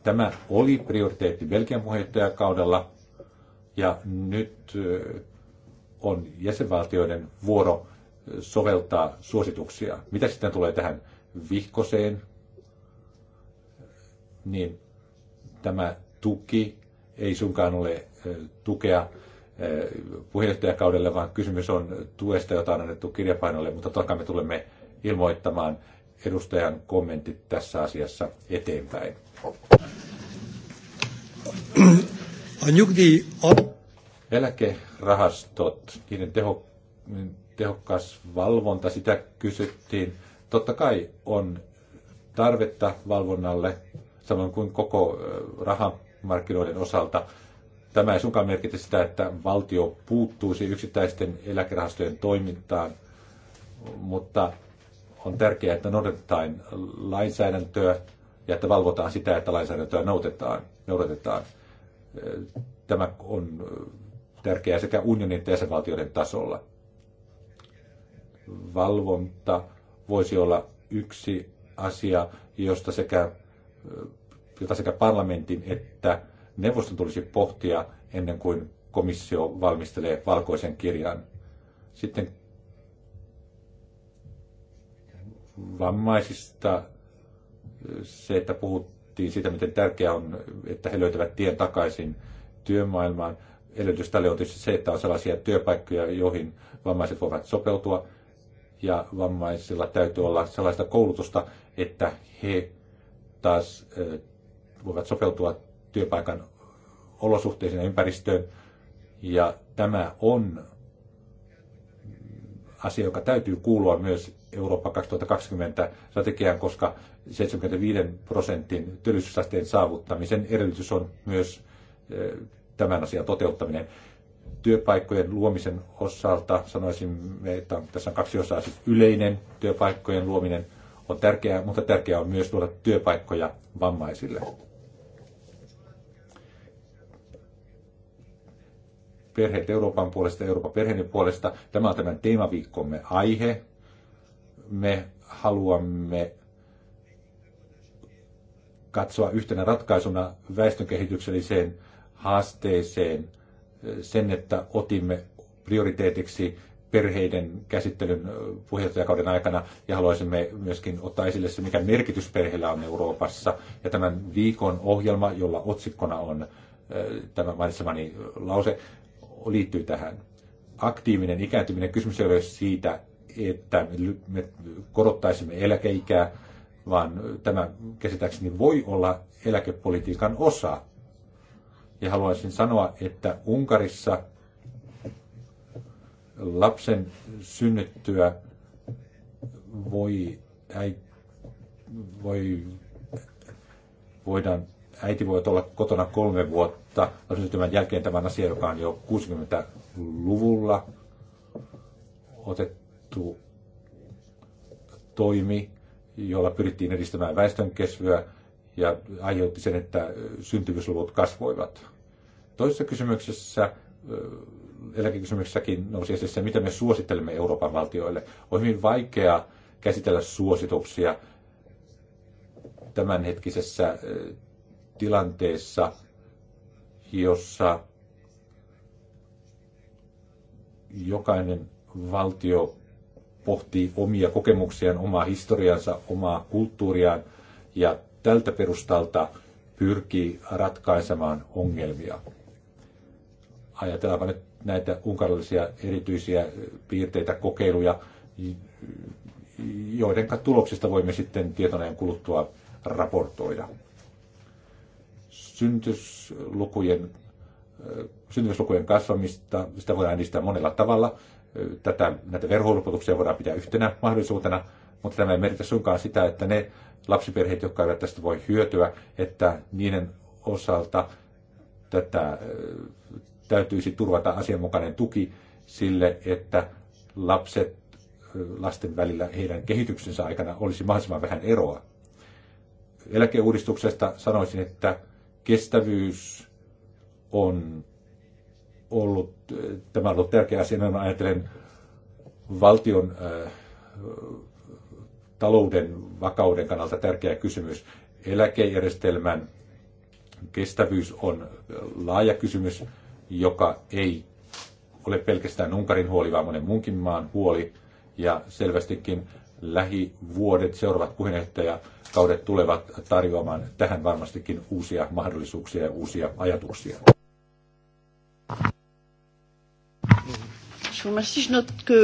Tämä oli prioriteetti Belgian puheenjohtajakaudella ja nyt on jäsenvaltioiden vuoro soveltaa suosituksia. Mitä sitten tulee tähän vihkoseen, niin tämä tuki ei suinkaan ole tukea puheenjohtajakaudelle, vaan kysymys on tuesta, jota on annettu kirjapainolle, mutta toki me tulemme ilmoittamaan edustajan kommentit tässä asiassa eteenpäin. Niin, Eläkerahastot, niiden teho, tehokas valvonta, sitä kysyttiin. Totta kai on tarvetta valvonnalle, samoin kuin koko rahamarkkinoiden osalta. Tämä ei suinkaan merkitä sitä, että valtio puuttuisi yksittäisten eläkerahastojen toimintaan, mutta on tärkeää, että noudatetaan lainsäädäntöä ja että valvotaan sitä, että lainsäädäntöä noudatetaan. noudatetaan. Tämä on tärkeää sekä unionin että jäsenvaltioiden tasolla. Valvonta voisi olla yksi asia, josta sekä, jota sekä parlamentin että neuvoston tulisi pohtia ennen kuin komissio valmistelee valkoisen kirjan. Sitten vammaisista, se, että puhuttiin siitä, miten tärkeää on, että he löytävät tien takaisin työmaailmaan. Edellytys tälle on se, että on sellaisia työpaikkoja, joihin vammaiset voivat sopeutua, ja vammaisilla täytyy olla sellaista koulutusta, että he taas voivat sopeutua työpaikan olosuhteisiin ja ympäristöön. Ja tämä on asia, joka täytyy kuulua myös Eurooppa 2020 strategiaan, koska 75 prosentin työllisyysasteen saavuttamisen edellytys on myös eh, tämän asian toteuttaminen. Työpaikkojen luomisen osalta sanoisimme, että tässä on kaksi osaa, siis yleinen työpaikkojen luominen on tärkeää, mutta tärkeää on myös luoda työpaikkoja vammaisille. perheet Euroopan puolesta, Euroopan perheiden puolesta. Tämä on tämän teemaviikkomme aihe me haluamme katsoa yhtenä ratkaisuna väestönkehitykselliseen haasteeseen eh, sen, että otimme prioriteetiksi perheiden käsittelyn eh, puheenjohtajakauden aikana ja haluaisimme myöskin ottaa esille se, mikä merkitys perheellä on Euroopassa. Ja tämän viikon ohjelma, jolla otsikkona on eh, tämä mainitsemani lause, liittyy tähän. Aktiivinen ikääntyminen, kysymys ei ole siitä, että me korottaisimme eläkeikää, vaan tämä käsittääkseni voi olla eläkepolitiikan osa. Ja haluaisin sanoa, että Unkarissa lapsen synnyttyä voi, äi, voi, voidaan, äiti voi olla kotona kolme vuotta lapsen syntymän jälkeen tämän asian, joka on jo 60-luvulla otettu tunnettu toimi, jolla pyrittiin edistämään väestönkesvyä ja aiheutti sen, että syntyvyysluvut kasvoivat. Toisessa kysymyksessä, eläkekysymyksessäkin nousi esille se, mitä me suosittelemme Euroopan valtioille. On hyvin vaikea käsitellä suosituksia tämänhetkisessä tilanteessa, jossa jokainen valtio pohtii omia kokemuksiaan, omaa historiansa, omaa kulttuuriaan ja tältä perustalta pyrkii ratkaisemaan ongelmia. Ajatellaanpa nyt näitä unkarilaisia erityisiä piirteitä, kokeiluja, joiden tuloksista voimme sitten tietoinen kuluttua raportoida. Syntyslukujen, syntyslukujen kasvamista, sitä voidaan edistää monella tavalla tätä, näitä verhoulupotuksia voidaan pitää yhtenä mahdollisuutena, mutta tämä ei merkitä suinkaan sitä, että ne lapsiperheet, jotka eivät tästä voi hyötyä, että niiden osalta tätä äh, täytyisi turvata asianmukainen tuki sille, että lapset äh, lasten välillä heidän kehityksensä aikana olisi mahdollisimman vähän eroa. Eläkeuudistuksesta sanoisin, että kestävyys on ollut, tämä on ollut tärkeä asia, mä ajattelen valtion äh, talouden vakauden kannalta tärkeä kysymys. Eläkejärjestelmän kestävyys on laaja kysymys, joka ei ole pelkästään Unkarin huoli, vaan monen muunkin maan huoli. Ja selvästikin lähivuodet, seuraavat puheenjohtajakaudet tulevat tarjoamaan tähän varmastikin uusia mahdollisuuksia ja uusia ajatuksia. Je vous remercie. Je note que...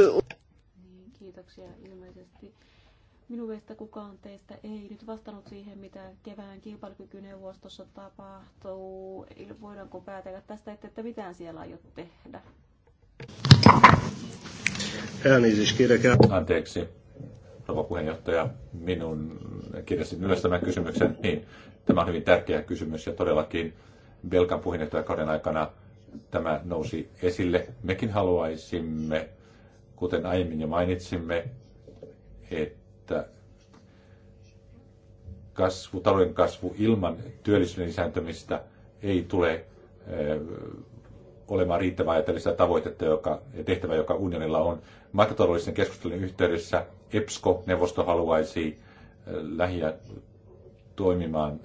Niin, kiitoksia ilmeisesti. Minun mielestä kukaan teistä ei nyt vastannut siihen, mitä kevään kilpailukykyneuvostossa tapahtuu. Voidaanko päätellä tästä, että, että mitään siellä aiot tehdä? Anteeksi, rouva puheenjohtaja, minun kirjasin myös tämän kysymyksen. Niin, tämä on hyvin tärkeä kysymys ja todellakin Belkan puheenjohtajakauden aikana – tämä nousi esille. Mekin haluaisimme, kuten aiemmin jo mainitsimme, että kasvu, talouden kasvu ilman työllisyyden lisääntymistä ei tule eh, olemaan riittävää ajatellista tavoitetta joka, ja tehtävä, joka unionilla on. Makrotaloudellisen keskustelun yhteydessä EPSCO-neuvosto haluaisi eh, lähiä toimimaan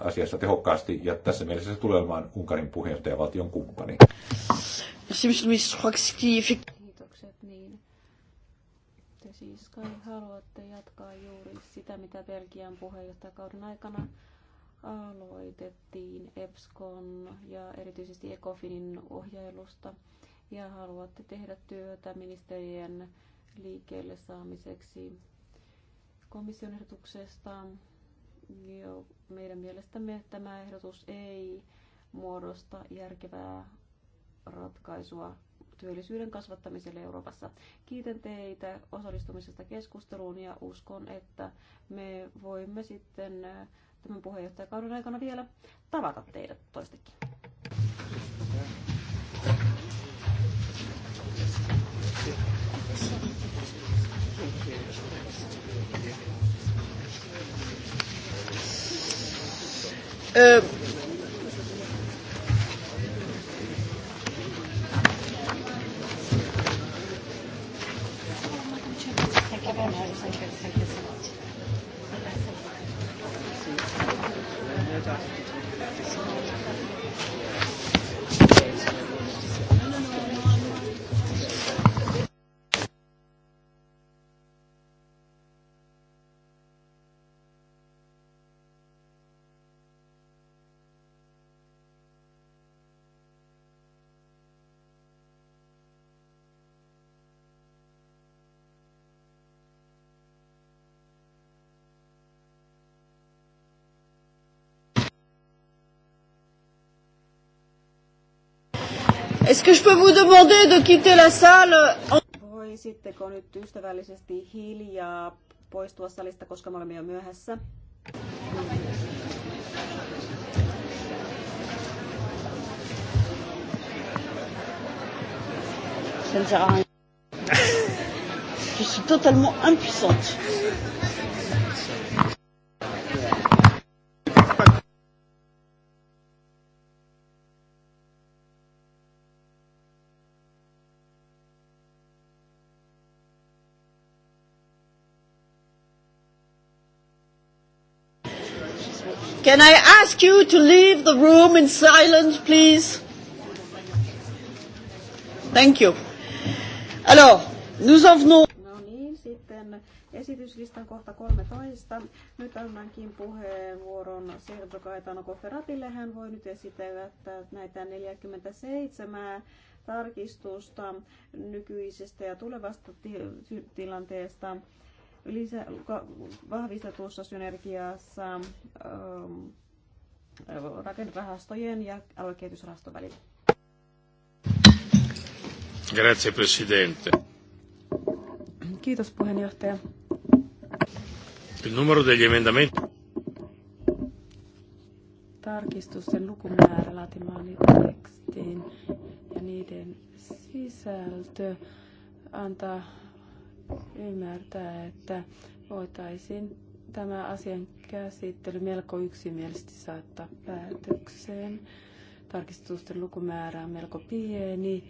asiassa tehokkaasti, ja tässä mielessä se tulee olemaan Unkarin puheenjohtajavaltion kumppani. Kiitokset, niin. Te siis kai haluatte jatkaa juuri sitä, mitä Belgian puheenjohtajakauden aikana aloitettiin EPSCON ja erityisesti ECOFINin ohjailusta ja haluatte tehdä työtä ministerien liikkeelle saamiseksi komission ehdotuksesta jo meidän mielestämme tämä ehdotus ei muodosta järkevää ratkaisua työllisyyden kasvattamiselle Euroopassa. Kiitän teitä osallistumisesta keskusteluun ja uskon, että me voimme sitten äh, tämän puheenjohtajakauden aikana vielä tavata teidät toistekin. Thank you. Uh, Est-ce que je peux vous demander de quitter la salle? Voisitteko nyt ystävällisesti hiljaa poistua salista, koska me olemme jo myöhässä? Sen sert à Je suis totalement impuissante. Can I ask you to leave the room in silence, please? Thank you. Alors, nous en venons... No niin, sitten esityslistan kohta 13. Nyt annankin puheenvuoron Sergio Kaitano Koferatille. Hän voi nyt esitellä näitä 47 tarkistusta nykyisestä ja tulevasta tilanteesta lisä, tuossa synergiassa ähm, rakennerahastojen ja aluekehitysrahaston välillä. Grazie, Presidente. Kiitos puheenjohtaja. Il numero degli emendamenti. Tarkistusten lukumäärä laatimaani tekstiin ja niiden sisältö antaa ymmärtää, että voitaisiin tämä asian käsittely melko yksimielisesti saattaa päätökseen. Tarkistusten lukumäärä on melko pieni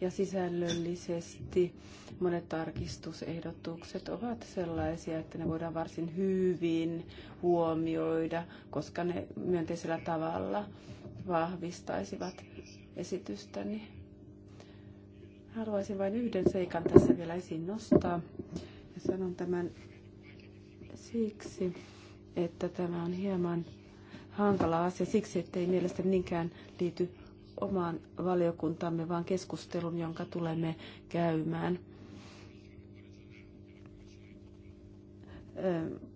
ja sisällöllisesti monet tarkistusehdotukset ovat sellaisia, että ne voidaan varsin hyvin huomioida, koska ne myönteisellä tavalla vahvistaisivat esitystäni. Haluaisin vain yhden seikan tässä vielä esiin nostaa. Ja sanon tämän siksi, että tämä on hieman hankala asia siksi, ettei mielestäni niinkään liity omaan valiokuntamme, vaan keskustelun, jonka tulemme käymään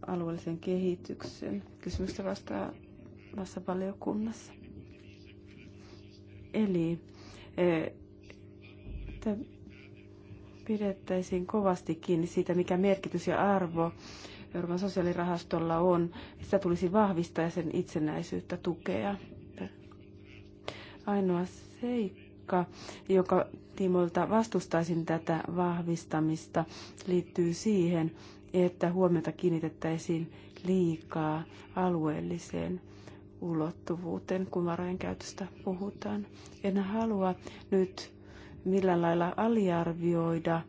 alueellisen kehityksen kysymystä vastaavassa valiokunnassa. Eli että pidettäisiin kovasti kiinni siitä, mikä merkitys ja arvo Euroopan sosiaalirahastolla on. Sitä tulisi vahvistaa ja sen itsenäisyyttä tukea. Ainoa seikka, joka tiimoilta vastustaisin tätä vahvistamista, liittyy siihen, että huomiota kiinnitettäisiin liikaa alueelliseen ulottuvuuteen, kun varojen käytöstä puhutaan. En halua nyt millään lailla aliarvioida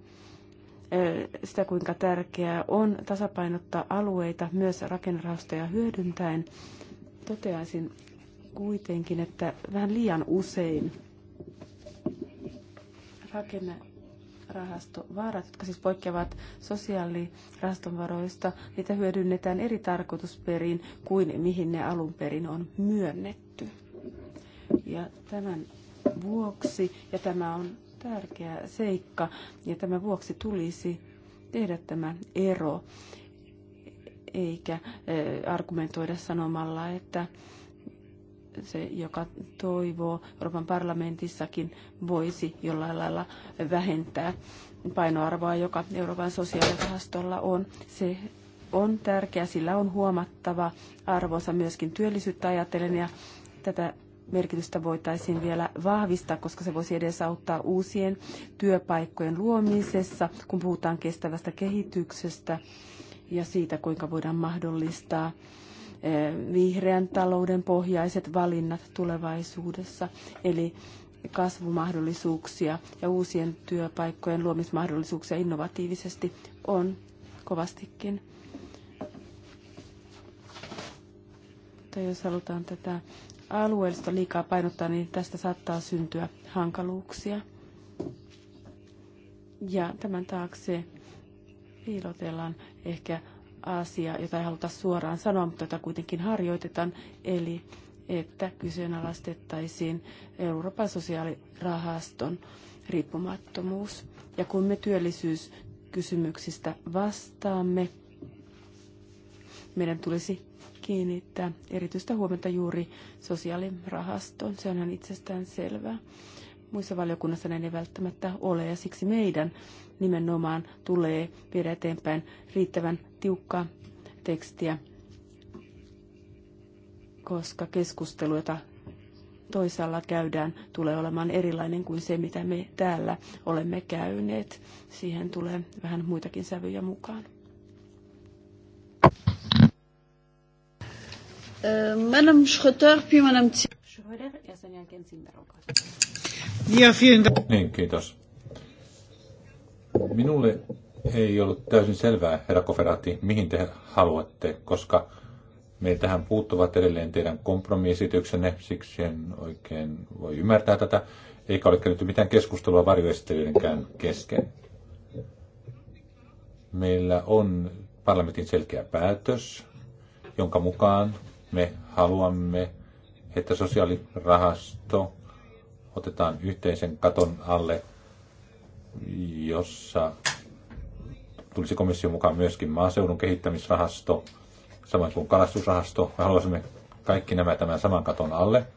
sitä, kuinka tärkeää on tasapainottaa alueita myös rakennerahastoja hyödyntäen. Toteaisin kuitenkin, että vähän liian usein rakennerahastovaarat, jotka siis poikkeavat sosiaalirahaston varoista, niitä hyödynnetään eri tarkoitusperiin kuin mihin ne alun perin on myönnetty. Ja tämän vuoksi, ja tämä on tärkeä seikka ja tämän vuoksi tulisi tehdä tämä ero eikä argumentoida sanomalla, että se, joka toivoo Euroopan parlamentissakin, voisi jollain lailla vähentää painoarvoa, joka Euroopan sosiaalirahastolla on. Se on tärkeä, sillä on huomattava arvonsa myöskin työllisyyttä ajatellen ja tätä merkitystä voitaisiin vielä vahvistaa, koska se voisi edesauttaa uusien työpaikkojen luomisessa, kun puhutaan kestävästä kehityksestä ja siitä, kuinka voidaan mahdollistaa eh, vihreän talouden pohjaiset valinnat tulevaisuudessa. Eli kasvumahdollisuuksia ja uusien työpaikkojen luomismahdollisuuksia innovatiivisesti on kovastikin. Mutta jos halutaan tätä alueellista liikaa painottaa, niin tästä saattaa syntyä hankaluuksia. Ja tämän taakse piilotellaan ehkä asia, jota ei haluta suoraan sanoa, mutta jota kuitenkin harjoitetaan, eli että kyseenalaistettaisiin Euroopan sosiaalirahaston riippumattomuus. Ja kun me työllisyyskysymyksistä vastaamme, meidän tulisi kiinnittää erityistä huomenta juuri sosiaalirahastoon. Se on ihan itsestään selvää. Muissa valiokunnassa näin ei välttämättä ole ja siksi meidän nimenomaan tulee viedä eteenpäin riittävän tiukkaa tekstiä, koska keskustelu, jota toisaalla käydään, tulee olemaan erilainen kuin se, mitä me täällä olemme käyneet. Siihen tulee vähän muitakin sävyjä mukaan. Madame Schröter, puis Madame Zimmer, Ja, vielen Dank. Niin, kiitos. Minulle ei ollut täysin selvää, herra Koferati, mihin te haluatte, koska me tähän puuttuvat edelleen teidän kompromiesityksenne, siksi en oikein voi ymmärtää tätä, eikä ole käynyt mitään keskustelua varjoesittelyidenkään kesken. Meillä on parlamentin selkeä päätös, jonka mukaan me haluamme, että sosiaalirahasto otetaan yhteisen katon alle, jossa tulisi komission mukaan myöskin maaseudun kehittämisrahasto, samoin kuin kalastusrahasto. Me haluaisimme kaikki nämä tämän saman katon alle,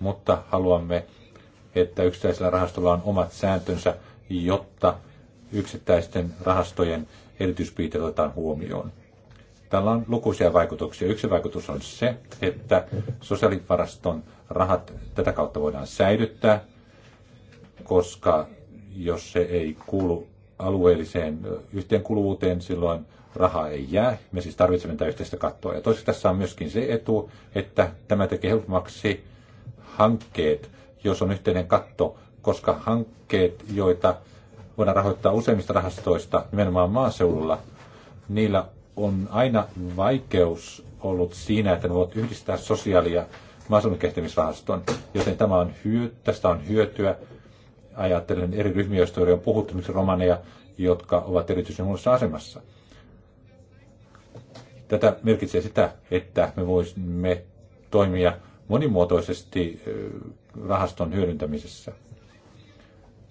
mutta haluamme, että yksittäisellä rahastolla on omat sääntönsä, jotta yksittäisten rahastojen erityispiirteet otetaan huomioon. Tällä on lukuisia vaikutuksia. Yksi vaikutus on se, että sosiaalivaraston rahat tätä kautta voidaan säilyttää, koska jos se ei kuulu alueelliseen yhteenkuuluvuuteen, silloin raha ei jää. Me siis tarvitsemme tätä yhteistä kattoa. Ja toiseksi tässä on myöskin se etu, että tämä tekee helpommaksi hankkeet, jos on yhteinen katto, koska hankkeet, joita voidaan rahoittaa useimmista rahastoista nimenomaan maaseudulla, niillä on aina vaikeus ollut siinä, että ne voivat yhdistää sosiaali- ja maaseudun kehittämisrahaston, joten tämä on hyö, tästä on hyötyä. Ajattelen eri ryhmiä, joista on puhuttu, esimerkiksi romaneja, jotka ovat erityisen huonossa asemassa. Tätä merkitsee sitä, että me voisimme toimia monimuotoisesti rahaston hyödyntämisessä.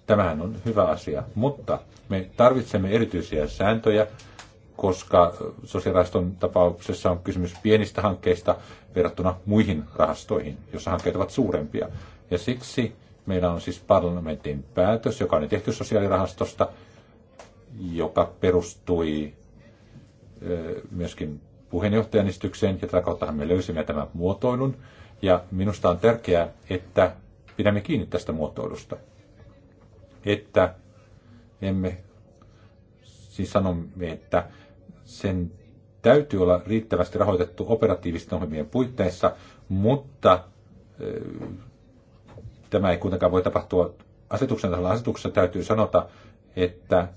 Tämähän on hyvä asia, mutta me tarvitsemme erityisiä sääntöjä, koska sosiaalirahaston tapauksessa on kysymys pienistä hankkeista verrattuna muihin rahastoihin, joissa hankkeet ovat suurempia. Ja siksi meillä on siis parlamentin päätös, joka on tehty sosiaalirahastosta, joka perustui myöskin puheenjohtajan istykseen, ja tätä kauttahan me löysimme tämän muotoilun. Ja minusta on tärkeää, että pidämme kiinni tästä muotoilusta. Että emme siis sanomme, että sen täytyy olla riittävästi rahoitettu operatiivisten ohjelmien puitteissa, mutta eh, tämä ei kuitenkaan voi tapahtua asetuksen tasolla. Asetuksessa täytyy sanota, että,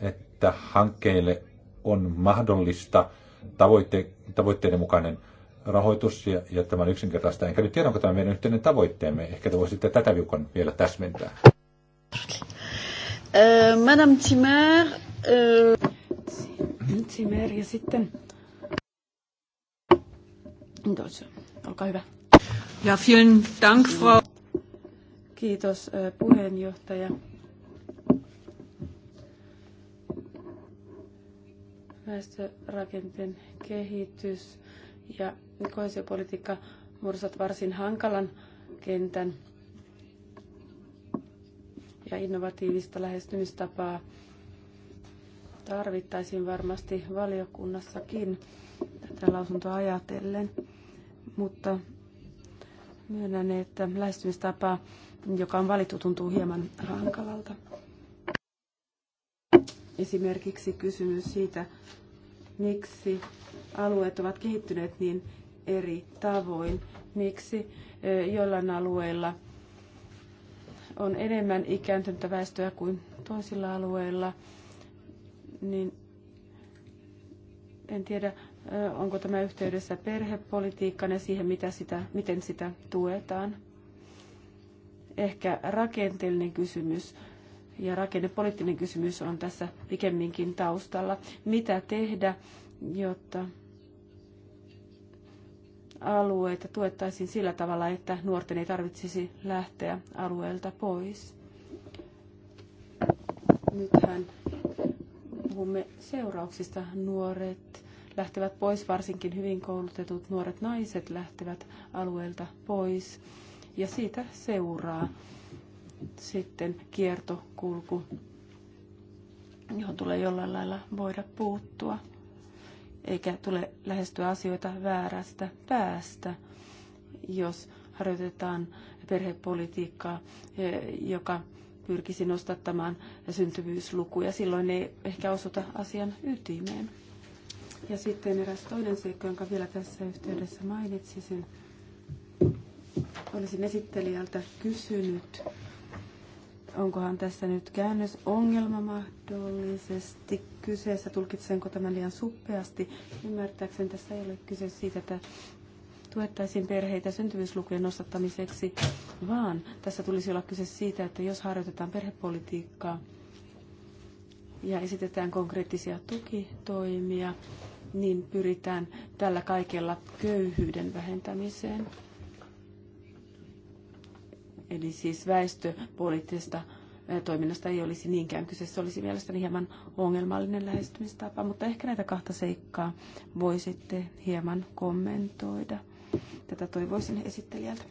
että hankkeille on mahdollista tavoitte, tavoitteiden mukainen rahoitus ja, ja tämä on yksinkertaista. Enkä nyt tiedä, onko tämä meidän yhteinen tavoitteemme. Ehkä te voisitte tätä viukon vielä täsmentää. Eh, Madame Timmer. Eh, Zimmer ja sitten... Deutsche. Olkaa hyvä. Ja vielen Dank, Frau... Kiitos puheenjohtaja. Väestörakenteen kehitys ja koesiopolitiikka muodostavat varsin hankalan kentän ja innovatiivista lähestymistapaa tarvittaisiin varmasti valiokunnassakin tätä lausuntoa ajatellen, mutta myönnän, että lähestymistapa, joka on valittu, tuntuu hieman hankalalta. Esimerkiksi kysymys siitä, miksi alueet ovat kehittyneet niin eri tavoin, miksi e, jollain alueilla on enemmän ikääntynyttä väestöä kuin toisilla alueilla – niin en tiedä, onko tämä yhteydessä perhepolitiikkaan ja siihen, mitä sitä, miten sitä tuetaan. Ehkä rakenteellinen kysymys ja rakennepoliittinen kysymys on tässä pikemminkin taustalla. Mitä tehdä, jotta alueita tuettaisiin sillä tavalla, että nuorten ei tarvitsisi lähteä alueelta pois? Nythän puhumme seurauksista. Nuoret lähtevät pois, varsinkin hyvin koulutetut nuoret naiset lähtevät alueelta pois. Ja siitä seuraa sitten kiertokulku, johon tulee jollain lailla voida puuttua. Eikä tule lähestyä asioita väärästä päästä, jos harjoitetaan perhepolitiikkaa, eh, joka pyrkisi nostattamaan syntyvyyslukuja. Silloin ei ehkä osuta asian ytimeen. Ja sitten eräs toinen seikka, jonka vielä tässä yhteydessä mainitsisin. Olisin esittelijältä kysynyt, onkohan tässä nyt käännösongelma mahdollisesti kyseessä, tulkitsenko tämän liian suppeasti. Ymmärtääkseni tässä ei ole kyse siitä, että tuettaisiin perheitä syntyvyyslukujen nostattamiseksi, vaan tässä tulisi olla kyse siitä, että jos harjoitetaan perhepolitiikkaa ja esitetään konkreettisia tukitoimia, niin pyritään tällä kaikella köyhyyden vähentämiseen. Eli siis väestöpoliittisesta toiminnasta ei olisi niinkään kyse. Se olisi mielestäni hieman ongelmallinen lähestymistapa, mutta ehkä näitä kahta seikkaa voisitte hieman kommentoida. Tätä toivoisin esittelijältä.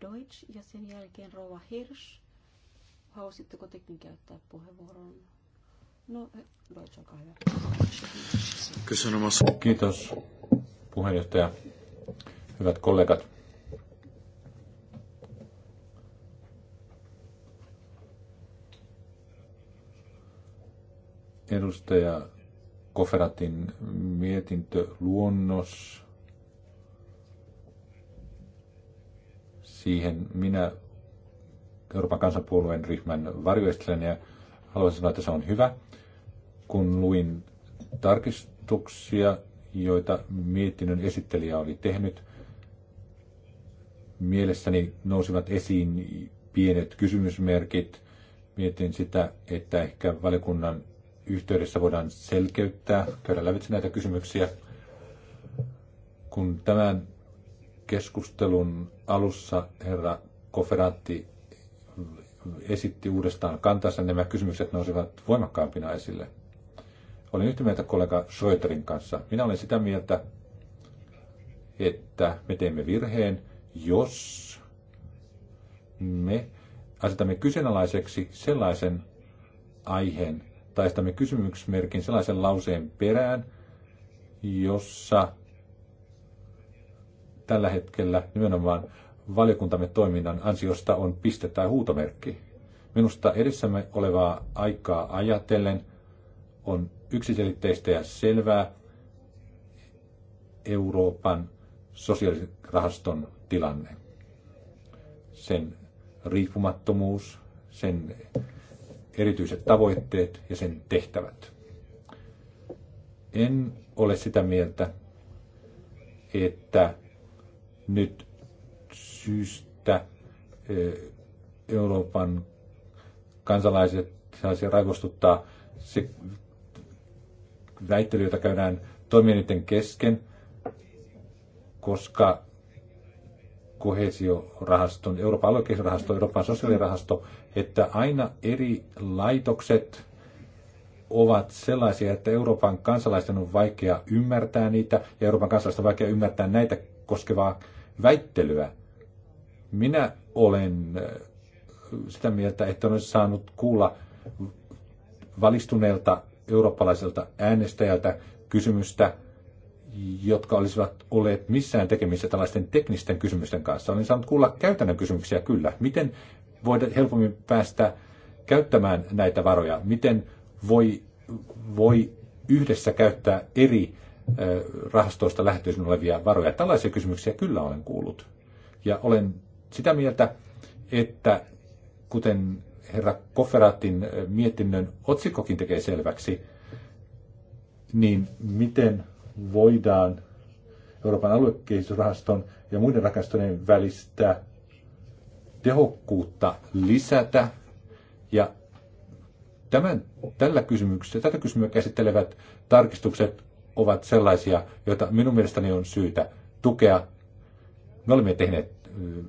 Deutsch ja sen jälkeen Rova Hirsch. Haluaisitteko tekin käyttää puheenvuoron? No, Deutsch, olkaa hyvä. Kysymässä. Kiitos puheenjohtaja. Hyvät kollegat. Edustaja Koferatin mietintöluonnos. Siihen minä Euroopan kansanpuolueen ryhmän varjoistelen ja haluaisin sanoa, että se on hyvä. Kun luin tarkistuksia, joita mietinnön esittelijä oli tehnyt, mielessäni nousivat esiin pienet kysymysmerkit. Mietin sitä, että ehkä valiokunnan yhteydessä voidaan selkeyttää, käydä lävitse näitä kysymyksiä. Kun tämän keskustelun alussa herra Koferaatti esitti uudestaan kantansa, niin nämä kysymykset nousivat voimakkaampina esille. Olin yhtä mieltä kollega Schröterin kanssa. Minä olen sitä mieltä, että me teemme virheen, jos me asetamme kyseenalaiseksi sellaisen aiheen, laittaisimme kysymysmerkin sellaisen lauseen perään, jossa tällä hetkellä nimenomaan valiokuntamme toiminnan ansiosta on piste tai huutomerkki. Minusta edessämme olevaa aikaa ajatellen on yksiselitteistä ja selvää Euroopan sosiaalirahaston tilanne. Sen riippumattomuus, sen erityiset tavoitteet ja sen tehtävät. En ole sitä mieltä, että nyt syystä Euroopan kansalaiset saisi raivostuttaa se väittely, jota käydään toimijoiden kesken, koska kohesiorahaston, Euroopan aluekehitysrahasto, Euroopan sosiaalirahasto että aina eri laitokset ovat sellaisia, että Euroopan kansalaisten on vaikea ymmärtää niitä ja Euroopan kansalaisten on vaikea ymmärtää näitä koskevaa väittelyä. Minä olen äh, sitä mieltä, että olen saanut kuulla valistuneelta eurooppalaiselta äänestäjältä kysymystä, jotka olisivat olleet missään tekemisissä tällaisten teknisten kysymysten kanssa. Olen saanut kuulla käytännön kysymyksiä kyllä. Miten voida helpommin päästä käyttämään näitä varoja? Miten voi, voi yhdessä käyttää eri rahastoista lähtöisin olevia varoja? Tällaisia kysymyksiä kyllä olen kuullut. Ja olen sitä mieltä, että kuten herra Kofferatin mietinnön otsikkokin tekee selväksi, niin miten voidaan Euroopan aluekehitysrahaston ja muiden rakennusten välistä tehokkuutta lisätä. Ja tämän, tällä kysymyksellä, tätä kysymyä käsittelevät tarkistukset ovat sellaisia, joita minun mielestäni on syytä tukea. Me olemme tehneet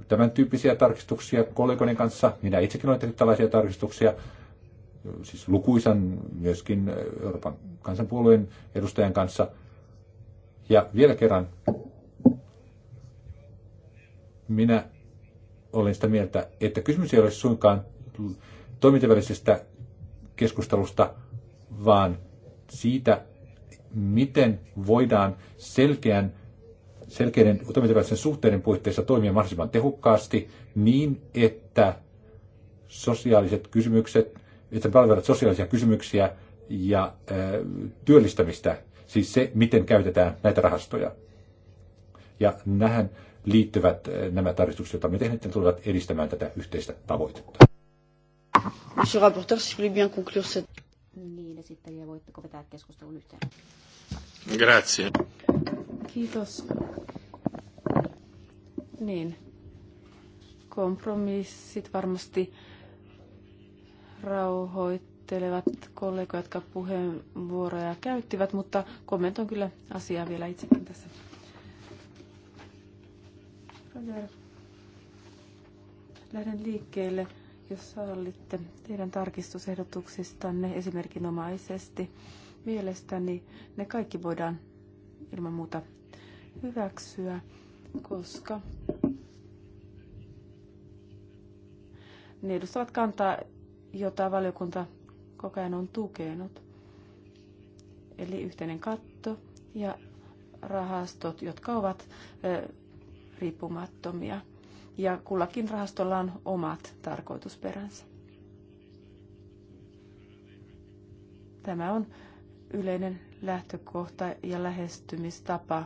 tämän tyyppisiä tarkistuksia kollegoiden kanssa. Minä itsekin olen tehnyt tällaisia tarkistuksia, siis lukuisan myöskin Euroopan kansanpuolueen edustajan kanssa. Ja vielä kerran, minä olen sitä mieltä, että kysymys ei ole suinkaan toimintavälisestä keskustelusta, vaan siitä, miten voidaan selkeän, selkeiden toimintavälisten suhteiden puitteissa toimia mahdollisimman tehokkaasti niin, että sosiaaliset kysymykset, että palvelevat sosiaalisia kysymyksiä ja ö, työllistämistä, siis se, miten käytetään näitä rahastoja. Ja nähän liittyvät eh, nämä tarkistukset, joita me tehneet, tulevat edistämään tätä yhteistä tavoitetta. Monsieur rapporteur, si vous bien conclure cette... Niin, voitteko vetää keskustelun yhteen? Grazie. Kiitos. Niin, kompromissit varmasti rauhoittelevat kollegoja, jotka puheenvuoroja käyttivät, mutta kommentoin kyllä asiaa vielä itsekin tässä Lähden liikkeelle, jos sallitte teidän tarkistusehdotuksistanne esimerkinomaisesti. Mielestäni ne kaikki voidaan ilman muuta hyväksyä, koska ne edustavat kantaa, jota valiokunta koko ajan on tukenut. Eli yhteinen katto ja rahastot, jotka ovat riippumattomia ja kullakin rahastolla on omat tarkoitusperänsä. Tämä on yleinen lähtökohta ja lähestymistapa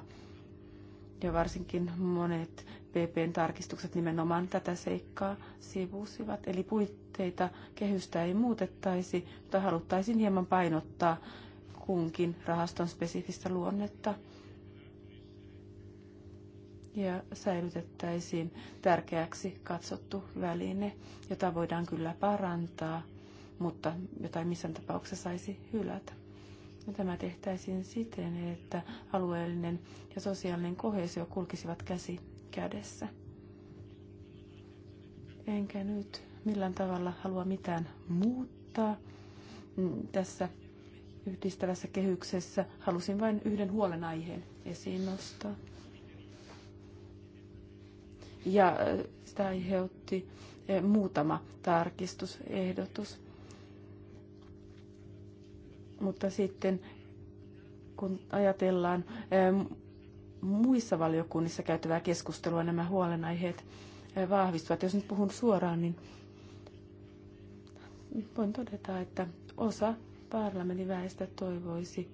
ja varsinkin monet PPn tarkistukset nimenomaan tätä seikkaa sivusivat. Eli puitteita kehystä ei muutettaisi, mutta haluttaisiin hieman painottaa kunkin rahaston spesifistä luonnetta – ja säilytettäisiin tärkeäksi katsottu väline, jota voidaan kyllä parantaa, mutta jota ei missään tapauksessa saisi hylätä. Ja tämä tehtäisiin siten, että alueellinen ja sosiaalinen kohesio kulkisivat käsi kädessä. Enkä nyt millään tavalla halua mitään muuttaa mm, tässä yhdistävässä kehyksessä. Halusin vain yhden huolenaiheen esiin nostaa ja äh, sitä aiheutti äh, muutama tarkistusehdotus. Mutta sitten kun ajatellaan ähm, muissa valiokunnissa käytävää keskustelua, nämä huolenaiheet äh, vahvistuvat. Jos nyt puhun suoraan, niin voin todeta, että osa parlamentin väestä toivoisi,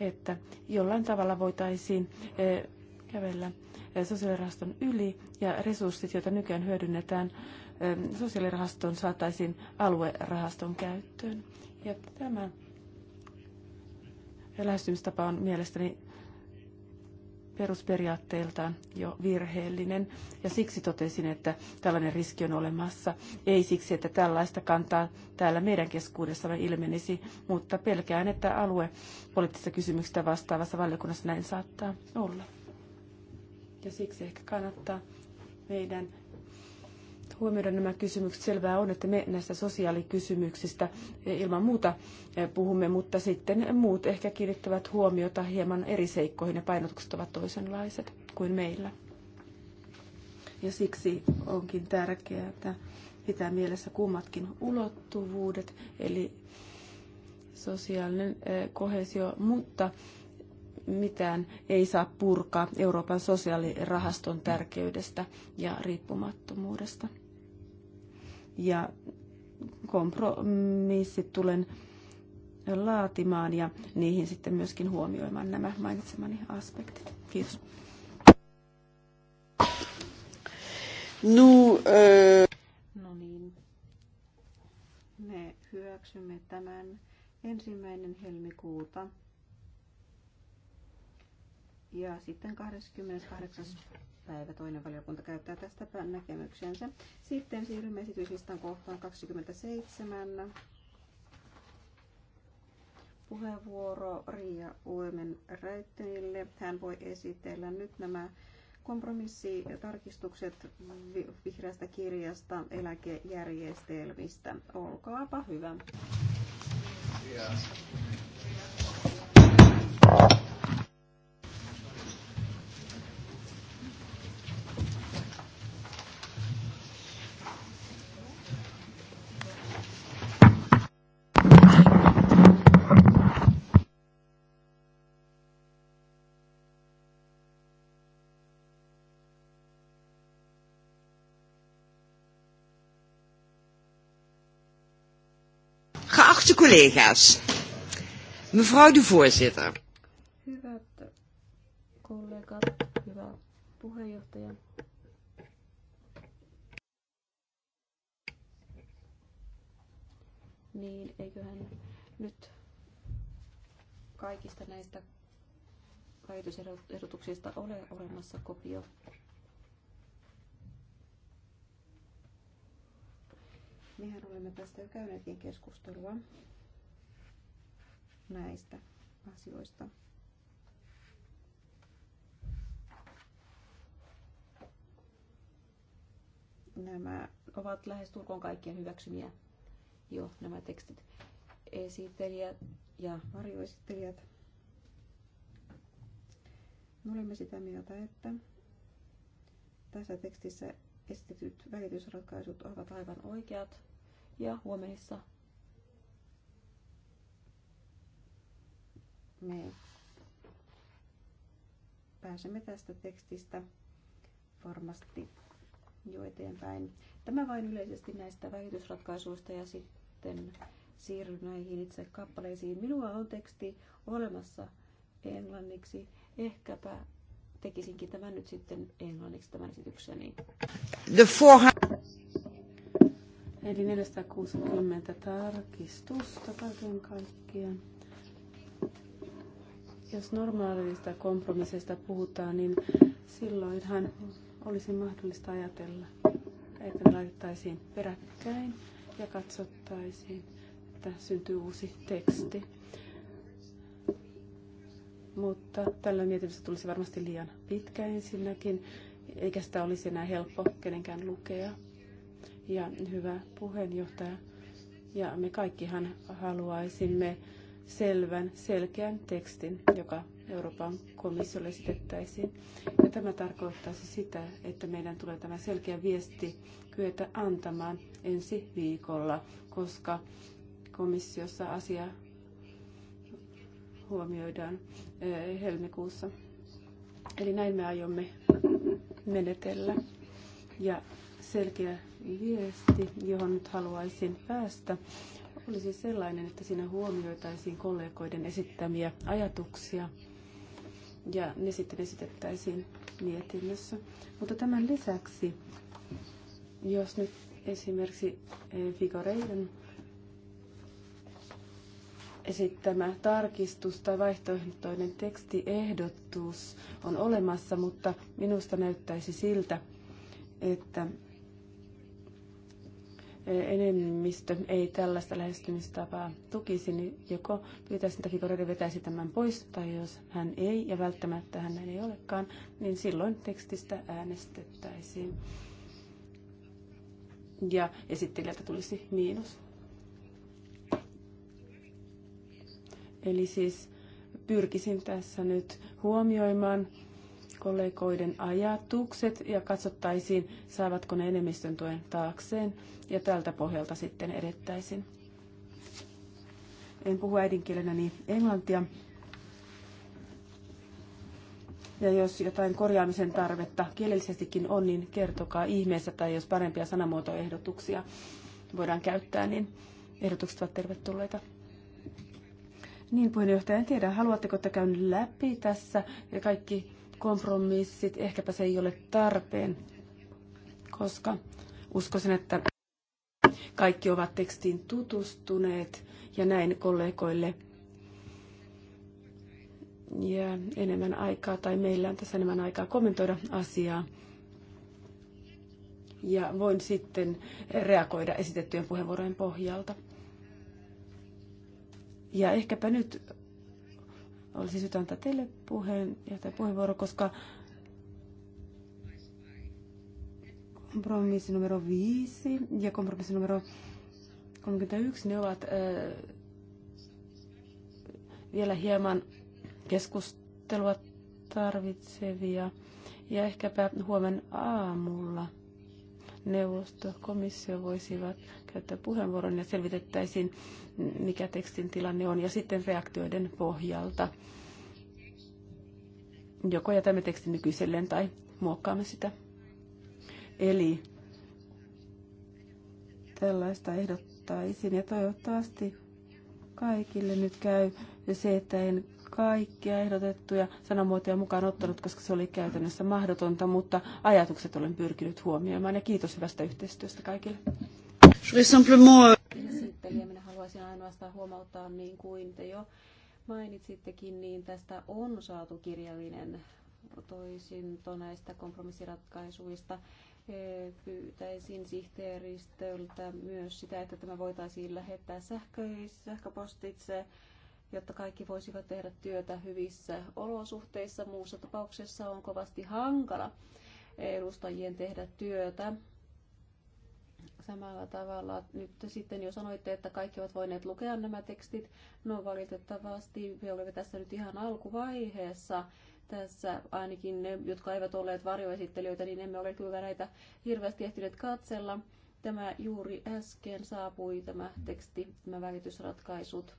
että jollain tavalla voitaisiin kävellä sosiaalirahaston yli ja resurssit, joita nykyään hyödynnetään sosiaalirahaston, saataisiin aluerahaston käyttöön. Ja tämä lähestymistapa on mielestäni perusperiaatteeltaan jo virheellinen. Ja siksi totesin, että tällainen riski on olemassa. Ei siksi, että tällaista kantaa täällä meidän keskuudessamme ilmenisi, mutta pelkään, että alue poliittisista kysymyksistä vastaavassa valiokunnassa näin saattaa olla. Ja siksi ehkä kannattaa meidän huomioida nämä kysymykset. Selvää on, että me näistä sosiaalikysymyksistä ilman muuta eh, puhumme, mutta sitten muut ehkä kiinnittävät huomiota hieman eri seikkoihin ja painotukset ovat toisenlaiset kuin meillä. Ja siksi onkin tärkeää, että pitää mielessä kummatkin ulottuvuudet, eli sosiaalinen eh, kohesio, mutta mitään ei saa purkaa Euroopan sosiaalirahaston tärkeydestä ja riippumattomuudesta. Ja kompromissit tulen laatimaan ja niihin sitten myöskin huomioimaan nämä mainitsemani aspektit. Kiitos. No, äh... no niin. Me hyväksymme tämän ensimmäinen helmikuuta. Ja sitten 28. päivä toinen valiokunta käyttää tästä näkemyksensä. Sitten siirrymme esityslistan kohtaan 27. Puheenvuoro Riia Uemen Räyttönille. Hän voi esitellä nyt nämä kompromissitarkistukset vihreästä kirjasta eläkejärjestelmistä. Olkaapa hyvä. Yeah. collega's. Mevrouw de voorzitter. Hyvät kollegat, hyvä puheenjohtaja. Niin, eiköhän nyt kaikista näistä rajoitusehdotuksista ole olemassa kopio Mehän niin olemme tästä jo käyneetkin keskustelua näistä asioista. Nämä ovat lähes tulkoon kaikkien hyväksymiä jo nämä tekstit. Esittelijät ja varjoesittelijät. Me olemme sitä mieltä, että tässä tekstissä esitetyt välitysratkaisut ovat aivan oikeat ja huomenissa me pääsemme tästä tekstistä varmasti jo eteenpäin. Tämä vain yleisesti näistä vähitysratkaisuista ja sitten siirry näihin itse kappaleisiin. Minulla on teksti olemassa englanniksi. Ehkäpä tekisinkin tämän nyt sitten englanniksi tämän esitykseni. The four... Eli 460 tarkistusta kaiken kaikkiaan. Jos normaalista kompromisseista puhutaan, niin silloinhan olisi mahdollista ajatella, että ne laitettaisiin peräkkäin ja katsottaisiin, että syntyy uusi teksti. Mutta tällä mietinnössä tulisi varmasti liian pitkä ensinnäkin, eikä sitä olisi enää helppo kenenkään lukea ja hyvä puheenjohtaja. Ja me kaikkihan haluaisimme selvän, selkeän tekstin, joka Euroopan komissiolle esitettäisiin. Ja tämä tarkoittaisi sitä, että meidän tulee tämä selkeä viesti kyetä antamaan ensi viikolla, koska komissiossa asia huomioidaan eh, helmikuussa. Eli näin me aiomme menetellä. Ja selkeä viesti, johon nyt haluaisin päästä, olisi sellainen, että siinä huomioitaisiin kollegoiden esittämiä ajatuksia ja ne sitten esitettäisiin mietinnössä. Mutta tämän lisäksi, jos nyt esimerkiksi eh, Figoreiden esittämä tarkistus tai vaihtoehtoinen tekstiehdotus on olemassa, mutta minusta näyttäisi siltä, että enemmistö ei tällaista lähestymistapaa tukisi, niin joko pyytäisin että Figueredo vetäisi tämän pois, tai jos hän ei, ja välttämättä hän näin ei olekaan, niin silloin tekstistä äänestettäisiin. Ja esittelijältä tulisi miinus. Eli siis pyrkisin tässä nyt huomioimaan kollegoiden ajatukset ja katsottaisiin, saavatko ne enemmistön tuen taakseen ja tältä pohjalta sitten edettäisiin. En puhu niin englantia. Ja jos jotain korjaamisen tarvetta kielellisestikin on, niin kertokaa ihmeessä tai jos parempia sanamuotoehdotuksia voidaan käyttää, niin ehdotukset ovat tervetulleita. Niin, puheenjohtaja, en tiedä, haluatteko te käyn läpi tässä ja kaikki kompromissit, ehkäpä se ei ole tarpeen, koska uskoisin, että kaikki ovat tekstiin tutustuneet ja näin kollegoille jää enemmän aikaa tai meillä on tässä enemmän aikaa kommentoida asiaa. Ja voin sitten reagoida esitettyjen puheenvuorojen pohjalta. Ja ehkäpä nyt olisi syytä antaa teille puheenjohtaja puheenvuoro, koska kompromissi numero 5 ja kompromissi numero 31, ne ovat äh, vielä hieman keskustelua tarvitsevia ja ehkäpä huomen aamulla – neuvosto, komissio voisivat käyttää puheenvuoron ja selvitettäisiin, mikä tekstin tilanne on, ja sitten reaktioiden pohjalta joko jätämme tekstin nykyiselleen tai muokkaamme sitä. Eli tällaista ehdottaisin ja toivottavasti kaikille nyt käy se, että en kaikkia ehdotettuja sanamuotoja mukaan ottanut, koska se oli käytännössä mahdotonta, mutta ajatukset olen pyrkinyt huomioimaan ja kiitos hyvästä yhteistyöstä kaikille. Euh, minä haluaisin ainoastaan huomauttaa, niin kuin te jo mainitsittekin, niin tästä on saatu kirjallinen toisinto näistä kompromissiratkaisuista eh, pyytäisin sihteeristöltä myös sitä, että tämä voitaisiin lähettää sähköis, sähköpostitse jotta kaikki voisivat tehdä työtä hyvissä olosuhteissa. Muussa tapauksessa on kovasti hankala edustajien tehdä työtä. Samalla tavalla nyt sitten jo sanoitte, että kaikki ovat voineet lukea nämä tekstit. No valitettavasti me olemme tässä nyt ihan alkuvaiheessa tässä ainakin ne, jotka eivät olleet varjoesittelijöitä, niin emme ole kyllä näitä hirveästi ehtineet katsella. Tämä juuri äsken saapui tämä teksti, nämä välitysratkaisut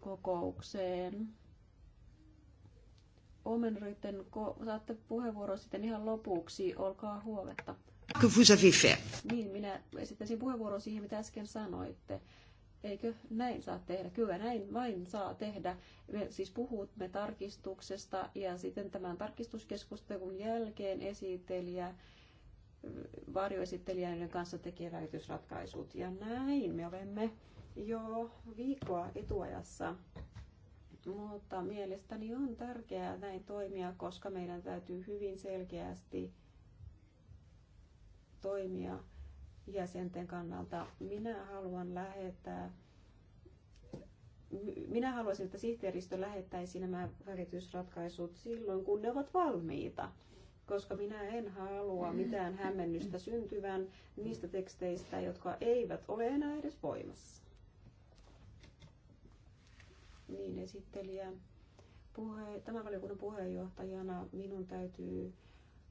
kokoukseen. Omenryten, ko- saatte puheenvuoro sitten ihan lopuksi. Olkaa huoletta. Niin, minä esittäisin puheenvuoron siihen, mitä äsken sanoitte. Eikö näin saa tehdä? Kyllä näin vain saa tehdä. Me siis puhumme tarkistuksesta ja sitten tämän tarkistuskeskustelun jälkeen esittelijä varjoesittelijöiden kanssa tekee välitysratkaisut. Ja näin me olemme jo viikkoa etuajassa. Mutta mielestäni on tärkeää näin toimia, koska meidän täytyy hyvin selkeästi toimia jäsenten kannalta. Minä haluan lähettää minä haluaisin, että sihteeristö lähettäisi nämä välitysratkaisut silloin, kun ne ovat valmiita, koska minä en halua mitään hämmennystä syntyvän niistä teksteistä, jotka eivät ole enää edes voimassa niin esittelijä. Puhe, tämän valiokunnan puheenjohtajana minun täytyy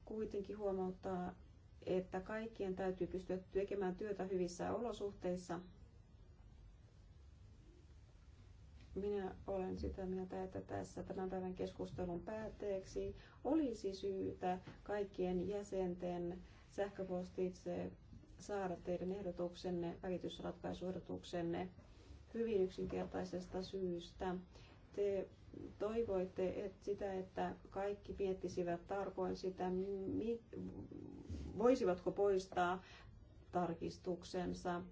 kuitenkin huomauttaa, että kaikkien täytyy pystyä tekemään työtä hyvissä olosuhteissa. Minä olen sitä mieltä, että tässä tämän päivän keskustelun päätteeksi olisi syytä kaikkien jäsenten sähköpostitse saada teidän ehdotuksenne, välitysratkaisuehdotuksenne hyvin yksinkertaisesta syystä. Te toivoitte että sitä, että kaikki miettisivät tarkoin sitä, mi- voisivatko poistaa tarkistuksensa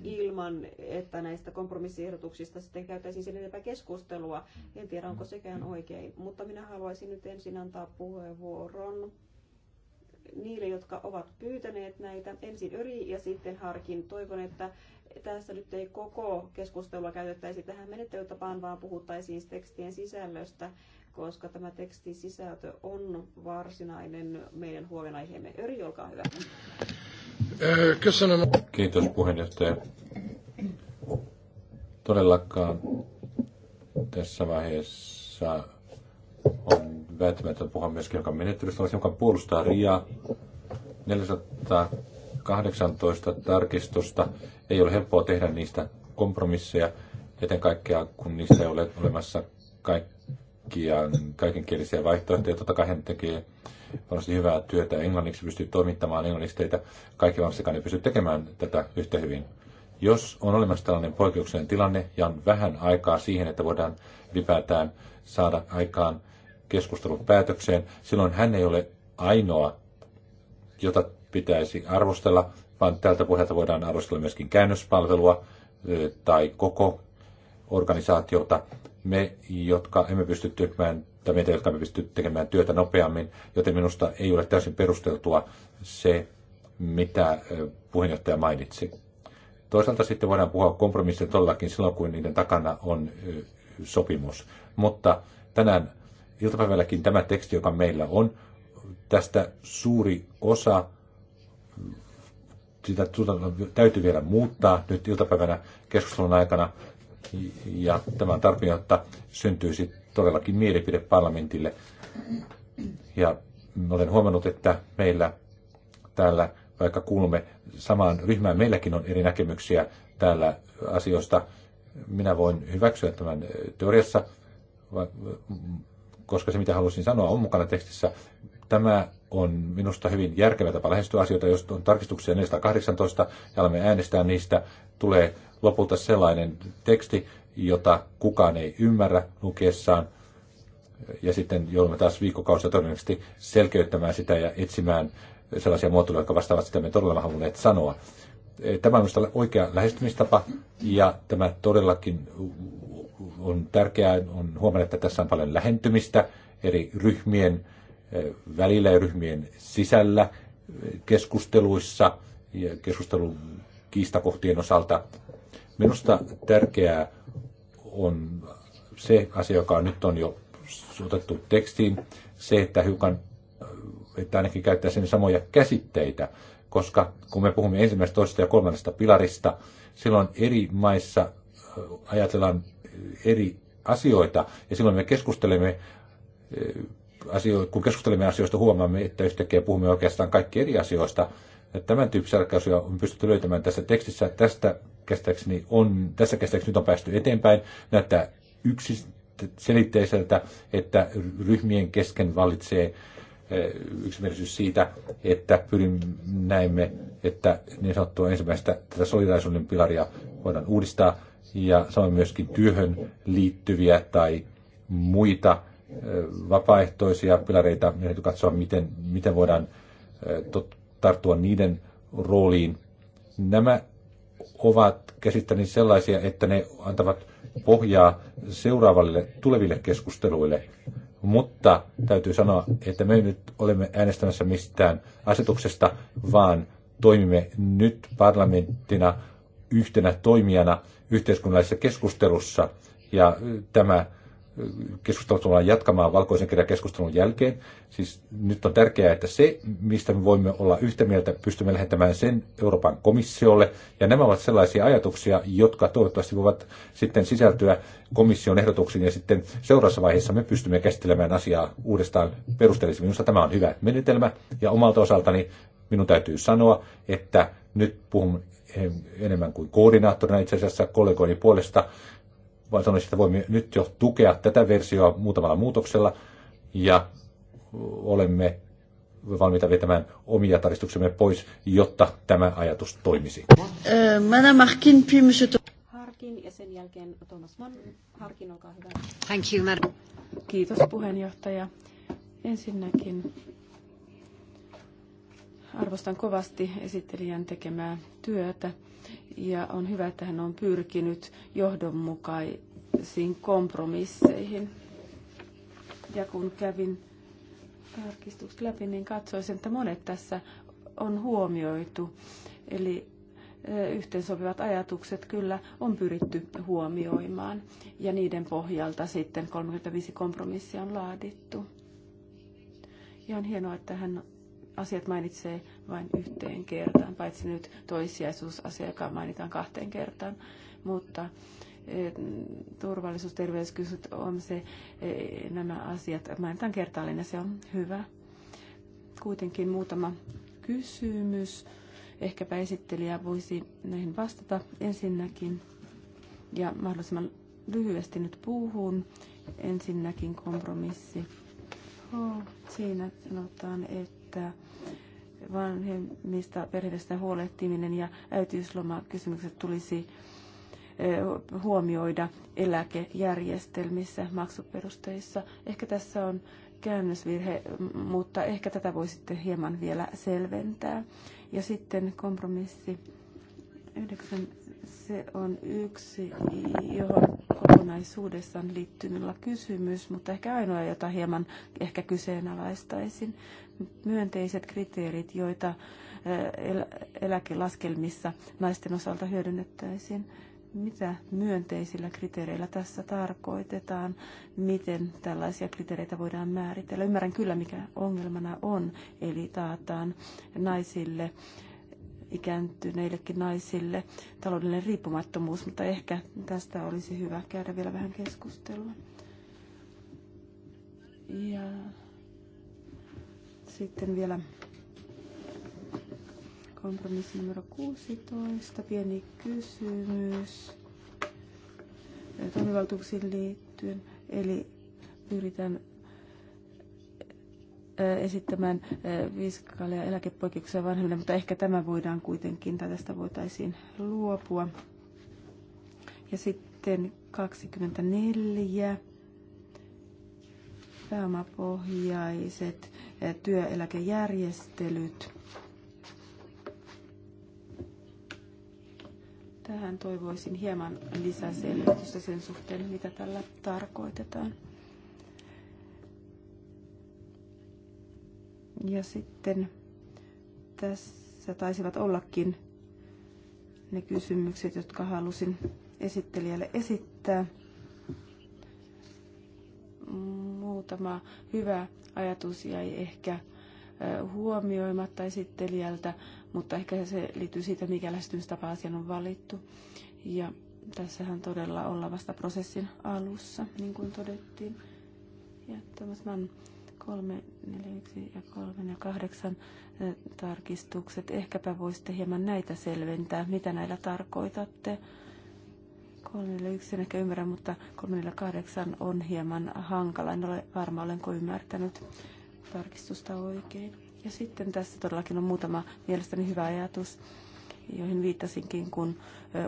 ilman, että näistä kompromissiehdotuksista sitten käytäisiin sen enempää keskustelua. En tiedä, onko sekään oikein, mutta minä haluaisin nyt ensin antaa puheenvuoron niille, jotka ovat pyytäneet näitä. Ensin Yri ja sitten Harkin. Toivon, että tässä nyt ei koko keskustelua käytettäisi tähän menettelytapaan, vaan puhuttaisiin tekstien sisällöstä, koska tämä tekstin sisältö on varsinainen meidän huolenaiheemme. Öri, olkaa hyvä. Kiitos puheenjohtaja. Todellakaan tässä vaiheessa on välttämättä puhua myöskin joka menettelystä, olisi joka puolustaa RIA 418 tarkistusta. Ei ole helppoa tehdä niistä kompromisseja, eten kaikkea kun niissä ei ole olemassa kaikkia kaikenkielisiä vaihtoehtoja. Totta kai hän tekee varmasti hyvää työtä englanniksi, pystyy toimittamaan englanniksi teitä. Kaikki varmastikaan ei pysty tekemään tätä yhtä hyvin. Jos on olemassa tällainen poikkeuksellinen tilanne ja on vähän aikaa siihen, että voidaan ylipäätään saada aikaan – keskustelun päätökseen, silloin hän ei ole ainoa, jota pitäisi arvostella, vaan tältä pohjalta voidaan arvostella myöskin käännöspalvelua tai koko organisaatiota. Me, jotka emme pysty tekemään, tai meitä, jotka emme pysty tekemään työtä nopeammin, joten minusta ei ole täysin perusteltua se, mitä puheenjohtaja mainitsi. Toisaalta sitten voidaan puhua kompromisseista todellakin silloin, kun niiden takana on sopimus. Mutta tänään iltapäivälläkin tämä teksti, joka meillä on, tästä suuri osa sitä täytyy vielä muuttaa nyt iltapäivänä keskustelun aikana. Ja tämän tarpeen, jotta syntyisi todellakin mielipide parlamentille. Ja olen huomannut, että meillä täällä, vaikka kuulumme samaan ryhmään, meilläkin on eri näkemyksiä täällä asioista. Minä voin hyväksyä tämän teoriassa, koska se mitä halusin sanoa on mukana tekstissä. Tämä on minusta hyvin järkevä tapa lähestyä asioita, jos on tarkistuksia 418 ja alamme äänestää niistä, tulee lopulta sellainen teksti, jota kukaan ei ymmärrä lukiessaan. Ja sitten joudumme taas viikkokausia todennäköisesti selkeyttämään sitä ja etsimään sellaisia muotoiluja, jotka vastaavat sitä, mitä me todella halunneet sanoa. Tämä on minusta oikea lähestymistapa ja tämä todellakin on tärkeää on huomata, että tässä on paljon lähentymistä eri ryhmien eh, välillä ja ryhmien sisällä eh, keskusteluissa ja keskustelun kiistakohtien osalta. Minusta tärkeää on se asia, joka nyt on jo otettu tekstiin, se, että hiukan, eh, että ainakin käyttäisiin samoja käsitteitä, koska kun me puhumme ensimmäisestä, toisesta ja kolmannesta pilarista, silloin eri maissa ajatellaan eri asioita. Ja silloin me keskustelemme eh, asioita, kun keskustelemme asioista, huomaamme, että yhtäkkiä puhumme oikeastaan kaikki eri asioista. Ja tämän tyyppisiä ratkaisuja on pystytty löytämään tässä tekstissä. Tästä käsittääkseni on, tässä käsittääkseni nyt on päästy eteenpäin. Näyttää yksi selitteiseltä, että ryhmien kesken vallitsee eh, yksimielisyys siitä, että pyrimme näemme, että niin sanottua ensimmäistä tätä solidaisuuden pilaria voidaan uudistaa ja samoin myöskin työhön liittyviä tai muita vapaaehtoisia pilareita. Meidän täytyy katsoa, miten, miten voidaan tarttua niiden rooliin. Nämä ovat käsittäneet sellaisia, että ne antavat pohjaa seuraavalle tuleville keskusteluille. Mutta täytyy sanoa, että me nyt olemme äänestämässä mistään asetuksesta, vaan toimimme nyt parlamenttina yhtenä toimijana – yhteiskunnallisessa keskustelussa ja tämä keskustelu tullaan jatkamaan valkoisen kirjan keskustelun jälkeen. Siis nyt on tärkeää, että se, mistä me voimme olla yhtä mieltä, pystymme lähettämään sen Euroopan komissiolle. Ja nämä ovat sellaisia ajatuksia, jotka toivottavasti voivat sitten sisältyä komission ehdotuksiin ja sitten seuraavassa vaiheessa me pystymme käsittelemään asiaa uudestaan perusteellisesti. Minusta tämä on hyvä menetelmä ja omalta osaltani minun täytyy sanoa, että nyt puhun Eh, enemmän kuin koordinaattorina itse asiassa kollegoiden puolesta, vaan sanoisin, että voimme nyt jo tukea tätä versiota muutamalla muutoksella ja olemme valmiita vetämään omia tarkistuksemme pois, jotta tämä ajatus toimisi. Eh, Madame Harkin, puis Monsieur Harkin ja sen jälkeen Thomas Mann. Harkin, olkaa hyvä. Thank you, madam. Kiitos puheenjohtaja. Ensinnäkin Arvostan kovasti esittelijän tekemää työtä ja on hyvä, että hän on pyrkinyt johdonmukaisiin kompromisseihin. Ja kun kävin tarkistukset läpi, niin katsoisin, että monet tässä on huomioitu. Eli yhteensopivat ajatukset kyllä on pyritty huomioimaan ja niiden pohjalta sitten 35 kompromissia on laadittu. Ja on hienoa, että hän asiat mainitsee vain yhteen kertaan, paitsi nyt toissijaisuusasia, joka mainitaan kahteen kertaan. Mutta e, turvallisuus, terveyskysymys on se, e, nämä asiat mainitaan kertaalleen ja se on hyvä. Kuitenkin muutama kysymys. Ehkäpä esittelijä voisi näihin vastata ensinnäkin ja mahdollisimman lyhyesti nyt puhun. Ensinnäkin kompromissi. Oh, siinä sanotaan, että tämä vanhemmista perheistä huolehtiminen ja äitiyslomakysymykset tulisi huomioida eläkejärjestelmissä, maksuperusteissa. Ehkä tässä on käännösvirhe, mutta ehkä tätä voi sitten hieman vielä selventää. Ja sitten kompromissi 9 se on yksi, johon kokonaisuudessaan liittyy minulla kysymys, mutta ehkä ainoa, jota hieman ehkä kyseenalaistaisin. Myönteiset kriteerit, joita eh, eläkelaskelmissa naisten osalta hyödynnettäisiin. Mitä myönteisillä kriteereillä tässä tarkoitetaan? Miten tällaisia kriteereitä voidaan määritellä? Ymmärrän kyllä, mikä ongelmana on, eli taataan naisille ikääntyneillekin naisille taloudellinen riippumattomuus, mutta ehkä tästä olisi hyvä käydä vielä vähän keskustelua. Ja sitten vielä kompromissi numero 16, pieni kysymys toimivaltuuksiin liittyen. Eli pyritään esittämään ja eläkepoikkeuksia vanhemmille, mutta ehkä tämä voidaan kuitenkin, tai tästä voitaisiin luopua. Ja sitten 24 pääomapohjaiset työeläkejärjestelyt. Tähän toivoisin hieman lisäselvitystä sen suhteen, mitä tällä tarkoitetaan. Ja sitten tässä taisivat ollakin ne kysymykset, jotka halusin esittelijälle esittää. Muutama hyvä ajatus jäi ehkä huomioimatta esittelijältä, mutta ehkä se liittyy siitä, mikä lähestymistapa asian on valittu. Ja tässähän todella ollaan vasta prosessin alussa, niin kuin todettiin. Ja Thomas Mann 3, 4, 1 ja 3 ja 8 tarkistukset. Ehkäpä voisitte hieman näitä selventää, mitä näillä tarkoitatte. en ehkä ymmärrä, mutta 348 on hieman hankala. En ole varma, olenko ymmärtänyt tarkistusta oikein. Ja sitten tässä todellakin on muutama mielestäni hyvä ajatus, joihin viittasinkin, kun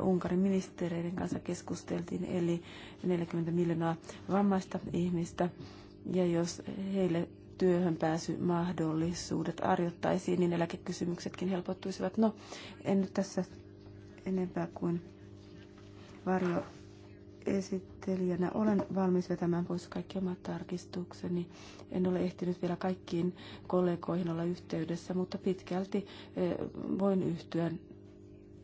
Unkarin ministereiden kanssa keskusteltiin, eli 40 miljoonaa vammaista ihmistä ja jos heille työhön pääsy mahdollisuudet arjottaisiin, niin eläkekysymyksetkin helpottuisivat. No, en nyt tässä enempää kuin varjo esittelijänä olen valmis vetämään pois kaikki omat tarkistukseni. En ole ehtinyt vielä kaikkiin kollegoihin olla yhteydessä, mutta pitkälti eh, voin yhtyä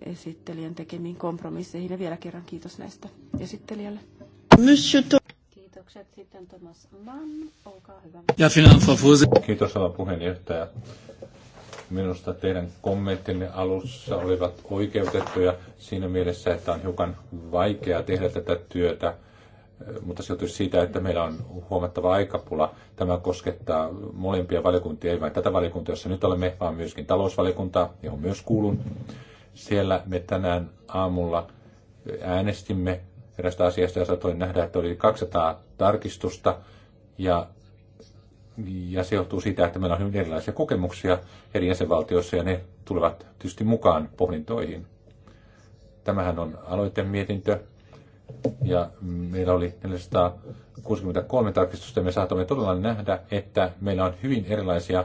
esittelijän tekemiin kompromisseihin. Ja vielä kerran kiitos näistä esittelijälle. Monsieur Kiitokset. Sitten Thomas Mann, olkaa hyvä. Ja Kiitos rouva puheenjohtaja. Minusta teidän kommenttinne alussa olivat oikeutettuja siinä mielessä, että on hiukan vaikea tehdä tätä työtä, mutta se siitä, että meillä on huomattava aikapula. Tämä koskettaa molempia valiokuntia, ei vain tätä valiokuntaa, jossa nyt olemme, vaan myöskin talousvaliokuntaa, johon myös kuulun. Siellä me tänään aamulla äänestimme erästä asiasta ja saatoin nähdä, että oli 200 tarkistusta ja, ja se johtuu siitä, että meillä on hyvin erilaisia kokemuksia eri jäsenvaltioissa ja ne tulevat tietysti mukaan pohdintoihin. Tämähän on aloitteen mietintö ja meillä oli 463 tarkistusta ja me saatamme todella nähdä, että meillä on hyvin erilaisia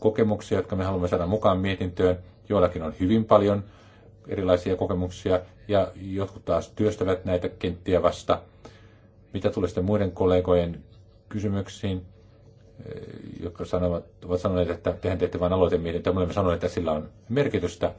kokemuksia, jotka me haluamme saada mukaan mietintöön. Joillakin on hyvin paljon erilaisia kokemuksia ja jotkut taas työstävät näitä kenttiä vasta. Mitä tulee sitten muiden kollegojen kysymyksiin, eh, jotka sanovat, ovat sanoneet, että tehän teette vain aloitemietintö, me olemme sanoneet, että sillä on merkitystä.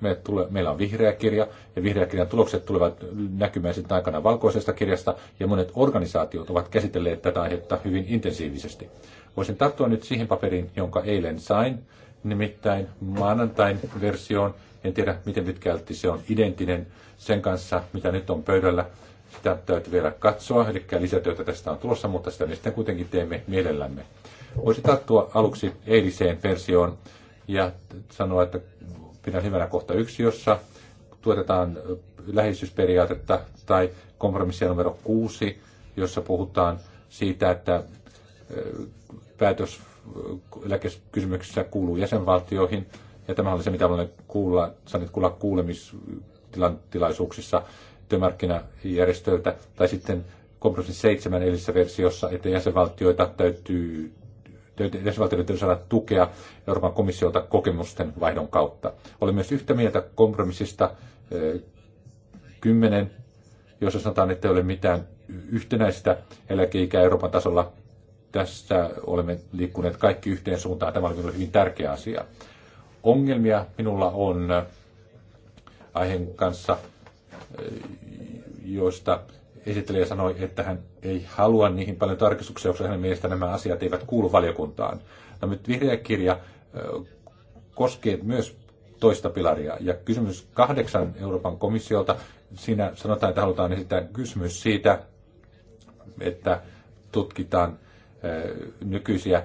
Me tule, meillä on vihreä kirja, ja vihreä kirjan tulokset tulevat näkymään sitten aikana valkoisesta kirjasta, ja monet organisaatiot ovat käsitelleet tätä aihetta hyvin intensiivisesti. Voisin tarttua nyt siihen paperiin, jonka eilen sain, nimittäin maanantain versioon, en tiedä, miten pitkälti se on identinen sen kanssa, mitä nyt on pöydällä. Sitä täytyy vielä katsoa, eli lisätyötä tästä on tulossa, mutta sitä me sitten kuitenkin teemme mielellämme. Voisi tarttua aluksi eiliseen versioon ja sanoa, että pidän hyvänä kohta yksi, jossa tuotetaan läheisyysperiaatetta tai kompromissia numero kuusi, jossa puhutaan siitä, että päätös kysymyksessä kuuluu jäsenvaltioihin. Ja tämä oli se, mitä olen kuulla, saanut kuulla kuulemistilaisuuksissa työmarkkinajärjestöiltä, tai sitten kompromissin seitsemän edellisessä versiossa, että jäsenvaltioita täytyy jäsenvaltioiden saada tukea Euroopan komissiolta kokemusten vaihdon kautta. Olen myös yhtä mieltä kompromissista eh, kymmenen, jossa sanotaan, että ei ole mitään yhtenäistä eläkeikää Euroopan tasolla. Tässä olemme liikkuneet kaikki yhteen suuntaan. Tämä oli minulle hyvin tärkeä asia. Ongelmia minulla on äh, aiheen kanssa, äh, joista esittelijä sanoi, että hän ei halua niihin paljon tarkistuksia, koska hänen mielestään nämä asiat eivät kuulu valiokuntaan. No nyt vihreä kirja äh, koskee myös toista pilaria. Ja kysymys kahdeksan Euroopan komissiolta, siinä sanotaan, että halutaan esittää kysymys siitä, että tutkitaan nykyisiä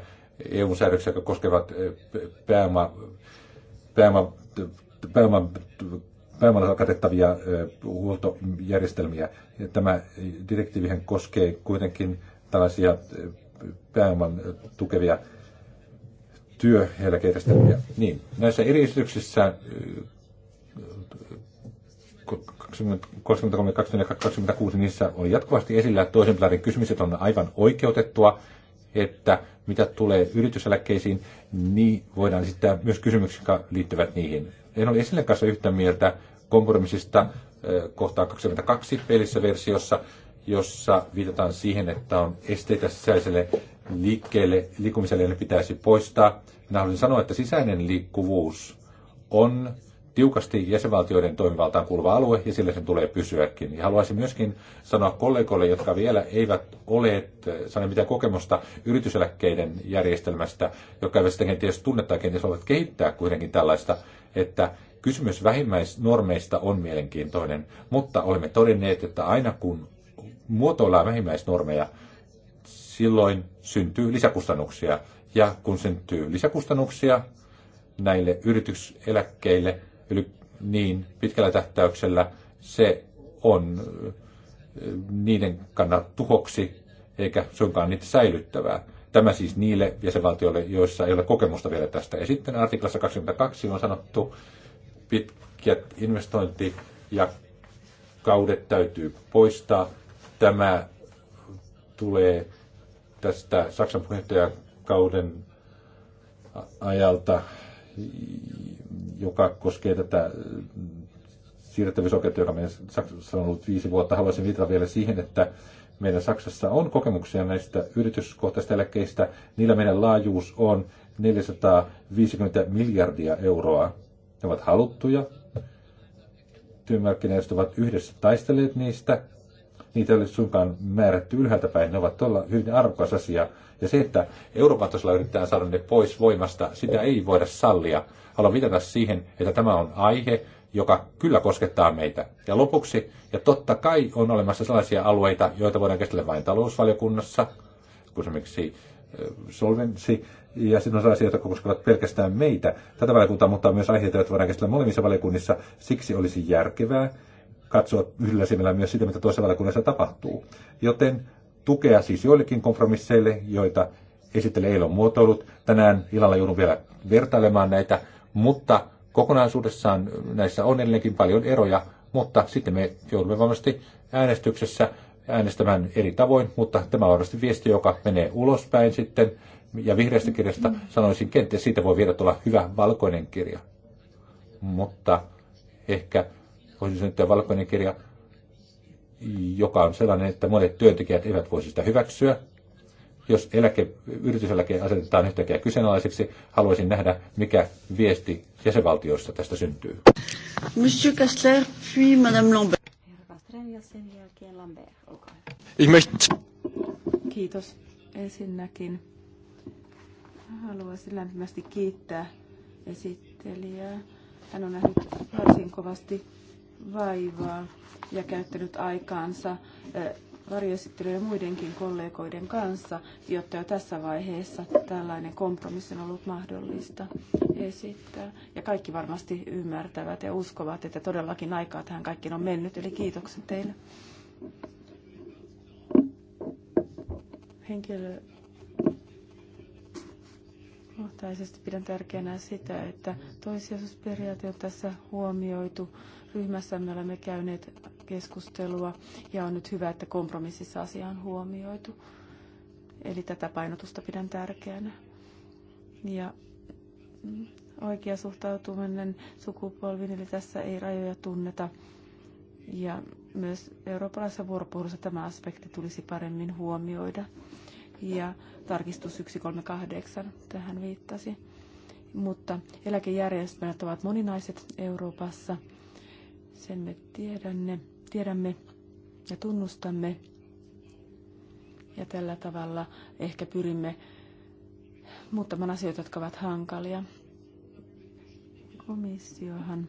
EU-säädöksiä, jotka koskevat pääoma pääoman, pääoman, pääomalla katettavia huoltojärjestelmiä. Tämä direktiivihän koskee kuitenkin tällaisia pääoman tukevia työeläkejärjestelmiä. Niin, näissä eri esityksissä 23, 24, 26, niissä on jatkuvasti esillä toisen pilarin kysymykset on aivan oikeutettua että mitä tulee yrityseläkkeisiin, niin voidaan esittää myös kysymyksiä, jotka liittyvät niihin. En ole esille kanssa yhtä mieltä kompromissista kohtaa 22 pelissä versiossa, jossa viitataan siihen, että on esteitä sisäiselle liikkeelle, liikkumiselle ne pitäisi poistaa. Minä haluaisin sanoa, että sisäinen liikkuvuus on tiukasti jäsenvaltioiden toimivaltaan kuuluva alue ja sillä sen tulee pysyäkin. Ja haluaisin myöskin sanoa kollegoille, jotka vielä eivät ole saaneet mitään kokemusta yrityseläkkeiden järjestelmästä, jotka eivät sitä kenties tunne tai kenties voivat kehittää kuitenkin tällaista, että kysymys vähimmäisnormeista on mielenkiintoinen, mutta olemme todenneet, että aina kun muotoillaan vähimmäisnormeja, silloin syntyy lisäkustannuksia. Ja kun syntyy lisäkustannuksia näille yrityseläkkeille, niin pitkällä tähtäyksellä se on niiden kannat tuhoksi, eikä suinkaan niitä säilyttävää. Tämä siis niille jäsenvaltioille, joissa ei ole kokemusta vielä tästä. Ja sitten artiklassa 22 on sanottu, pitkät investointi- ja kaudet täytyy poistaa. Tämä tulee tästä Saksan puheenjohtajakauden ajalta joka koskee tätä äh, siirrettävyysoikeutta, joka meidän Saksassa on ollut viisi vuotta. Haluaisin viitata vielä siihen, että meidän Saksassa on kokemuksia näistä yrityskohtaisista eläkkeistä. Niillä meidän laajuus on 450 miljardia euroa. Ne ovat haluttuja. Työmarkkinajärjestöt ovat yhdessä taistelleet niistä. Niitä ei ole suinkaan määrätty ylhäältä päin. Ne ovat todella hyvin arvokas asia ja se, että Euroopan tasolla yritetään saada ne pois voimasta, sitä ei voida sallia. Haluan viitata siihen, että tämä on aihe, joka kyllä koskettaa meitä. Ja lopuksi, ja totta kai on olemassa sellaisia alueita, joita voidaan käsitellä vain talousvaliokunnassa, esimerkiksi solvenssi, ja sitten on sellaisia, jotka koskevat pelkästään meitä tätä valiokuntaa, mutta myös aiheita, joita voidaan käsitellä molemmissa valiokunnissa. Siksi olisi järkevää katsoa yhdellä silmällä myös sitä, mitä toisessa valiokunnassa tapahtuu. Joten tukea siis joillekin kompromisseille, joita esittelee elon muotoilut. Tänään illalla joudun vielä vertailemaan näitä, mutta kokonaisuudessaan näissä on edelleenkin paljon eroja, mutta sitten me joudumme varmasti äänestyksessä äänestämään eri tavoin, mutta tämä on varmasti viesti, joka menee ulospäin sitten. Ja vihreästä kirjasta sanoisin, kenties siitä voi vielä tulla hyvä valkoinen kirja. Mutta ehkä voisin sanoa, että valkoinen kirja joka on sellainen, että monet työntekijät eivät voisi sitä hyväksyä. Jos eläke, yrityseläke asetetaan yhtäkkiä kyseenalaiseksi, haluaisin nähdä, mikä viesti jäsenvaltioissa tästä syntyy. Monsieur Kastler, puis Madame Lambert. Kiitos ensinnäkin. Haluaisin lämpimästi kiittää esittelijää. Hän on nähnyt varsin kovasti vaivaa ja käyttänyt aikaansa varjoesittelyjen muidenkin kollegoiden kanssa, jotta jo tässä vaiheessa tällainen kompromissi on ollut mahdollista esittää. Ja kaikki varmasti ymmärtävät ja uskovat, että todellakin aikaa tähän kaikkiin on mennyt, eli kiitokset teille. Henkilö Kohtaisesti pidän tärkeänä sitä, että toisiasusperiaate on tässä huomioitu. Ryhmässä me olemme käyneet keskustelua ja on nyt hyvä, että kompromississa asia on huomioitu. Eli tätä painotusta pidän tärkeänä. Ja oikea suhtautuminen sukupolviin, eli tässä ei rajoja tunneta. Ja myös eurooppalaisessa vuoropuhelussa tämä aspekti tulisi paremmin huomioida ja tarkistus 138 tähän viittasi. Mutta eläkejärjestelmät ovat moninaiset Euroopassa. Sen me tiedämme, tiedämme ja tunnustamme. Ja tällä tavalla ehkä pyrimme muuttamaan asioita, jotka ovat hankalia. Komissiohan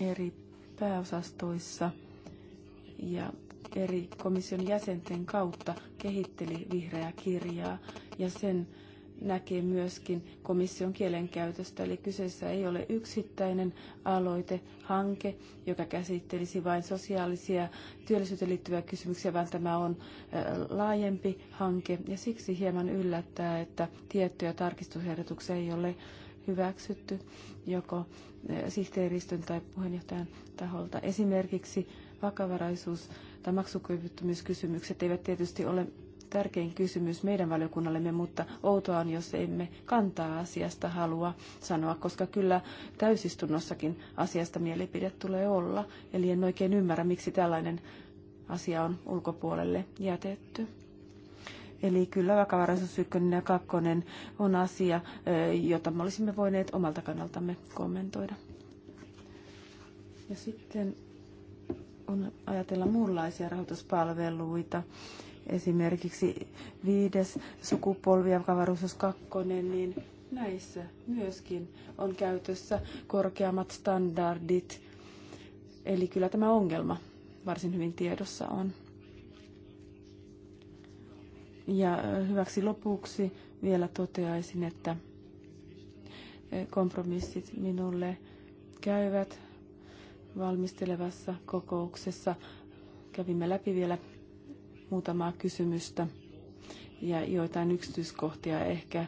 eri pääosastoissa ja eri komission jäsenten kautta kehitteli vihreää kirjaa ja sen näkee myöskin komission kielenkäytöstä. Eli kyseessä ei ole yksittäinen aloite, hanke, joka käsittelisi vain sosiaalisia työllisyyteen liittyviä kysymyksiä, vaan tämä on laajempi hanke. Ja siksi hieman yllättää, että tiettyjä tarkistusehdotuksia ei ole hyväksytty joko sihteeristön tai puheenjohtajan taholta. Esimerkiksi vakavaraisuus mutta maksukyvyttömyyskysymykset eivät tietysti ole tärkein kysymys meidän valiokunnallemme, mutta outoa on, jos emme kantaa asiasta halua sanoa, koska kyllä täysistunnossakin asiasta mielipide tulee olla. Eli en oikein ymmärrä, miksi tällainen asia on ulkopuolelle jätetty. Eli kyllä vakavaraisuus ykkönen ja kakkonen on asia, jota me olisimme voineet omalta kannaltamme kommentoida. Ja sitten on ajatella muunlaisia rahoituspalveluita. Esimerkiksi viides sukupolvi ja kavaruusos kakkonen, niin näissä myöskin on käytössä korkeammat standardit. Eli kyllä tämä ongelma varsin hyvin tiedossa on. Ja hyväksi lopuksi vielä toteaisin, että kompromissit minulle käyvät valmistelevassa kokouksessa kävimme läpi vielä muutamaa kysymystä ja joitain yksityiskohtia ehkä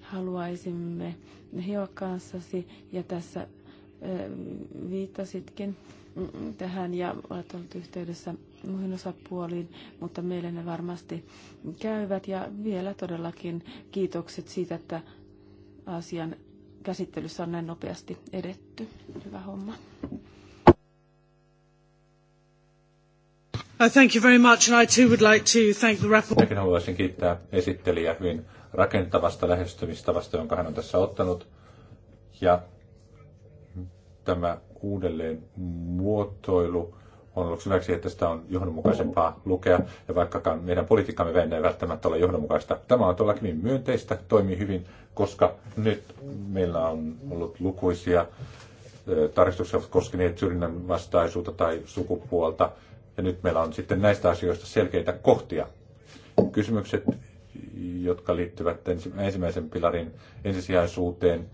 haluaisimme hioa kanssasi ja tässä viittasitkin tähän ja olet ollut yhteydessä muihin osapuoliin, mutta meille ne varmasti käyvät. Ja vielä todellakin kiitokset siitä, että asian käsittelyssä on näin nopeasti edetty. Hyvä homma. Uh, thank you very much, and I too would like to thank the rapporteur. Minäkin haluaisin kiittää esittelijä hyvin rakentavasta lähestymistavasta, jonka hän on tässä ottanut. Ja tämä uudelleen muotoilu on ollut hyväksi, että sitä on johdonmukaisempaa lukea, ja vaikkakaan meidän politiikkamme Venäjä ei välttämättä ole johdonmukaista. Tämä on todellakin hyvin myönteistä, toimii hyvin, koska nyt meillä on ollut lukuisia tarkistuksia koskeneet syrjinnän vastaisuutta tai sukupuolta, ja nyt meillä on sitten näistä asioista selkeitä kohtia. Kysymykset, jotka liittyvät ensimmäisen pilarin ensisijaisuuteen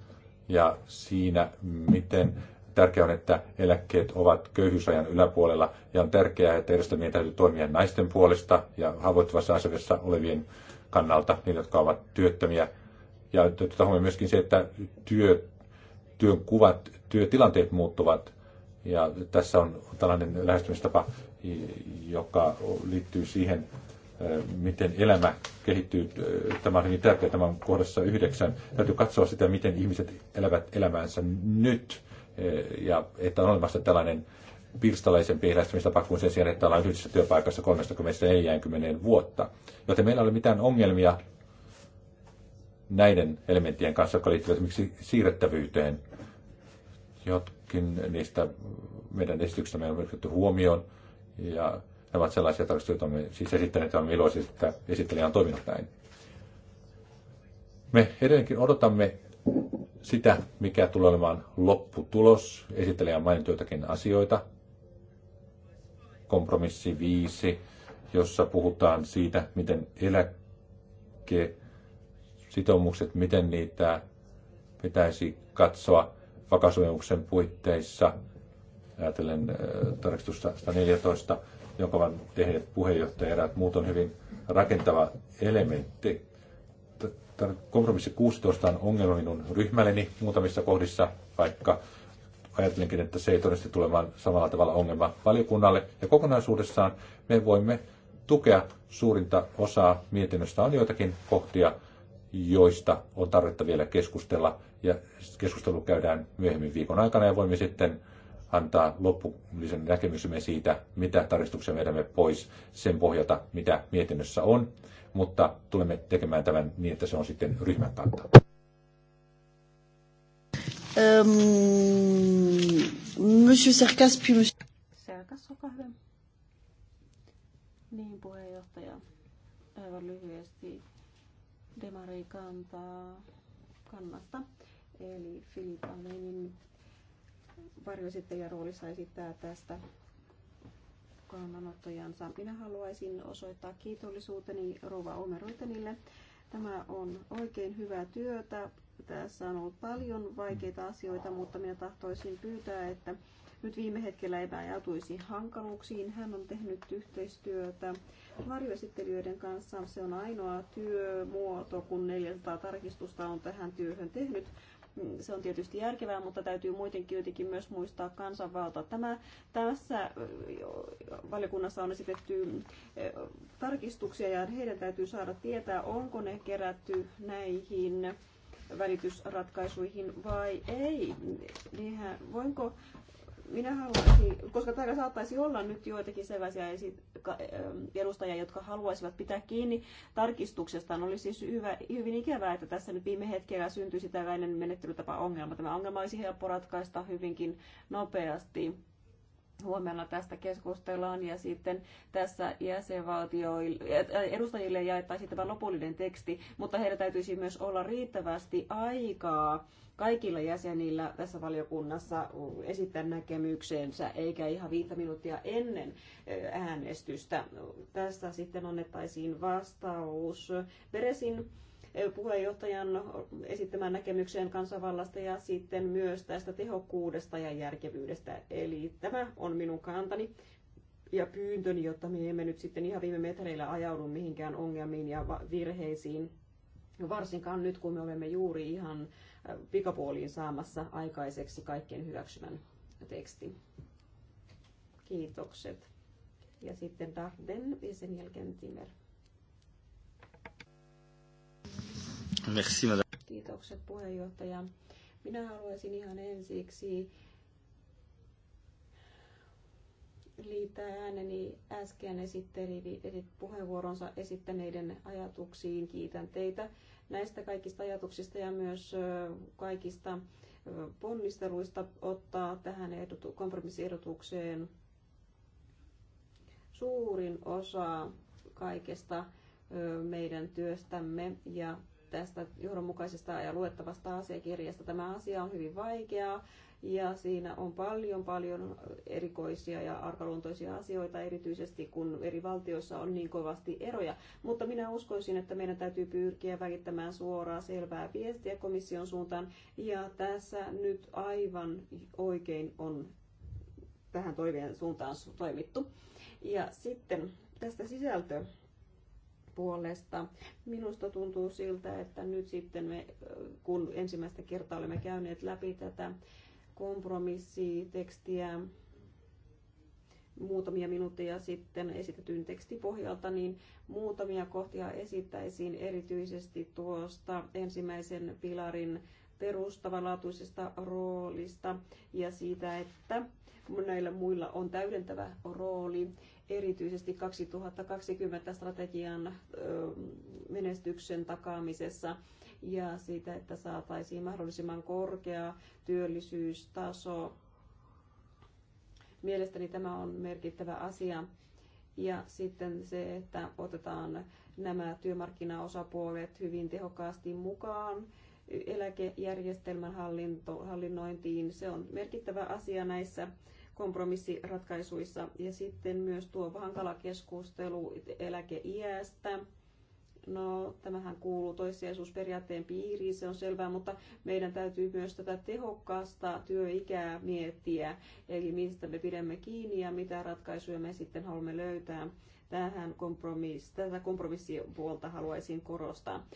ja siinä, miten Tärkeää on, että eläkkeet ovat köyhyysrajan yläpuolella ja on tärkeää, että järjestelmien täytyy toimia naisten puolesta ja haavoittuvassa asemassa olevien kannalta, niitä, jotka ovat työttömiä. Ja otetaan huomioon myöskin se, että työ, työn kuvat, työtilanteet muuttuvat. Ja tässä on tällainen lähestymistapa, joka liittyy siihen, äh, miten elämä kehittyy. Tämä on hyvin tärkeä, tämä on kohdassa yhdeksän. Täytyy katsoa sitä, miten ihmiset elävät elämäänsä nyt. Eh, ja että on olemassa tällainen pirstalaisen lähestymistapa kuin sen sijaan, että ollaan yhdessä työpaikassa 30-40 vuotta. Joten meillä ei ole mitään ongelmia näiden elementtien kanssa, jotka liittyvät esimerkiksi siirrettävyyteen. Jotkin niistä meidän esityksistä meillä on otettu huomioon, ja ne ovat sellaisia tarkastuksia, joita me siis esittäneet, että on iloisia, että esittelijä on toiminut näin. Me edelleenkin odotamme sitä, mikä tulee olemaan lopputulos. Esittelijä on mainittu jotakin asioita. Kompromissi 5, jossa puhutaan siitä, miten eläkesitoumukset, miten niitä pitäisi katsoa vakasopimuksen puitteissa. Ajatellen tarkistusta 114, jonka ovat tehneet puheenjohtaja eräät muut on hyvin rakentava elementti kompromissi 16 on ongelma minun ryhmälleni muutamissa kohdissa, vaikka ajattelinkin, että se ei todennäköisesti tulemaan samalla tavalla ongelma valiokunnalle. Ja kokonaisuudessaan me voimme tukea suurinta osaa mietinnöstä. On joitakin kohtia, joista on tarvetta vielä keskustella ja keskustelu käydään myöhemmin viikon aikana ja voimme sitten antaa lopullisen näkemyksemme siitä, mitä tarkistuksia vedämme pois sen pohjalta, mitä mietinnössä on, mutta tulemme tekemään tämän niin, että se on sitten ryhmän kanta. Ähm, monsieur Serkas, puis monsieur... Serkas, olkaa hyvä. Niin, puheenjohtaja. Aivan lyhyesti. Demari kantaa kannasta. Eli Filip Alenin varjoesittelijän roolissa esittää tästä kannanottojansa. Minä haluaisin osoittaa kiitollisuuteni Rova Omeroitenille. Tämä on oikein hyvää työtä. Tässä on ollut paljon vaikeita asioita, mutta minä tahtoisin pyytää, että nyt viime hetkellä ei ajautuisi hankaluuksiin. Hän on tehnyt yhteistyötä varjoesittelijöiden kanssa. Se on ainoa työmuoto, kun 400 tarkistusta on tähän työhön tehnyt Mm. Se on tietysti järkevää, mutta täytyy muutenkin jotenkin myös muistaa kansanvalta. Tämä, tässä valiokunnassa on esitetty tarkistuksia ja heidän täytyy saada tietää, onko ne kerätty näihin välitysratkaisuihin vai ei. Niinhän, voinko minä haluaisin, koska täällä saattaisi olla nyt joitakin sellaisia edustajia, jotka haluaisivat pitää kiinni tarkistuksestaan, olisi siis hyvä, hyvin ikävää, että tässä nyt viime hetkellä syntyisi tällainen menettelytapa-ongelma. Tämä ongelma olisi helppo ratkaista hyvinkin nopeasti huomenna tästä keskustellaan ja sitten tässä edustajille jaettaisiin tämä lopullinen teksti, mutta heillä täytyisi myös olla riittävästi aikaa kaikilla jäsenillä tässä valiokunnassa esittää näkemyksensä, eikä ihan viittä minuuttia ennen eh, äänestystä. Tässä sitten annettaisiin vastaus Peresin eh, puheenjohtajan esittämään näkemykseen kansanvallasta ja sitten myös tästä tehokkuudesta ja järkevyydestä. Eli tämä on minun kantani ja pyyntöni, jotta me emme nyt sitten ihan viime metreillä ajaudu mihinkään ongelmiin ja virheisiin. Varsinkaan nyt, kun me olemme juuri ihan pikapuoliin saamassa aikaiseksi kaikkien hyväksymän tekstin. Kiitokset. Ja sitten Darden ja sen jälkeen Timer. Merci, Kiitokset puheenjohtaja. Minä haluaisin ihan ensiksi liittää ääneni äsken esitteli, puheenvuoronsa esittäneiden ajatuksiin. Kiitän teitä näistä kaikista ajatuksista ja myös kaikista ponnisteluista ottaa tähän ehdotu- kompromissiehdotukseen suurin osa kaikesta meidän työstämme ja tästä johdonmukaisesta ja luettavasta asiakirjasta. Tämä asia on hyvin vaikeaa ja siinä on paljon paljon erikoisia ja arkaluontoisia asioita, erityisesti kun eri valtioissa on niin kovasti eroja. Mutta minä uskoisin, että meidän täytyy pyrkiä välittämään suoraa selvää viestiä komission suuntaan ja tässä nyt aivan oikein on tähän toiveen suuntaan toimittu. Ja sitten tästä sisältö puolesta. Minusta tuntuu siltä, että nyt sitten me, kun ensimmäistä kertaa olemme käyneet läpi tätä kompromissitekstiä muutamia minuutteja sitten esitetyn tekstin pohjalta, niin muutamia kohtia esittäisiin erityisesti tuosta ensimmäisen pilarin perustavanlaatuisesta roolista ja siitä, että näillä muilla on täydentävä rooli erityisesti 2020 strategian menestyksen takaamisessa ja siitä, että saataisiin mahdollisimman korkea työllisyystaso. Mielestäni tämä on merkittävä asia. Ja sitten se, että otetaan nämä työmarkkinaosapuolet hyvin tehokkaasti mukaan eläkejärjestelmän hallinto, hallinnointiin. Se on merkittävä asia näissä kompromissiratkaisuissa. Ja sitten myös tuo hankala keskustelu eläkeiästä. No, tämähän kuuluu toissijaisuusperiaatteen piiriin, se on selvää, mutta meidän täytyy myös tätä tehokkaasta työikää miettiä, eli mistä me pidämme kiinni ja mitä ratkaisuja me sitten haluamme löytää. Tähän kompromiss, tätä kompromissipuolta haluaisin korostaa.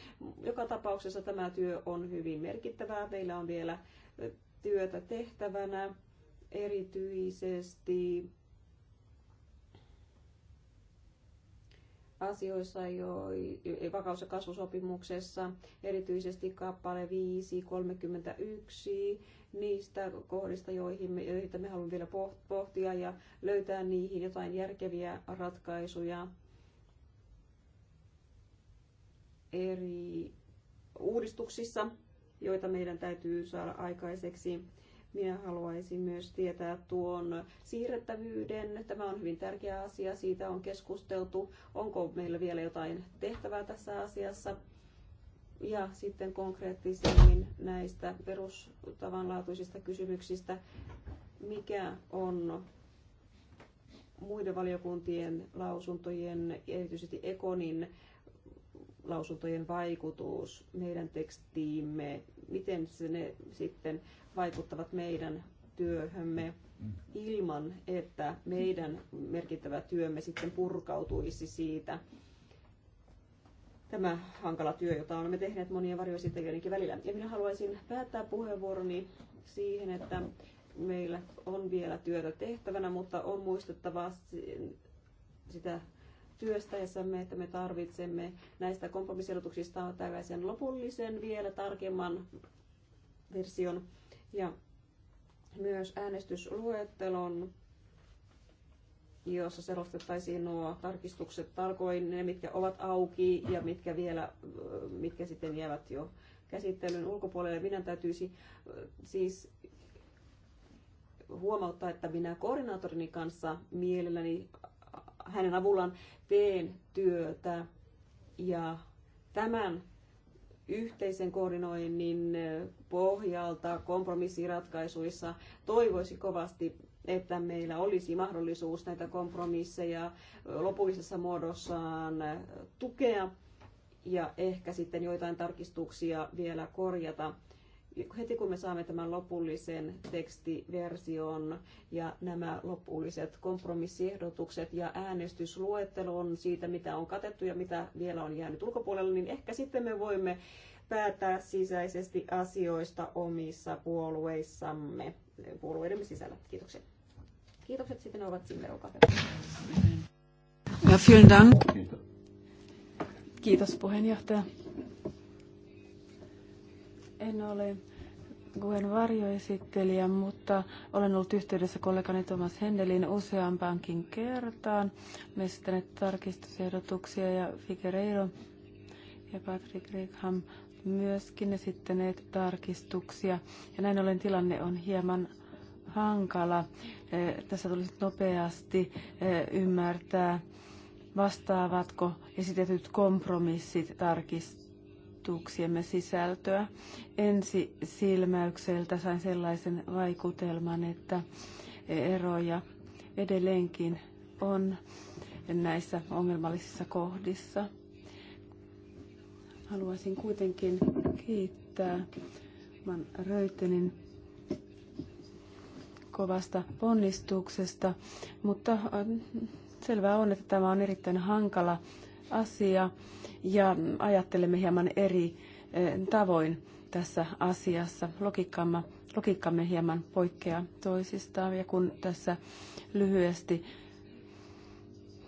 Joka tapauksessa tämä työ on hyvin merkittävää. Meillä on vielä työtä tehtävänä erityisesti asioissa, jo, vakaus- ja kasvusopimuksessa, erityisesti kappale 5, 31, niistä kohdista, joihin me, joita me haluamme vielä pohtia ja löytää niihin jotain järkeviä ratkaisuja eri uudistuksissa, joita meidän täytyy saada aikaiseksi minä haluaisin myös tietää tuon siirrettävyyden. Tämä on hyvin tärkeä asia. Siitä on keskusteltu. Onko meillä vielä jotain tehtävää tässä asiassa? Ja sitten konkreettisemmin näistä perustavanlaatuisista kysymyksistä. Mikä on muiden valiokuntien lausuntojen, erityisesti Ekonin lausuntojen vaikutus meidän tekstiimme, miten se ne sitten vaikuttavat meidän työhömme ilman, että meidän merkittävä työmme sitten purkautuisi siitä. Tämä hankala työ, jota olemme tehneet monien varjoesittelijöidenkin välillä. Ja minä haluaisin päättää puheenvuoroni siihen, että meillä on vielä työtä tehtävänä, mutta on muistettava sitä työstäessämme, että me tarvitsemme näistä kompromissiehdotuksista tällaisen lopullisen vielä tarkemman version ja myös äänestysluettelon, jossa selostettaisiin nuo tarkistukset tarkoin, ne mitkä ovat auki ja mitkä, vielä, mitkä sitten jäävät jo käsittelyn ulkopuolelle. Minä täytyisi äh, siis huomauttaa, että minä koordinaatorini kanssa mielelläni hänen avullaan teen työtä ja tämän yhteisen koordinoinnin pohjalta kompromissiratkaisuissa toivoisi kovasti, että meillä olisi mahdollisuus näitä kompromisseja lopullisessa muodossaan tukea ja ehkä sitten joitain tarkistuksia vielä korjata heti kun me saamme tämän lopullisen tekstiversion ja nämä lopulliset kompromissiehdotukset ja äänestysluettelon siitä, mitä on katettu ja mitä vielä on jäänyt ulkopuolelle, niin ehkä sitten me voimme päättää sisäisesti asioista omissa puolueissamme, puolueidemme sisällä. Kiitoksia. Kiitokset sitten ovat sinne olkaa Ja vielen dank. Kiitos puheenjohtaja. En ole Guen varjoesittelijä, mutta olen ollut yhteydessä kollegani Thomas Hendelin useampaankin kertaan. Me esittäneet tarkistusehdotuksia ja Figueiredo ja Patrick Rickham myöskin esittäneet tarkistuksia. Ja näin ollen tilanne on hieman hankala. Eh, tässä tulisi nopeasti eh, ymmärtää, vastaavatko esitetyt kompromissit tarkistuksia ehdotuksiemme sisältöä. Ensi silmäykseltä sain sellaisen vaikutelman, että eroja edelleenkin on näissä ongelmallisissa kohdissa. Haluaisin kuitenkin kiittää Man Röytenin kovasta ponnistuksesta, mutta äh, selvää on, että tämä on erittäin hankala asia ja ajattelemme hieman eri eh, tavoin tässä asiassa. Logiikkamme, logiikkamme hieman poikkeaa toisistaan ja kun tässä lyhyesti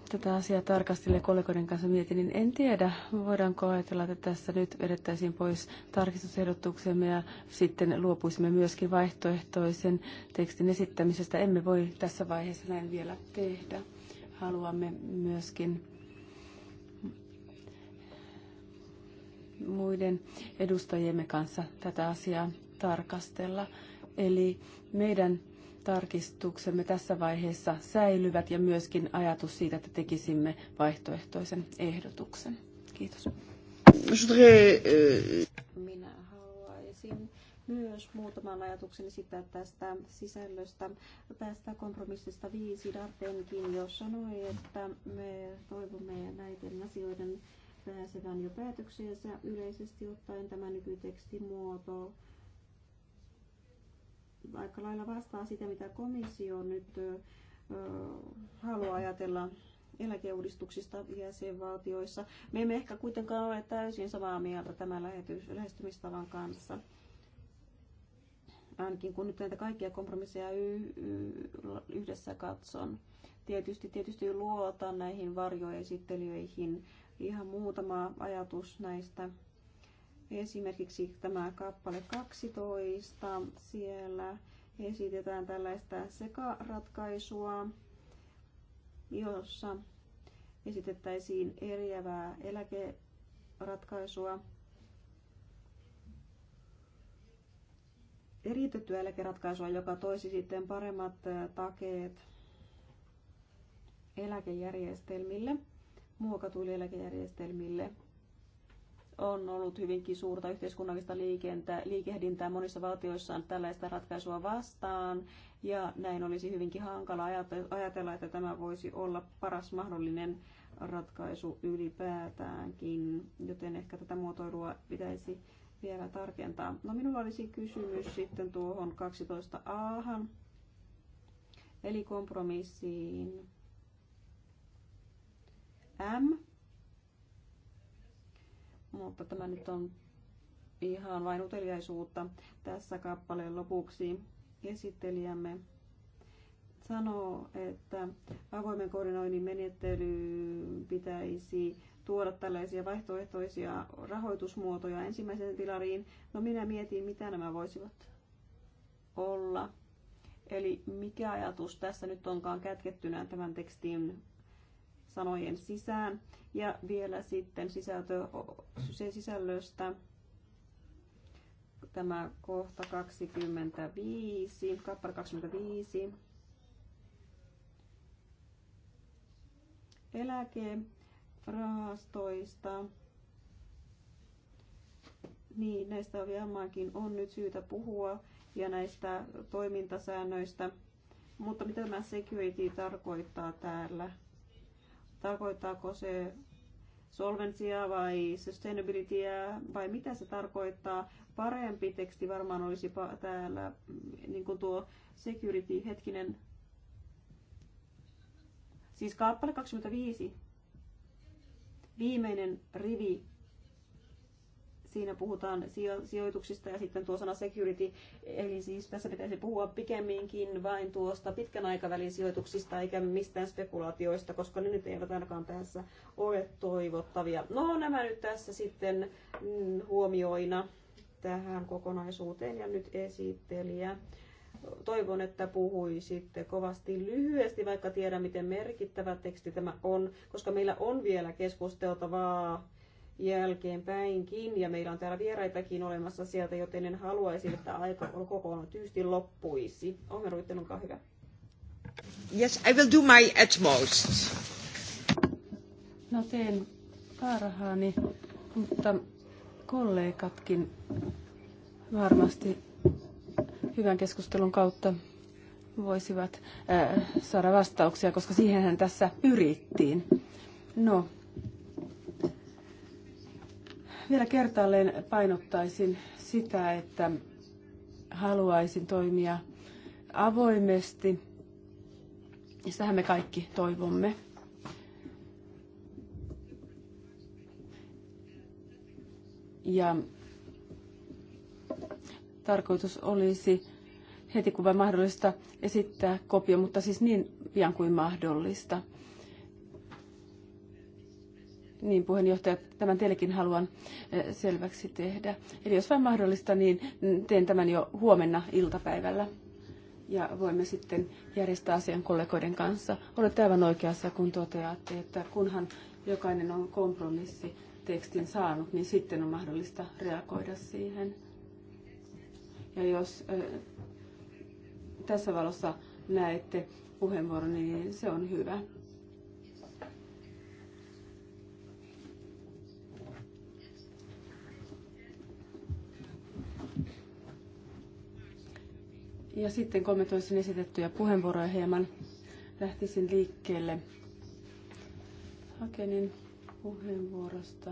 tätä asiaa tarkastelee kollegoiden kanssa mietin, niin en tiedä, voidaanko ajatella, että tässä nyt vedettäisiin pois tarkistusehdotuksemme ja sitten luopuisimme myöskin vaihtoehtoisen tekstin esittämisestä. Emme voi tässä vaiheessa näin vielä tehdä. Haluamme myöskin muiden edustajiemme kanssa tätä asiaa tarkastella. Eli meidän tarkistuksemme tässä vaiheessa säilyvät ja myöskin ajatus siitä, että tekisimme vaihtoehtoisen ehdotuksen. Kiitos. Euh, Minä haluaisin myös muutaman ajatuksen sitä tästä sisällöstä, tästä kompromissista viisi Dartenkin, jos sanoi, että me toivomme näiden asioiden pääsevän jo ja yleisesti ottaen tämä nykytekstimuoto aika lailla vastaa sitä, mitä komissio nyt ö, haluaa ajatella eläkeuudistuksista jäsenvaltioissa. Me emme ehkä kuitenkaan ole täysin samaa mieltä tämän lähetys, lähestymistavan kanssa. Ainakin kun nyt näitä kaikkia kompromisseja y- y- yhdessä katson. Tietysti, tietysti luotan näihin varjoesittelyihin Ihan muutama ajatus näistä. Esimerkiksi tämä kappale 12, siellä esitetään tällaista sekaratkaisua, jossa esitettäisiin eriävää eläkeratkaisua, eriytettyä eläkeratkaisua, joka toisi sitten paremmat takeet eläkejärjestelmille muokatuille eläkejärjestelmille. On ollut hyvinkin suurta yhteiskunnallista liikentä, liikehdintää monissa valtioissa tällaista ratkaisua vastaan, ja näin olisi hyvinkin hankala ajatella, että tämä voisi olla paras mahdollinen ratkaisu ylipäätäänkin, joten ehkä tätä muotoilua pitäisi vielä tarkentaa. No minulla olisi kysymys sitten tuohon 12a, eli kompromissiin M. Mutta tämä nyt on ihan vain uteliaisuutta tässä kappaleen lopuksi. Esittelijämme sanoo, että avoimen koordinoinnin menettely pitäisi tuoda tällaisia vaihtoehtoisia rahoitusmuotoja ensimmäiseen pilariin. No minä mietin, mitä nämä voisivat olla. Eli mikä ajatus tässä nyt onkaan kätkettynä tämän tekstin sanojen sisään. Ja vielä sitten sisältö, se sisällöstä tämä kohta 25, kappale 25. Eläke rahastoista. Niin, näistä ohjelmaankin on nyt syytä puhua ja näistä toimintasäännöistä. Mutta mitä tämä security tarkoittaa täällä? Tarkoittaako se solvensia vai sustainabilityä vai mitä se tarkoittaa? Parempi teksti varmaan olisi täällä, niin kuin tuo security hetkinen. Siis kappale 25. Viimeinen rivi siinä puhutaan sijo- sijoituksista ja sitten tuo sana security, eli siis tässä pitäisi puhua pikemminkin vain tuosta pitkän aikavälin sijoituksista eikä mistään spekulaatioista, koska ne nyt eivät ainakaan tässä ole toivottavia. No nämä nyt tässä sitten mm, huomioina tähän kokonaisuuteen ja nyt esittelijä. Toivon, että puhuisitte kovasti lyhyesti, vaikka tiedän, miten merkittävä teksti tämä on, koska meillä on vielä keskusteltavaa jälkeenpäinkin. Ja meillä on täällä vieraitakin olemassa sieltä, joten en haluaisi, että aika kokonaan tyysti loppuisi. Ruitten, olkaa hyvä. Yes, I will do my utmost. No teen parhaani, mutta kollegatkin varmasti hyvän keskustelun kautta voisivat äh, saada vastauksia, koska siihenhän tässä pyrittiin. No, vielä kertaalleen painottaisin sitä, että haluaisin toimia avoimesti. Ja sitähän me kaikki toivomme. Ja tarkoitus olisi heti kun vain mahdollista esittää kopio, mutta siis niin pian kuin mahdollista. Niin puheenjohtaja, tämän teillekin haluan eh, selväksi tehdä. Eli jos vain mahdollista, niin mm, teen tämän jo huomenna iltapäivällä. Ja voimme sitten järjestää asian kollegoiden kanssa. Olette aivan oikeassa, kun toteatte, että kunhan jokainen on kompromissi tekstin saanut, niin sitten on mahdollista reagoida siihen. Ja jos eh, tässä valossa näette puheenvuoron, niin se on hyvä. Ja sitten kommentoisin esitettyjä puheenvuoroja hieman. Lähtisin liikkeelle Hakenin puheenvuorosta.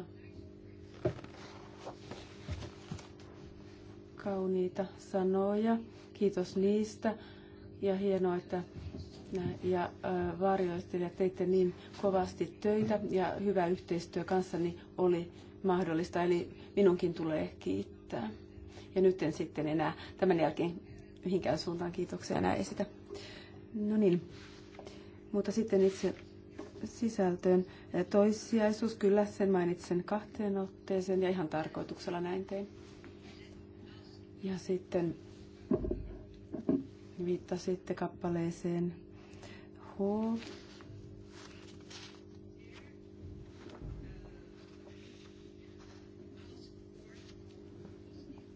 Kauniita sanoja. Kiitos niistä. Ja hienoa, että ja varjoistelijat teitte niin kovasti töitä ja hyvä yhteistyö kanssani oli mahdollista, eli minunkin tulee kiittää. Ja nyt en sitten enää tämän jälkeen mihinkään suuntaan kiitoksia enää esitä. No niin, mutta sitten itse sisältöön. Toissijaisuus, kyllä sen mainitsen kahteen otteeseen ja ihan tarkoituksella näin tein. Ja sitten viittasitte kappaleeseen H.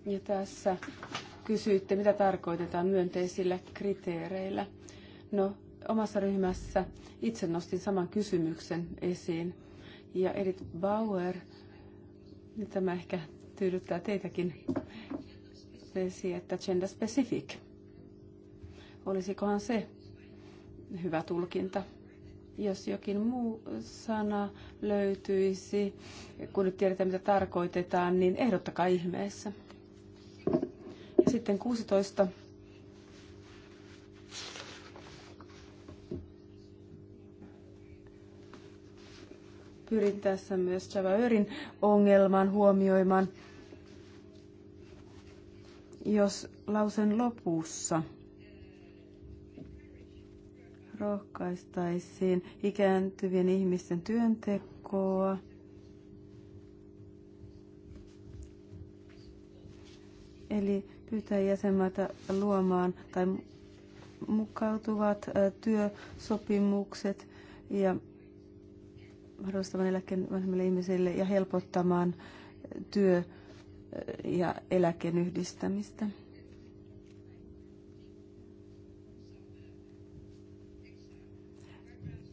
Ja tässä kysyitte, mitä tarkoitetaan myönteisillä kriteereillä. No, omassa ryhmässä itse nostin saman kysymyksen esiin. Ja Edith Bauer, niin tämä ehkä tyydyttää teitäkin, totesi, että gender specific. Olisikohan se hyvä tulkinta? Jos jokin muu sana löytyisi, kun nyt tiedetään mitä tarkoitetaan, niin ehdottakaa ihmeessä. Sitten 16. Pyrin tässä myös Javaörin ongelman huomioimaan, jos lausen lopussa rohkaistaisiin ikääntyvien ihmisten työntekoa. Eli pyytää jäsenmaita luomaan tai mukautuvat työsopimukset ja mahdollistamaan eläkkeen vanhemmille ihmisille ja helpottamaan työ- ja eläkkeen yhdistämistä.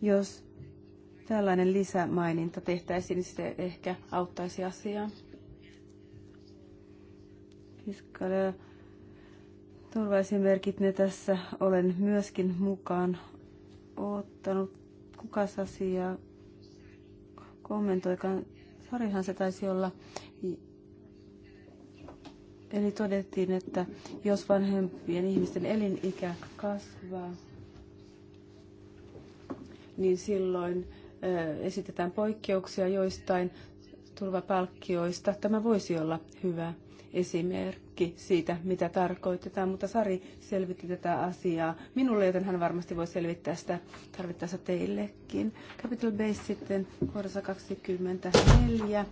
Jos tällainen lisämaininta tehtäisiin, niin se ehkä auttaisi asiaa. Fiskalia Turvaesimerkit ne tässä olen myöskin mukaan ottanut. Kukas asiaa kommentoikaan? Sarihan se taisi olla. Eli todettiin, että jos vanhempien ihmisten elinikä kasvaa, niin silloin esitetään poikkeuksia joistain turvapalkkioista. Tämä voisi olla hyvä esimerkki siitä, mitä tarkoitetaan, mutta Sari selvitti tätä asiaa minulle, joten hän varmasti voi selvittää sitä tarvittaessa teillekin. Capital Base sitten kohdassa 24.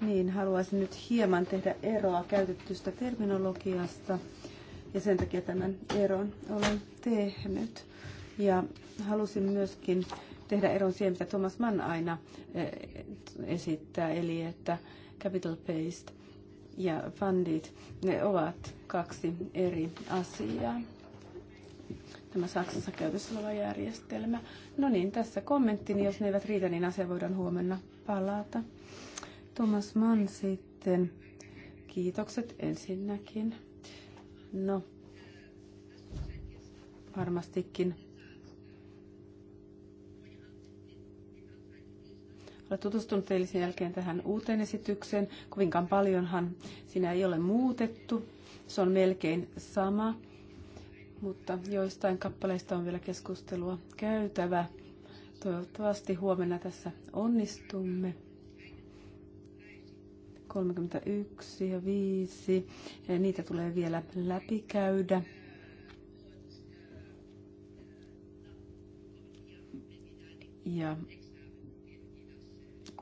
Niin, haluaisin nyt hieman tehdä eroa käytettystä terminologiasta ja sen takia tämän eron olen tehnyt. Ja halusin myöskin tehdä eron siihen, mitä Thomas Mann aina eh, esittää, eli että capital based ja fundit, ne ovat kaksi eri asiaa. Tämä Saksassa käytössä oleva järjestelmä. No niin, tässä niin Jos ne eivät riitä, niin asia voidaan huomenna palata. Thomas Mann sitten. Kiitokset ensinnäkin. No, varmastikin ole tutustunut eilisen jälkeen tähän uuteen esitykseen. Kovinkaan paljonhan siinä ei ole muutettu. Se on melkein sama, mutta joistain kappaleista on vielä keskustelua käytävä. Toivottavasti huomenna tässä onnistumme. 31 ja 5. Ja niitä tulee vielä läpikäydä. Ja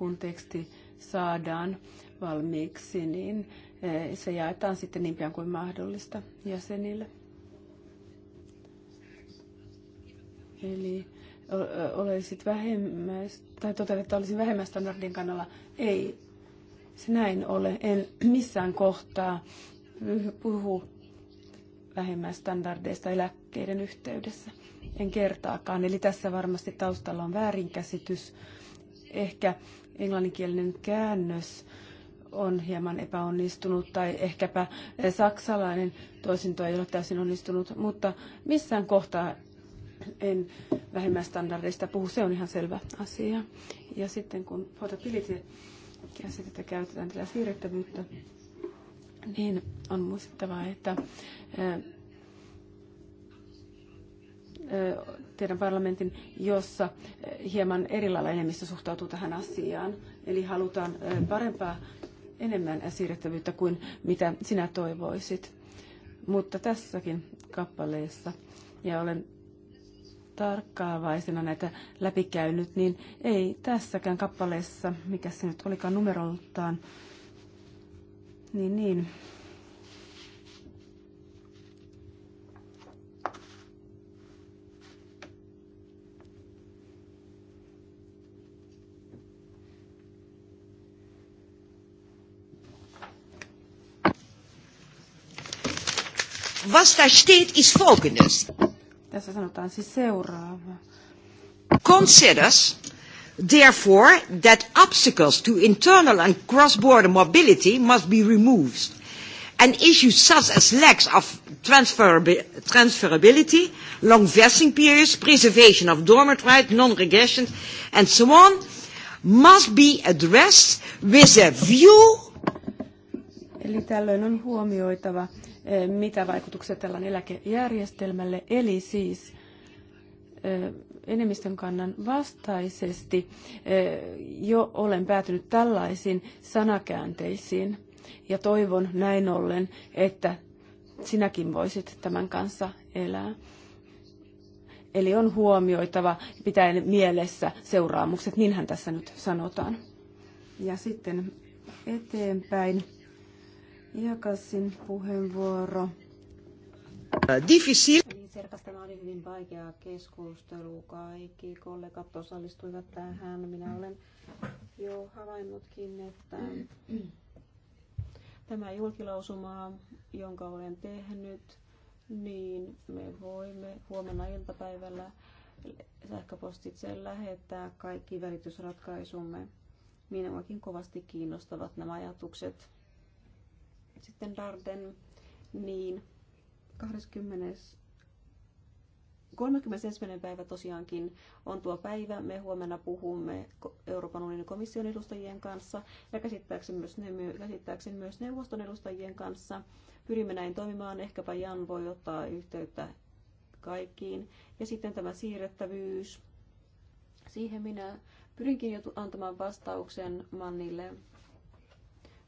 kun teksti saadaan valmiiksi, niin eh, se jaetaan sitten niin pian kuin mahdollista jäsenille. Eli olisit vähemmäs, tai totean, että olisin vähemmän standardien kannalla. Ei se näin ole. En missään kohtaa puhu standardeista eläkkeiden yhteydessä. En kertaakaan. Eli tässä varmasti taustalla on väärinkäsitys. Ehkä englanninkielinen käännös on hieman epäonnistunut tai ehkäpä eh, saksalainen toisinto ei ole täysin onnistunut, mutta missään kohtaa en vähemmästandardista puhu, se on ihan selvä asia. Ja sitten kun portability käsitettä käytetään tällä siirrettävyyttä, niin on muistettava, että eh, teidän parlamentin, jossa hieman erilailla enemmistö suhtautuu tähän asiaan. Eli halutaan parempaa enemmän siirrettävyyttä kuin mitä sinä toivoisit. Mutta tässäkin kappaleessa, ja olen tarkkaavaisena näitä läpikäynyt, niin ei tässäkään kappaleessa, mikä se nyt olikaan numeroltaan, niin niin, Was da steht, ist folgendes. Tässä sanotaan siis seuraava. Considers therefore that obstacles to internal and cross-border mobility must be removed and issues such as lacks of transferabil transferability, long vesting periods, preservation of dormant rights, non-regression and so on must be addressed with a view Eli tällöin on huomioitava mitä vaikutuksia tällä on eläkejärjestelmälle. Eli siis enemmistön kannan vastaisesti jo olen päätynyt tällaisiin sanakäänteisiin ja toivon näin ollen, että sinäkin voisit tämän kanssa elää. Eli on huomioitava pitäen mielessä seuraamukset, niinhän tässä nyt sanotaan. Ja sitten eteenpäin. Jakasin puheenvuoro. Äh, difficil. Niin, Serkas, tämä oli hyvin vaikea keskustelu. Kaikki kollegat osallistuivat tähän. Minä olen jo havainnutkin, että tämä julkilausuma, jonka olen tehnyt, niin me voimme huomenna iltapäivällä sähköpostitse lähettää kaikki välitysratkaisumme. Minuakin kovasti kiinnostavat nämä ajatukset. Sitten Darden, niin 20. 31. päivä tosiaankin on tuo päivä. Me huomenna puhumme Euroopan unionin komission edustajien kanssa ja käsittääkseni myös, käsittääkseni myös neuvoston edustajien kanssa. Pyrimme näin toimimaan. Ehkäpä Jan voi ottaa yhteyttä kaikkiin. Ja sitten tämä siirrettävyys. Siihen minä pyrinkin jo antamaan vastauksen Mannille.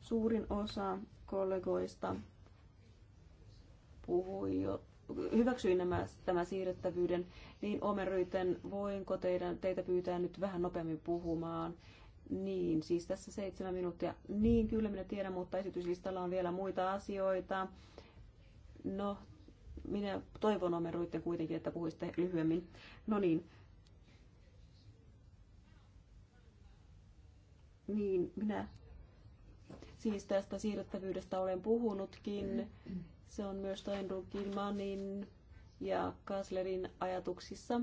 Suurin osa kollegoista puhui jo, hyväksyi nämä, tämän siirrettävyyden, niin Omeryten, voinko teidän, teitä pyytää nyt vähän nopeammin puhumaan? Niin, siis tässä seitsemän minuuttia. Niin, kyllä minä tiedän, mutta esityslistalla on vielä muita asioita. No, minä toivon omeruitten kuitenkin, että puhuisitte lyhyemmin. No niin. Niin, minä Siis tästä siirrettävyydestä olen puhunutkin. Se on myös Steinruckin, Manin ja Kaslerin ajatuksissa.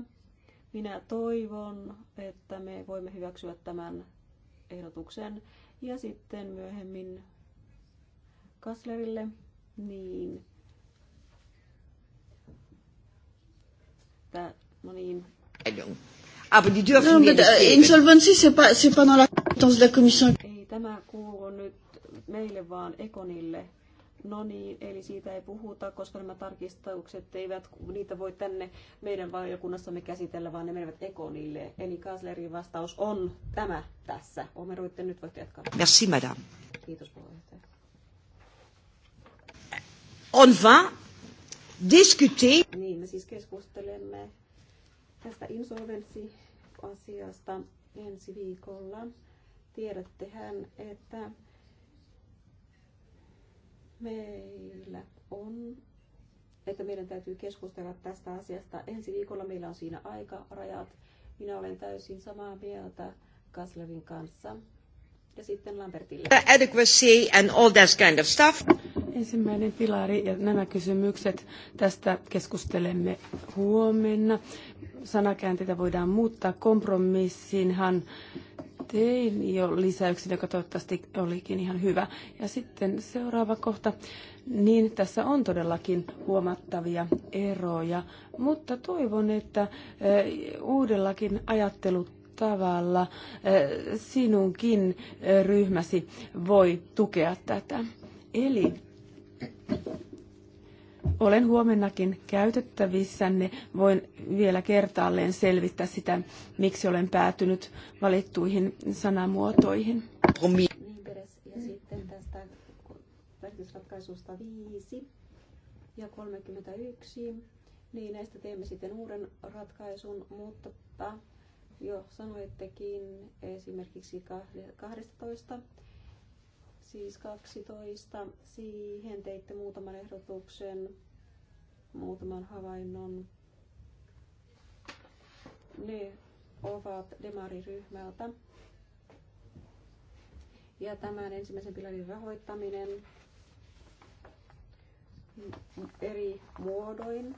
Minä toivon, että me voimme hyväksyä tämän ehdotuksen. Ja sitten myöhemmin Kaslerille, niin Tää, no niin. Ah, euh, Ei, tämä kuulu nyt meille, vaan Ekonille. No niin, eli siitä ei puhuta, koska nämä tarkistukset eivät, niitä voi tänne meidän valiokunnassamme käsitellä, vaan ne menevät Ekonille. Eli kanslerin vastaus on tämä tässä. Omeruitte, nyt voitte jatkaa. Merci, madame. Kiitos puheenjohtaja. On va discuter. Niin, me siis keskustelemme tästä insolvenssiasiasta ensi viikolla. Tiedättehän, että meillä on, että meidän täytyy keskustella tästä asiasta. Ensi viikolla meillä on siinä aikarajat. Minä olen täysin samaa mieltä Kaslevin kanssa. Ja sitten Lambertille. Adequacy and all that kind of stuff. Ensimmäinen pilari ja nämä kysymykset. Tästä keskustelemme huomenna. Sanakäänteitä voidaan muuttaa. Kompromissinhan tein jo lisäyksen, joka toivottavasti olikin ihan hyvä. Ja sitten seuraava kohta. Niin, tässä on todellakin huomattavia eroja, mutta toivon, että eh, uudellakin ajattelutavalla eh, sinunkin eh, ryhmäsi voi tukea tätä. Eli olen huomennakin käytettävissänne. Voin vielä kertaalleen selvittää sitä, miksi olen päätynyt valittuihin sanamuotoihin. Ja sitten tästä välitysratkaisusta 5 ja 31, niin näistä teemme sitten uuden ratkaisun, mutta jo sanoittekin esimerkiksi 12 siis 12. Siihen teitte muutaman ehdotuksen, muutaman havainnon. Ne ovat demariryhmältä. Ja tämän ensimmäisen pilarin rahoittaminen eri muodoin,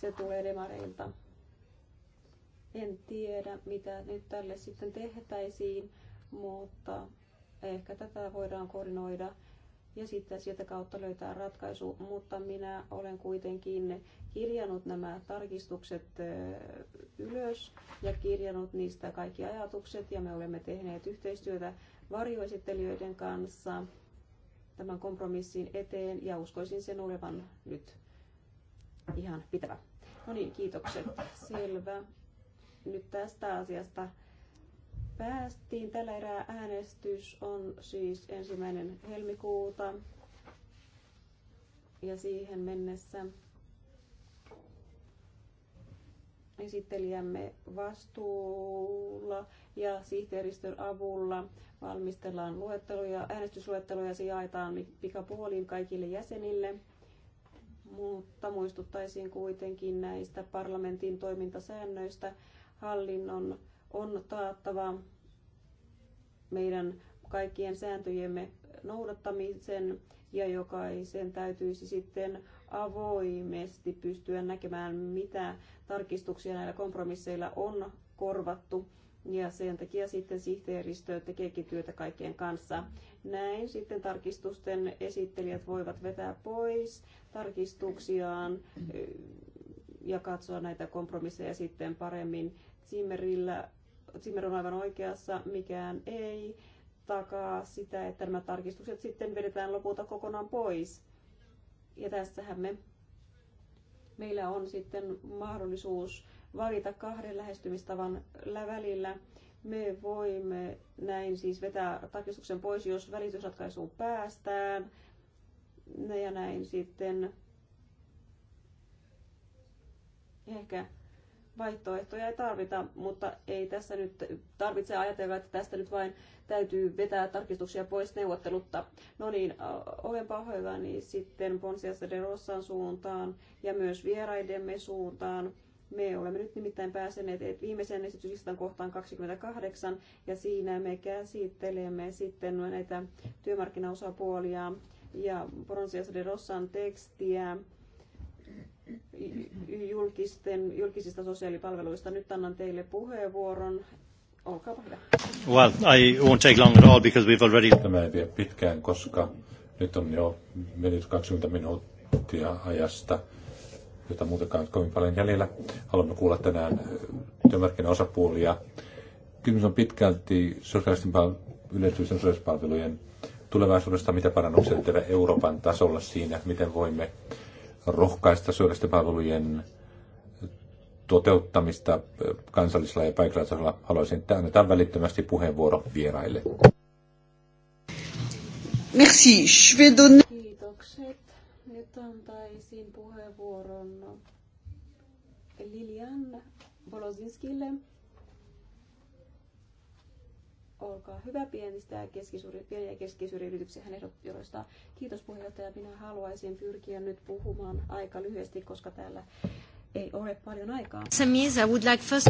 se tulee demareilta. En tiedä, mitä nyt tälle sitten tehtäisiin, mutta Ehkä tätä voidaan koordinoida ja sitten sieltä kautta löytää ratkaisu, mutta minä olen kuitenkin kirjannut nämä tarkistukset ylös ja kirjannut niistä kaikki ajatukset ja me olemme tehneet yhteistyötä varjoesittelijöiden kanssa tämän kompromissin eteen ja uskoisin sen olevan nyt ihan pitävä. No niin, kiitokset. Selvä. Nyt tästä asiasta päästiin. Tällä erää äänestys on siis ensimmäinen helmikuuta ja siihen mennessä esittelijämme vastuulla ja sihteeristön avulla valmistellaan luetteluja, äänestysluetteluja se jaetaan pikapuoliin kaikille jäsenille. Mutta muistuttaisin kuitenkin näistä parlamentin toimintasäännöistä hallinnon on taattava meidän kaikkien sääntöjemme noudattamisen ja jokaisen täytyisi sitten avoimesti pystyä näkemään, mitä tarkistuksia näillä kompromisseilla on korvattu. Ja sen takia sitten sihteeristö tekeekin työtä kaikkien kanssa. Näin sitten tarkistusten esittelijät voivat vetää pois tarkistuksiaan ja katsoa näitä kompromisseja sitten paremmin. Zimmerillä Zimmer on aivan oikeassa, mikään ei takaa sitä, että nämä tarkistukset sitten vedetään lopulta kokonaan pois. Ja tässähän me, meillä on sitten mahdollisuus valita kahden lähestymistavan välillä. Me voimme näin siis vetää tarkistuksen pois, jos välitysratkaisuun päästään. Ja näin sitten ehkä vaihtoehtoja ei tarvita, mutta ei tässä nyt tarvitse ajatella, että tästä nyt vain täytyy vetää tarkistuksia pois neuvottelutta. No niin, olen pahoillani sitten Ponsiassa de Rossan suuntaan ja myös vieraidemme suuntaan. Me olemme nyt nimittäin pääseneet viimeisen esityslistan kohtaan 28 ja siinä me käsittelemme sitten näitä työmarkkinaosapuolia ja Ponsiassa de Rossan tekstiä julkisten, julkisista sosiaalipalveluista. Nyt annan teille puheenvuoron. Olkaa hyvä. Well, I won't take long at all because we've already... Tämä ei vie pitkään, koska nyt on jo mennyt 20 minuuttia ajasta, jota muutenkaan on kovin paljon jäljellä. Haluamme kuulla tänään työmarkkinaosapuolia. Kysymys on pitkälti sosiaalisten yleisöllisten sosiaalipalvelujen tulevaisuudesta, mitä parannuksia tehdä Euroopan tasolla siinä, miten voimme rohkaista palvelujen toteuttamista kansallisella ja paikallisella. Haluaisin että annetaan välittömästi puheenvuoro vieraille. Merci. Kiitokset. Nyt antaisin puheenvuoron Lilian Bolozinskille. Olkaa hyvä pienistä ja keskisuuri, pieniä ja keskisuuria yrityksiä hän ehdottiloista. Kiitos puheenjohtaja. Minä haluaisin pyrkiä nyt puhumaan aika lyhyesti, koska täällä ei ole paljon aikaa. SMEs, I would like first...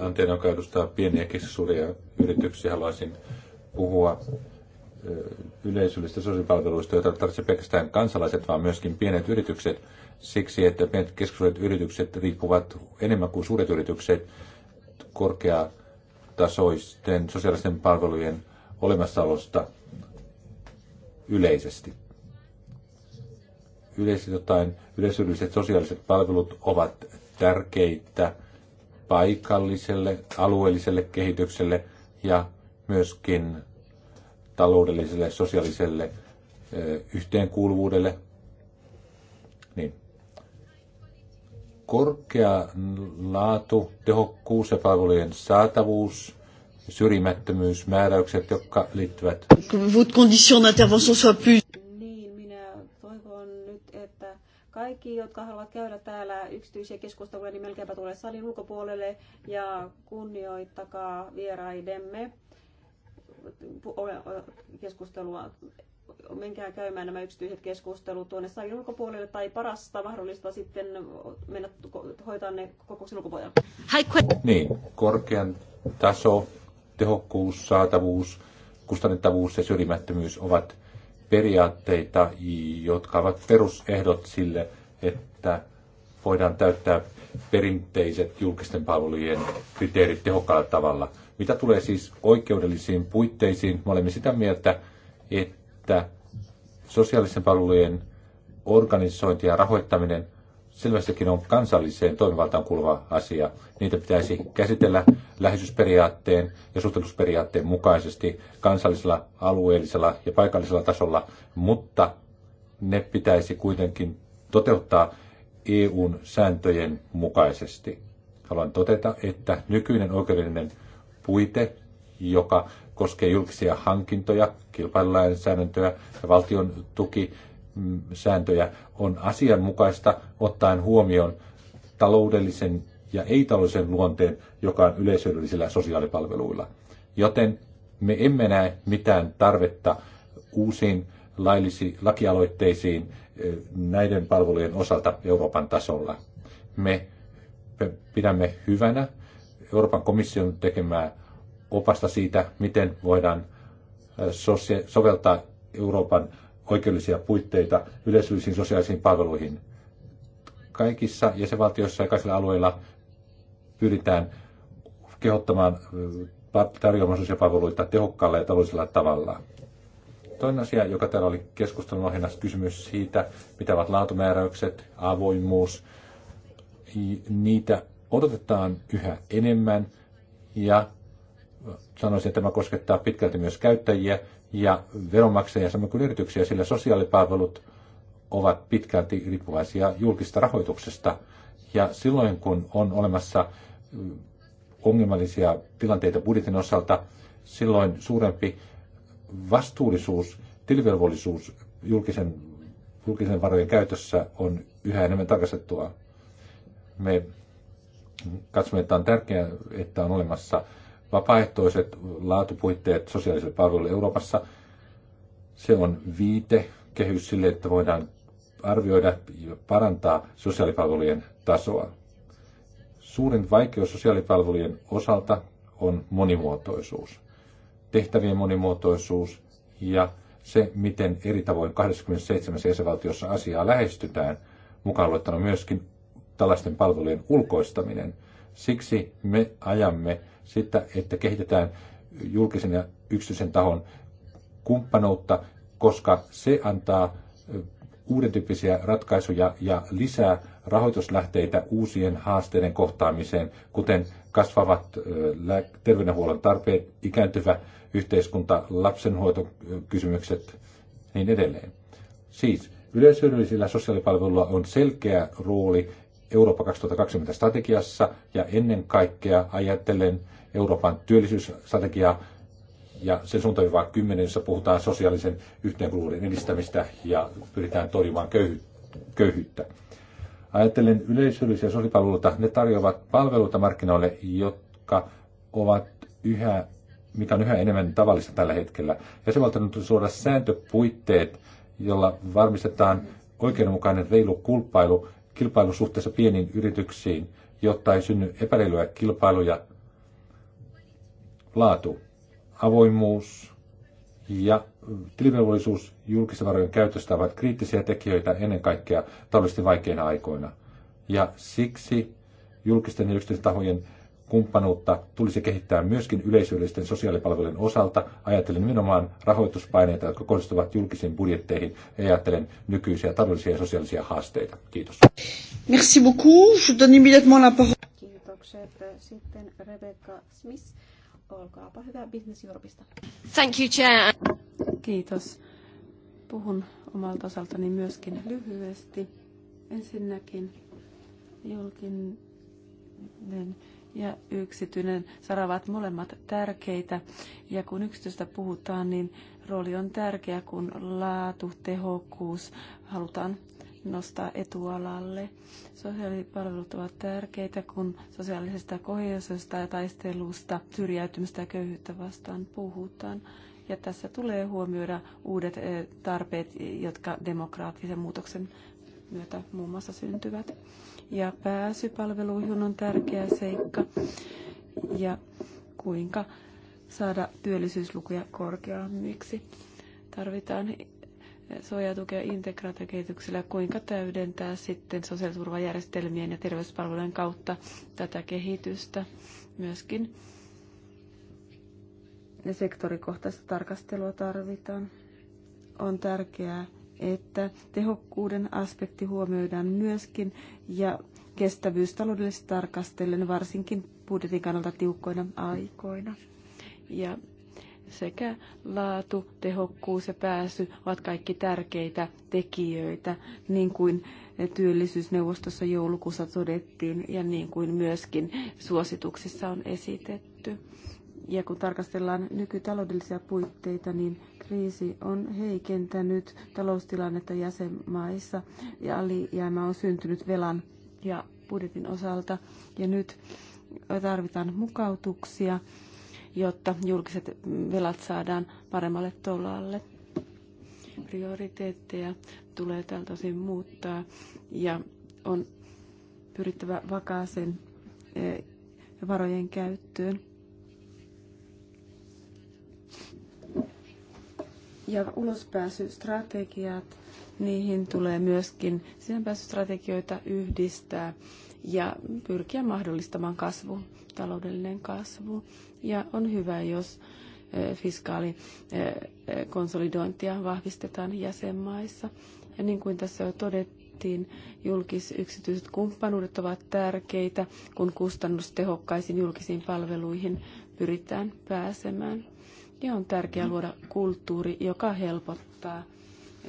anteena, joka edustaa pieniä ja keskisuuria yrityksiä, haluaisin puhua yleisöllistä sosiaalipalveluista, joita tarvitsee pelkästään kansalaiset, vaan myöskin pienet yritykset, siksi että pienet keskisuuret yritykset riippuvat enemmän kuin suuret yritykset korkeaa tasoisten sosiaalisten palvelujen olemassaolosta yleisesti. Yleisesti jotain, yleisölliset sosiaaliset palvelut ovat tärkeitä paikalliselle, alueelliselle kehitykselle ja myöskin taloudelliselle, sosiaaliselle yhteenkuuluvuudelle. Niin korkea laatu, tehokkuus ja palvelujen saatavuus, syrjimättömyys, määräykset, jotka liittyvät. Niin, minä toivon nyt, että kaikki, jotka haluavat käydä täällä yksityisiä keskusteluja, niin melkeinpä tulee salin ulkopuolelle ja kunnioittakaa vieraidemme keskustelua menkää käymään nämä yksityiset keskustelut tuonne salin ulkopuolelle tai parasta mahdollista sitten mennä hoitaa ne kokouksen ulkopuolelle. Niin, korkean taso, tehokkuus, saatavuus, kustannettavuus ja syrjimättömyys ovat periaatteita, jotka ovat perusehdot sille, että voidaan täyttää perinteiset julkisten palvelujen kriteerit tehokkaalla tavalla. Mitä tulee siis oikeudellisiin puitteisiin, me olemme sitä mieltä, että että sosiaalisten palvelujen organisointi ja rahoittaminen selvästikin on kansalliseen toimivaltaan kuuluva asia. Niitä pitäisi käsitellä läheisyysperiaatteen ja suhteellisuusperiaatteen mukaisesti kansallisella, alueellisella ja paikallisella tasolla, mutta ne pitäisi kuitenkin toteuttaa EUn sääntöjen mukaisesti. Haluan todeta, että nykyinen oikeudellinen puite, joka koskee julkisia hankintoja, kilpailulainsäädäntöä ja valtion tukisääntöjä, mm, on asianmukaista ottaen huomioon taloudellisen ja ei-taloudellisen luonteen, joka on yleisöllisillä sosiaalipalveluilla. Joten me emme näe mitään tarvetta uusiin laillisiin lakialoitteisiin eh, näiden palvelujen osalta Euroopan tasolla. Me pidämme hyvänä Euroopan komission tekemää opasta siitä, miten voidaan soveltaa Euroopan oikeudellisia puitteita yleisöllisiin sosiaalisiin palveluihin. Kaikissa jäsenvaltioissa ja kaikilla alueilla pyritään kehottamaan tarjoamaan palveluita tehokkaalla ja taloudellisella tavalla. Toinen asia, joka täällä oli keskustelun ohjelmassa, kysymys siitä, mitä ovat laatumääräykset, avoimuus. Niitä odotetaan yhä enemmän ja sanoisin, että tämä koskettaa pitkälti myös käyttäjiä ja veronmaksajia, samoin kuin yrityksiä, sillä sosiaalipalvelut ovat pitkälti riippuvaisia julkista rahoituksesta. Ja silloin, kun on olemassa mm, ongelmallisia tilanteita budjetin osalta, silloin suurempi vastuullisuus, tilivelvollisuus julkisen, julkisen varojen käytössä on yhä enemmän tarkastettua. Me katsomme, että on tärkeää, että on olemassa vapaaehtoiset laatupuitteet sosiaalisille palveluille Euroopassa. Se on viite kehys sille, että voidaan arvioida ja parantaa sosiaalipalvelujen tasoa. Suurin vaikeus sosiaalipalvelujen osalta on monimuotoisuus, tehtävien monimuotoisuus ja se, miten eri tavoin 27 jäsenvaltiossa asiaa lähestytään, mukaan luettuna myöskin tällaisten palvelujen ulkoistaminen. Siksi me ajamme sitä, että kehitetään julkisen ja yksityisen tahon kumppanuutta, koska se antaa uuden tyyppisiä ratkaisuja ja lisää rahoituslähteitä uusien haasteiden kohtaamiseen, kuten kasvavat terveydenhuollon tarpeet, ikääntyvä yhteiskunta, lapsenhuoltokysymykset niin edelleen. Siis yleishyödyllisillä sosiaalipalveluilla on selkeä rooli Eurooppa 2020 strategiassa ja ennen kaikkea ajatellen Euroopan työllisyysstrategiaa ja sen suuntaviivaa 10, jossa puhutaan sosiaalisen yhteenkuuluvuuden edistämistä ja pyritään torjumaan köyhyyttä. Ajattelen yleishyödyllisiä sosiaalipalveluita, ne tarjoavat palveluita markkinoille, jotka ovat yhä, mikä on yhä enemmän tavallista tällä hetkellä. Jäsenvaltion on suoda sääntöpuitteet, jolla varmistetaan oikeudenmukainen reilu kulpailu kilpailun suhteessa pieniin yrityksiin, jotta ei synny epäreilyä kilpailuja. Laatu, avoimuus ja tilivelvollisuus julkisen varojen käytöstä ovat kriittisiä tekijöitä ennen kaikkea taloudellisesti vaikeina aikoina. Ja siksi julkisten ja yksityisten tahojen kumppanuutta tulisi kehittää myöskin yleisöllisten sosiaalipalvelujen osalta, ajatellen nimenomaan rahoituspaineita, jotka kohdistuvat julkisiin budjetteihin, ja ajatellen nykyisiä taloudellisia ja sosiaalisia haasteita. Kiitos. Merci beaucoup. Je Kiitokset. Sitten Rebecca Smith. Olkaapa hyvä Business Europeista. Thank you, Chair. Kiitos. Puhun omalta osaltani myöskin lyhyesti. Ensinnäkin julkinen ja yksityinen sara ovat molemmat tärkeitä. Ja kun yksityistä puhutaan, niin rooli on tärkeä, kun laatu, tehokkuus halutaan nostaa etualalle. Sosiaalipalvelut ovat tärkeitä, kun sosiaalisesta kohesiosta ja taistelusta, syrjäytymistä ja köyhyyttä vastaan puhutaan. Ja tässä tulee huomioida uudet eh, tarpeet, jotka demokraattisen muutoksen myötä muun muassa syntyvät ja pääsy palveluihin on tärkeä seikka ja kuinka saada työllisyyslukuja korkeammiksi. Tarvitaan suojatukea integraatiokehityksellä, kuinka täydentää sitten sosiaaliturvajärjestelmien ja terveyspalvelujen kautta tätä kehitystä myöskin. Ja sektorikohtaista tarkastelua tarvitaan. On tärkeää, että tehokkuuden aspekti huomioidaan myöskin ja kestävyys taloudellisesti tarkastellen varsinkin budjetin kannalta tiukkoina aikoina. Ja sekä laatu, tehokkuus ja pääsy ovat kaikki tärkeitä tekijöitä, niin kuin työllisyysneuvostossa joulukuussa todettiin ja niin kuin myöskin suosituksissa on esitetty. Ja kun tarkastellaan nykytaloudellisia puitteita, niin kriisi on heikentänyt taloustilannetta jäsenmaissa ja alijäämä on syntynyt velan ja budjetin osalta. Ja nyt tarvitaan mukautuksia, jotta julkiset velat saadaan paremmalle tolalle. Prioriteetteja tulee tältä osin muuttaa ja on pyrittävä vakaaseen eh, varojen käyttöön Ja ulospääsystrategiat, niihin tulee myöskin sisäänpääsystrategioita yhdistää ja pyrkiä mahdollistamaan kasvu, taloudellinen kasvu. Ja on hyvä, jos eh, fiskaalikonsolidointia eh, eh, vahvistetaan jäsenmaissa. Ja niin kuin tässä jo todettiin, julkis-yksityiset kumppanuudet ovat tärkeitä, kun kustannustehokkaisiin julkisiin palveluihin pyritään pääsemään. Ja on tärkeää luoda kulttuuri, joka helpottaa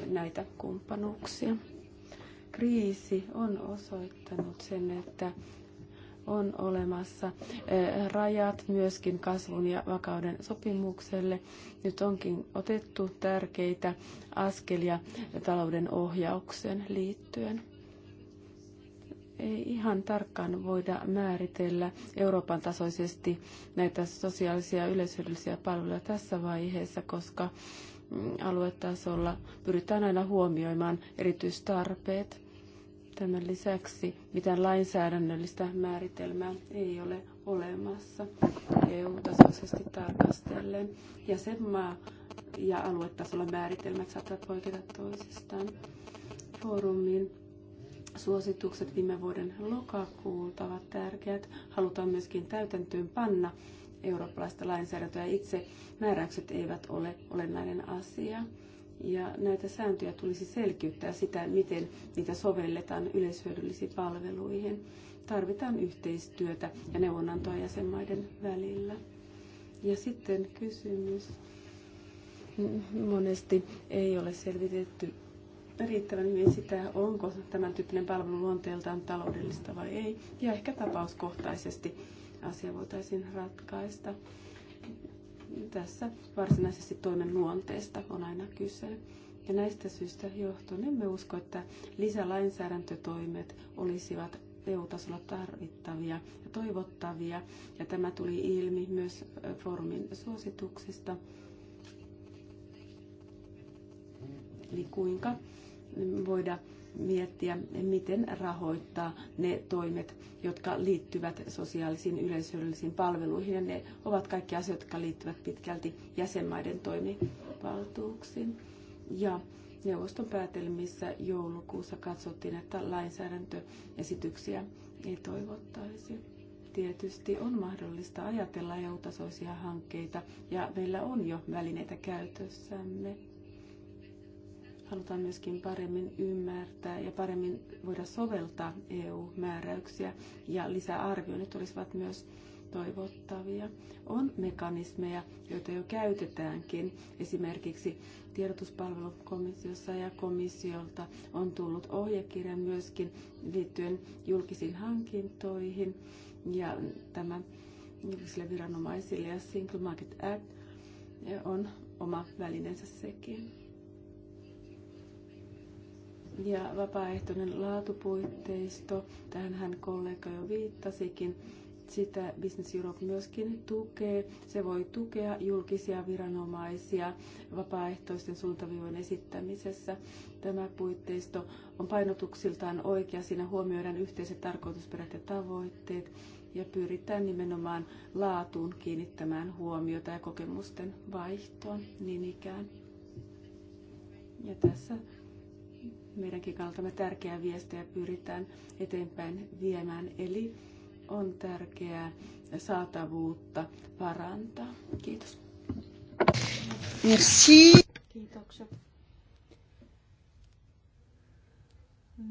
näitä kumppanuuksia. Kriisi on osoittanut sen, että on olemassa e, rajat myöskin kasvun ja vakauden sopimukselle. Nyt onkin otettu tärkeitä askelia talouden ohjaukseen liittyen ei ihan tarkkaan voida määritellä Euroopan tasoisesti näitä sosiaalisia ja yleishyödyllisiä palveluja tässä vaiheessa, koska mm, aluetasolla pyritään aina huomioimaan erityistarpeet. Tämän lisäksi mitään lainsäädännöllistä määritelmää ei ole olemassa EU-tasoisesti tarkastellen. Jäsenmaa ja aluetasolla määritelmät saattavat poiketa toisistaan. Foorumin suositukset viime vuoden lokakuulta ovat tärkeät. Halutaan myöskin täytäntöön panna eurooppalaista lainsäädäntöä. Itse määräykset eivät ole olennainen asia. Ja näitä sääntöjä tulisi selkiyttää sitä, miten niitä sovelletaan yleishyödyllisiin palveluihin. Tarvitaan yhteistyötä ja neuvonantoa jäsenmaiden välillä. Ja sitten kysymys. Monesti ei ole selvitetty riittävän hyvin sitä, onko tämän tyyppinen palvelu luonteeltaan taloudellista vai ei. Ja ehkä tapauskohtaisesti asia voitaisiin ratkaista. Tässä varsinaisesti toimen luonteesta on aina kyse. Ja näistä syistä johtuen emme usko, että lisälainsäädäntötoimet olisivat EU-tasolla tarvittavia ja toivottavia. Ja tämä tuli ilmi myös foorumin suosituksista. Eli kuinka voida miettiä, miten rahoittaa ne toimet, jotka liittyvät sosiaalisiin yleishyödyllisiin palveluihin. Ja ne ovat kaikki asioita, jotka liittyvät pitkälti jäsenmaiden toimivaltuuksiin. Ja neuvoston päätelmissä joulukuussa katsottiin, että lainsäädäntöesityksiä ei toivottaisi. Tietysti on mahdollista ajatella EU-tasoisia hankkeita ja meillä on jo välineitä käytössämme halutaan myöskin paremmin ymmärtää ja paremmin voida soveltaa EU-määräyksiä ja lisäarvioinnit olisivat myös toivottavia. On mekanismeja, joita jo käytetäänkin. Esimerkiksi tiedotuspalvelukomissiossa ja komissiolta on tullut ohjekirja myöskin liittyen julkisiin hankintoihin ja tämä julkisille viranomaisille ja Single Market Act on oma välineensä sekin. Ja vapaaehtoinen laatupuitteisto, tähän hän kollega jo viittasikin, sitä Business Europe myöskin tukee. Se voi tukea julkisia viranomaisia vapaaehtoisten suuntaviivojen esittämisessä. Tämä puitteisto on painotuksiltaan oikea. Siinä huomioidaan yhteiset tarkoitusperät ja tavoitteet ja pyritään nimenomaan laatuun kiinnittämään huomiota ja kokemusten vaihtoon niin ikään. Ja tässä meidänkin kaltamme tärkeää viestiä pyritään eteenpäin viemään. Eli on tärkeää saatavuutta parantaa. Kiitos. Merci. Kiitoksia.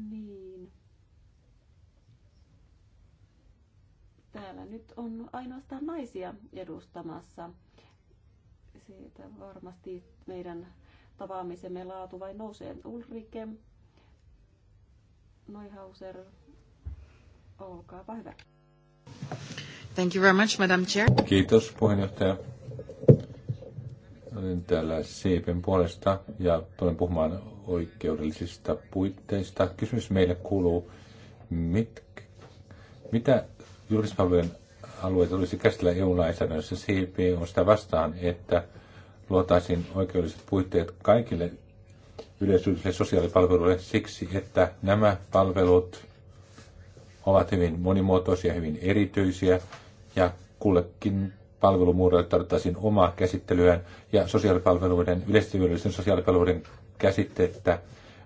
Niin. Täällä nyt on ainoastaan naisia edustamassa. Siitä varmasti meidän tapaamisemme laatu vain nousee. Ulrike, Neuhauser, olkaapa hyvä. Thank you very much, Madam Chair. Kiitos puheenjohtaja. Olen täällä Siipen puolesta ja tulen puhumaan oikeudellisista puitteista. Kysymys meille kuuluu, mit, mitä julkispalvelujen alueet olisi käsitellä EU-lainsäädännössä. Siipi on sitä vastaan, että luotaisiin oikeudelliset puitteet kaikille yleisöllisille sosiaalipalveluille siksi, että nämä palvelut ovat hyvin monimuotoisia, hyvin erityisiä ja kullekin palvelumuodolle tarvittaisiin omaa käsittelyään ja sosiaalipalveluiden, yleisyydellisen sosiaalipalveluiden käsitettä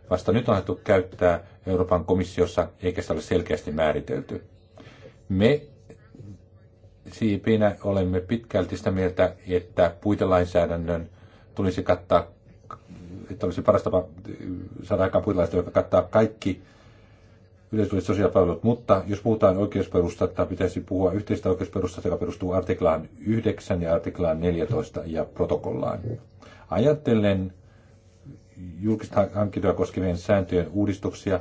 vasta nyt on alettu käyttää Euroopan komissiossa, eikä sitä ole selkeästi määritelty. Me siipinä olemme pitkälti sitä mieltä, että puitelainsäädännön tulisi kattaa että olisi paras tapa mm, saada aikaan puitelaista, joka kattaa kaikki yleisölliset sosiaalipalvelut, mutta jos puhutaan oikeusperustasta, pitäisi puhua yhteistä oikeusperustasta, joka perustuu artiklaan 9 ja artiklaan 14 ja protokollaan. Ajattelen julkista hankintoja koskevien sääntöjen uudistuksia,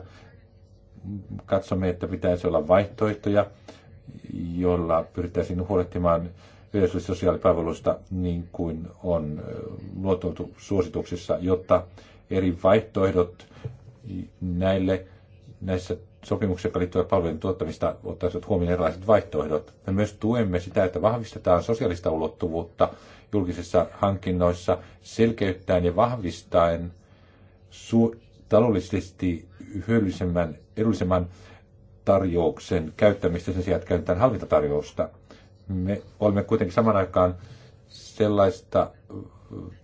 katsomme, että pitäisi olla vaihtoehtoja, joilla pyrittäisiin huolehtimaan yleisöllisistä sosiaalipalveluista niin kuin on luotoutu suosituksissa, jotta eri vaihtoehdot näille näissä sopimuksissa, jotka liittyvät palvelujen tuottamista, ottaisivat huomioon erilaiset vaihtoehdot. Me myös tuemme sitä, että vahvistetaan sosiaalista ulottuvuutta julkisissa hankinnoissa selkeyttäen ja vahvistaen su- taloudellisesti hyödyllisemmän, edullisemman tarjouksen käyttämistä sen sijaan, että käytetään halvintatarjousta me olemme kuitenkin saman aikaan sellaista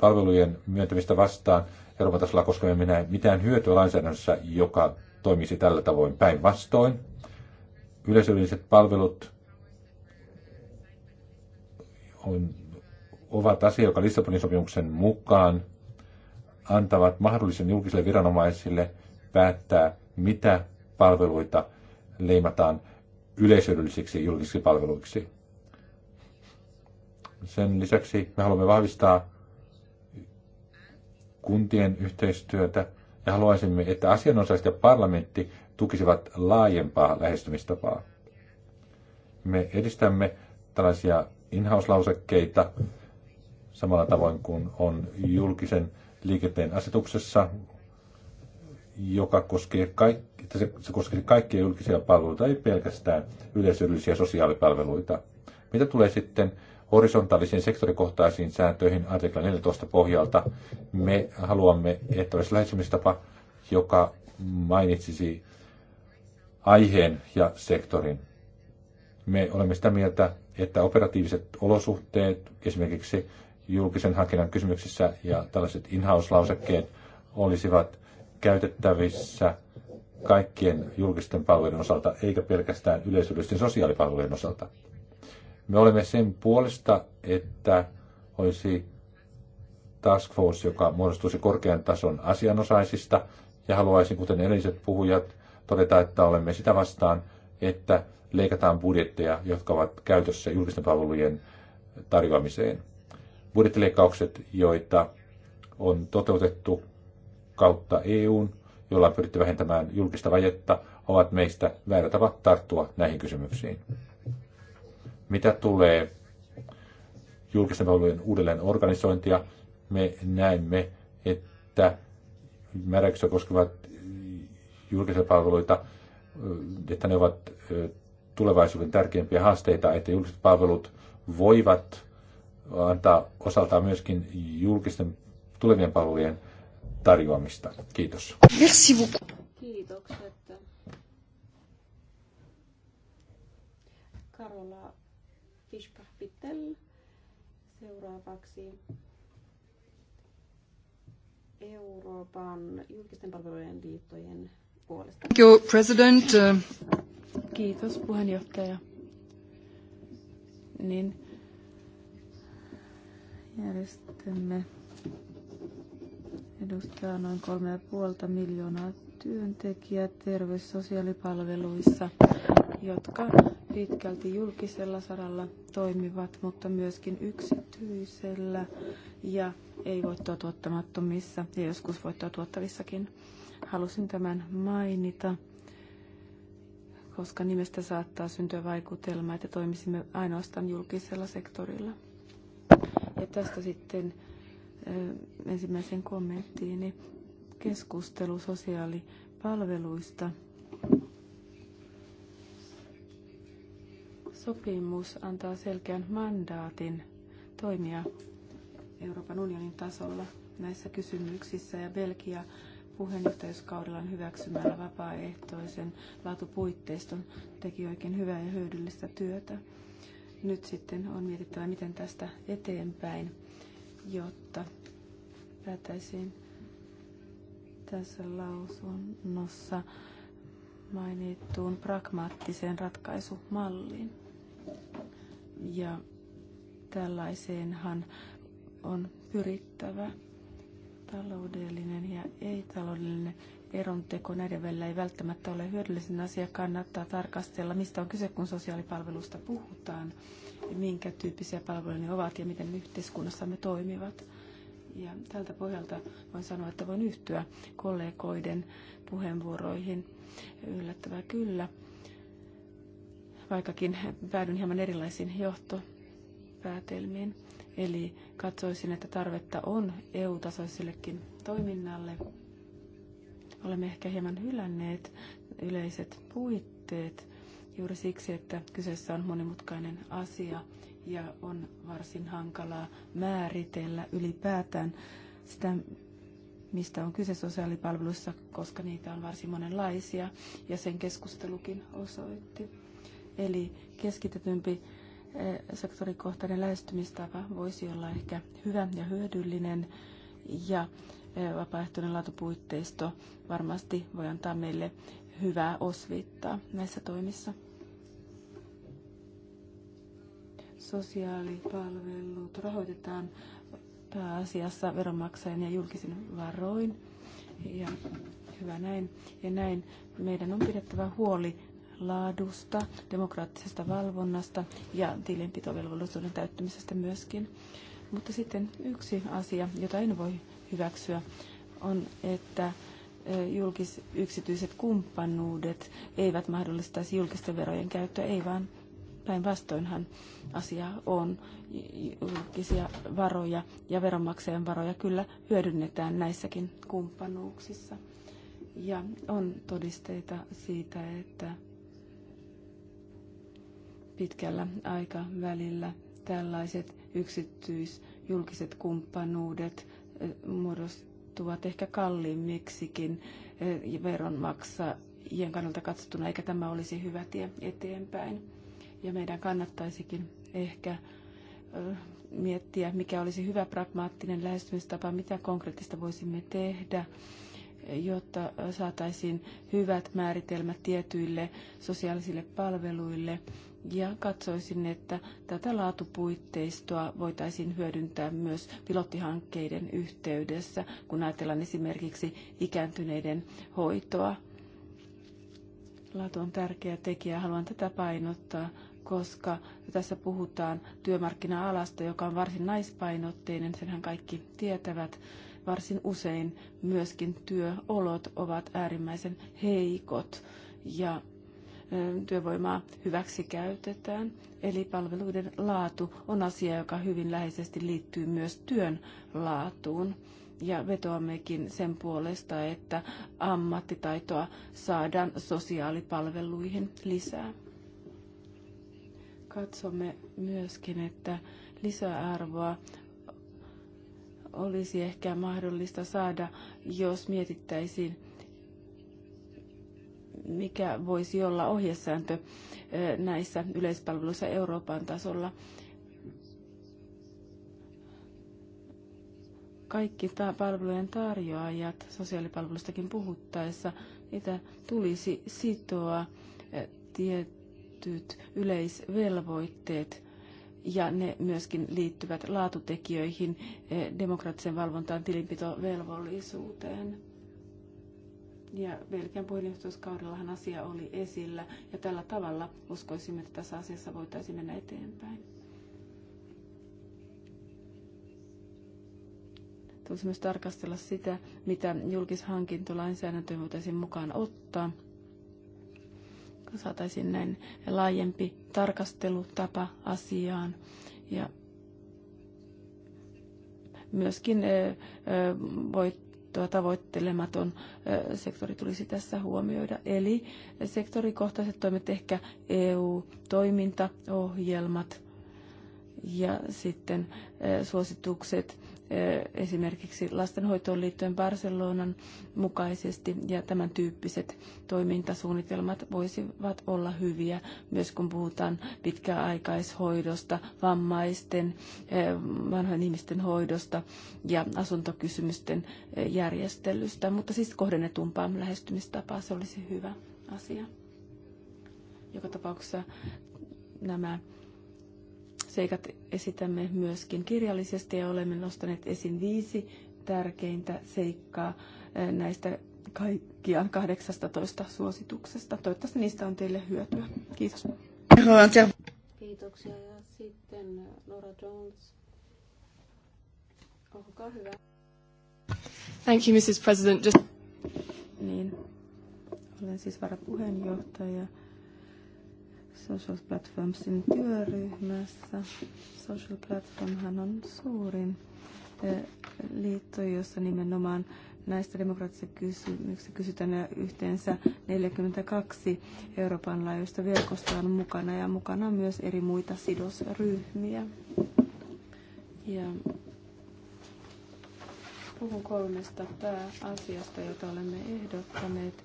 palvelujen myöntämistä vastaan Euroopan tasolla, koska me näe mitään hyötyä lainsäädännössä, joka toimisi tällä tavoin päinvastoin. Yleisölliset palvelut on, ovat asia, joka Lissabonin sopimuksen mukaan antavat mahdollisen julkisille viranomaisille päättää, mitä palveluita leimataan yleisöllisiksi julkisiksi palveluiksi. Sen lisäksi me haluamme vahvistaa kuntien yhteistyötä ja haluaisimme, että asianosaiset ja parlamentti tukisivat laajempaa lähestymistapaa. Me edistämme tällaisia in lausekkeita samalla tavoin kuin on julkisen liikenteen asetuksessa, joka koskee, kaikki, se, se koskee kaikkia julkisia palveluita, ei pelkästään yleisöllisiä sosiaalipalveluita. Mitä tulee sitten horisontaalisiin sektorikohtaisiin sääntöihin artikla 14 pohjalta. Me haluamme, että olisi lähestymistapa, joka mainitsisi aiheen ja sektorin. Me olemme sitä mieltä, että operatiiviset olosuhteet, esimerkiksi julkisen hankinnan kysymyksissä ja tällaiset in-house-lausekkeet olisivat käytettävissä kaikkien julkisten palvelujen osalta, eikä pelkästään yleisöllisten sosiaalipalvelujen osalta. Me olemme sen puolesta, että olisi task force, joka muodostuisi korkean tason asianosaisista. Ja haluaisin, kuten edelliset puhujat, todeta, että olemme sitä vastaan, että leikataan budjetteja, jotka ovat käytössä julkisten palvelujen tarjoamiseen. Budjettileikkaukset, joita on toteutettu kautta EUn, jolla on pyritty vähentämään julkista vajetta, ovat meistä väärä tapa tarttua näihin kysymyksiin. Mitä tulee julkisten palvelujen uudelleen organisointia, me näemme, että määräyksiä koskevat julkisia palveluita, että ne ovat tulevaisuuden tärkeimpiä haasteita, että julkiset palvelut voivat antaa osaltaan myöskin julkisten tulevien palvelujen tarjoamista. Kiitos. Merci beaucoup. Kiitokset. Karola fischbach Seuraavaksi Euroopan julkisten palvelujen liittojen puolesta. Thank you, President. Kiitos puheenjohtaja. Niin järjestämme edustaa noin 3,5 miljoonaa työntekijää terveys- ja sosiaalipalveluissa, jotka pitkälti julkisella saralla toimivat, mutta myöskin yksityisellä ja ei voittoa tuottamattomissa ja joskus voittoa tuottavissakin. Halusin tämän mainita, koska nimestä saattaa syntyä vaikutelma, että toimisimme ainoastaan julkisella sektorilla. Ja tästä sitten ensimmäisen kommenttiini keskustelu sosiaalipalveluista – sopimus antaa selkeän mandaatin toimia Euroopan unionin tasolla näissä kysymyksissä ja Belgia puheenjohtajuuskaudellaan hyväksymällä vapaaehtoisen laatupuitteiston teki oikein hyvää ja hyödyllistä työtä. Nyt sitten on mietittävä, miten tästä eteenpäin, jotta päätäisiin tässä lausunnossa mainittuun pragmaattiseen ratkaisumalliin. Ja tällaiseenhan on pyrittävä taloudellinen ja ei-taloudellinen eronteko näiden välillä ei välttämättä ole hyödyllisen asia. Kannattaa tarkastella, mistä on kyse, kun sosiaalipalvelusta puhutaan, ja minkä tyyppisiä palveluja ne ovat ja miten yhteiskunnassamme toimivat. Ja tältä pohjalta voin sanoa, että voin yhtyä kollegoiden puheenvuoroihin. Yllättävää kyllä vaikkakin päädyin hieman erilaisiin johtopäätelmiin. Eli katsoisin, että tarvetta on eu tasoisillekin toiminnalle. Olemme ehkä hieman hylänneet yleiset puitteet juuri siksi, että kyseessä on monimutkainen asia ja on varsin hankalaa määritellä ylipäätään sitä, mistä on kyse sosiaalipalveluissa, koska niitä on varsin monenlaisia ja sen keskustelukin osoitti. Eli keskitetympi eh, sektorikohtainen lähestymistapa voisi olla ehkä hyvä ja hyödyllinen ja eh, vapaaehtoinen laatupuitteisto varmasti voi antaa meille hyvää osviittaa näissä toimissa. Sosiaalipalvelut rahoitetaan pääasiassa veronmaksajien ja julkisin varoin. Ja hyvä näin. Ja näin meidän on pidettävä huoli laadusta, demokraattisesta valvonnasta ja tilinpitovelvollisuuden täyttämisestä myöskin. Mutta sitten yksi asia, jota en voi hyväksyä, on, että e, julkis-yksityiset kumppanuudet eivät mahdollistaisi julkisten verojen käyttöä, ei vaan päinvastoinhan asia on. Julkisia varoja ja veronmaksajan varoja kyllä hyödynnetään näissäkin kumppanuuksissa. Ja on todisteita siitä, että pitkällä aikavälillä tällaiset yksityis-julkiset kumppanuudet muodostuvat ehkä kalliimmiksikin veronmaksajien kannalta katsottuna, eikä tämä olisi hyvä tie eteenpäin. Ja meidän kannattaisikin ehkä miettiä, mikä olisi hyvä pragmaattinen lähestymistapa, mitä konkreettista voisimme tehdä, jotta saataisiin hyvät määritelmät tietyille sosiaalisille palveluille ja katsoisin, että tätä laatupuitteistoa voitaisiin hyödyntää myös pilottihankkeiden yhteydessä, kun ajatellaan esimerkiksi ikääntyneiden hoitoa. Laatu on tärkeä tekijä, haluan tätä painottaa, koska tässä puhutaan työmarkkina-alasta, joka on varsin naispainotteinen, senhän kaikki tietävät. Varsin usein myöskin työolot ovat äärimmäisen heikot ja työvoimaa hyväksi käytetään. Eli palveluiden laatu on asia, joka hyvin läheisesti liittyy myös työn laatuun. Ja vetoammekin sen puolesta, että ammattitaitoa saadaan sosiaalipalveluihin lisää. Katsomme myöskin, että lisäarvoa olisi ehkä mahdollista saada, jos mietittäisiin mikä voisi olla ohjesääntö näissä yleispalveluissa Euroopan tasolla. Kaikki ta- palvelujen tarjoajat sosiaalipalvelustakin puhuttaessa, niitä tulisi sitoa tietyt yleisvelvoitteet – ja ne myöskin liittyvät laatutekijöihin, demokraattiseen valvontaan, tilinpitovelvollisuuteen. Ja Belgian puheenjohtajuuskaudellahan asia oli esillä ja tällä tavalla uskoisimme, että tässä asiassa voitaisiin mennä eteenpäin. Tulisi myös tarkastella sitä, mitä julkishankintolainsäädäntöä voitaisiin mukaan ottaa. Saataisiin näin laajempi tarkastelutapa asiaan ja myöskin voi tuo tavoittelematon sektori tulisi tässä huomioida. Eli sektorikohtaiset toimet, ehkä EU-toimintaohjelmat ja sitten suositukset esimerkiksi lastenhoitoon liittyen Barcelonan mukaisesti ja tämän tyyppiset toimintasuunnitelmat voisivat olla hyviä myös kun puhutaan pitkäaikaishoidosta, vammaisten, vanhojen ihmisten hoidosta ja asuntokysymysten järjestelystä, mutta siis kohdennetumpaa lähestymistapaa se olisi hyvä asia. Joka tapauksessa nämä seikat esitämme myöskin kirjallisesti ja olemme nostaneet esiin viisi tärkeintä seikkaa eh, näistä kaikkiaan 18 suosituksesta. Toivottavasti niistä on teille hyötyä. Kiitos. Kiitoksia. Ja sitten eh, Laura Jones. Olkaa hyvä. Thank you, Mrs. President. Just... Niin. Olen siis varapuheenjohtaja Social Platformsin työryhmässä. Social Platformhan on suurin eh, liitto, jossa nimenomaan näistä demokraattisista kysymyksistä kysytään yhteensä 42 Euroopan laajuista verkostoa on mukana ja mukana on myös eri muita sidosryhmiä. Ja puhun kolmesta pääasiasta, jota olemme ehdottaneet.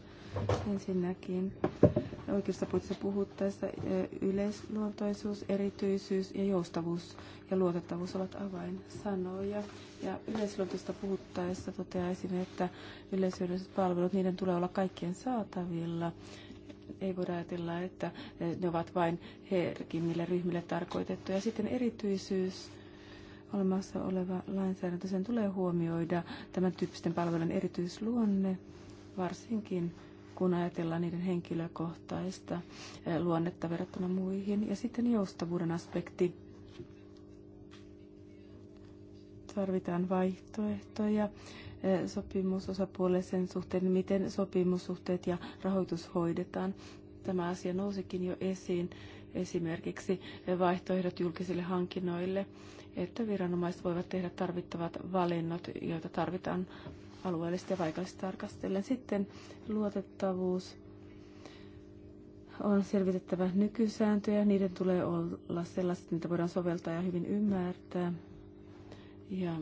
Ensinnäkin oikeudesta puitteissa puhuu e, Yleisluontoisuus, erityisyys ja joustavuus ja luotettavuus ovat avainsanoja. Ja yleisluontoista puhuttaessa toteaisin, että yleisyydelliset palvelut, niiden tulee olla kaikkien saatavilla. Ei voida ajatella, että e, ne ovat vain herkimmille ryhmille tarkoitettuja. Sitten erityisyys olemassa oleva lainsäädäntö, sen tulee huomioida tämän tyyppisten palvelujen erityisluonne, varsinkin kun ajatellaan niiden henkilökohtaista luonnetta verrattuna muihin. Ja sitten joustavuuden aspekti. Tarvitaan vaihtoehtoja sopimusosapuolelle sen suhteen, miten sopimussuhteet ja rahoitus hoidetaan. Tämä asia nousikin jo esiin esimerkiksi vaihtoehdot julkisille hankinnoille, että viranomaiset voivat tehdä tarvittavat valinnot, joita tarvitaan alueellisesti ja paikallisesti tarkastellen. Sitten luotettavuus on selvitettävä nykysääntöjä. Niiden tulee olla sellaiset, mitä voidaan soveltaa ja hyvin ymmärtää. Ja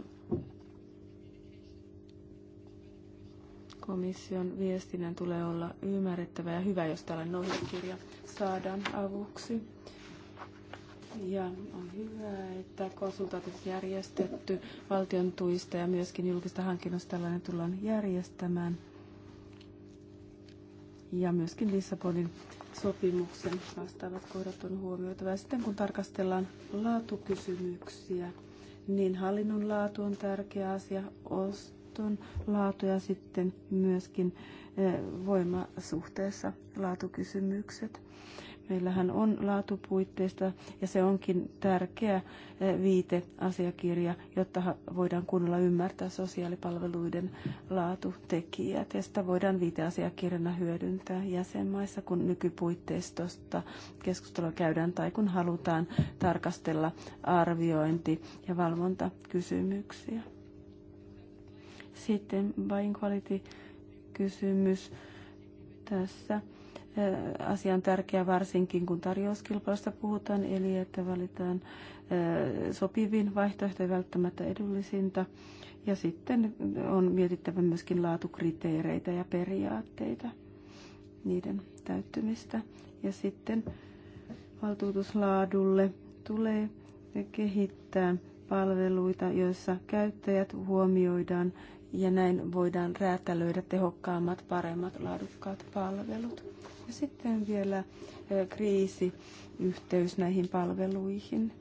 komission viestinnän tulee olla ymmärrettävä ja hyvä, jos tällainen ohjekirja saadaan avuksi. Ja on hyvä, että konsultaatit järjestetty valtion tuista ja myöskin julkista hankinnosta tällainen tullaan järjestämään. Ja myöskin Lissabonin sopimuksen vastaavat kohdat on huomioitava. Ja sitten kun tarkastellaan laatukysymyksiä, niin hallinnon laatu on tärkeä asia, oston laatu ja sitten myöskin eh, voimasuhteessa laatukysymykset Meillähän on laatupuitteista ja se onkin tärkeä eh, viiteasiakirja, jotta voidaan kunnolla ymmärtää sosiaalipalveluiden laatutekijät. Ja sitä voidaan viiteasiakirjana hyödyntää jäsenmaissa, kun nykypuitteistosta keskustelua käydään tai kun halutaan tarkastella arviointi- ja valvontakysymyksiä. Sitten buying quality kysymys tässä Asian tärkeä varsinkin, kun tarjouskilpailusta puhutaan, eli että valitaan sopivin vaihtoehto ja välttämättä edullisinta. Ja sitten on mietittävä myöskin laatukriteereitä ja periaatteita, niiden täyttymistä. Ja sitten valtuutuslaadulle tulee kehittää palveluita, joissa käyttäjät huomioidaan ja näin voidaan räätälöidä tehokkaammat, paremmat, laadukkaat palvelut. Ja sitten vielä kriisiyhteys näihin palveluihin.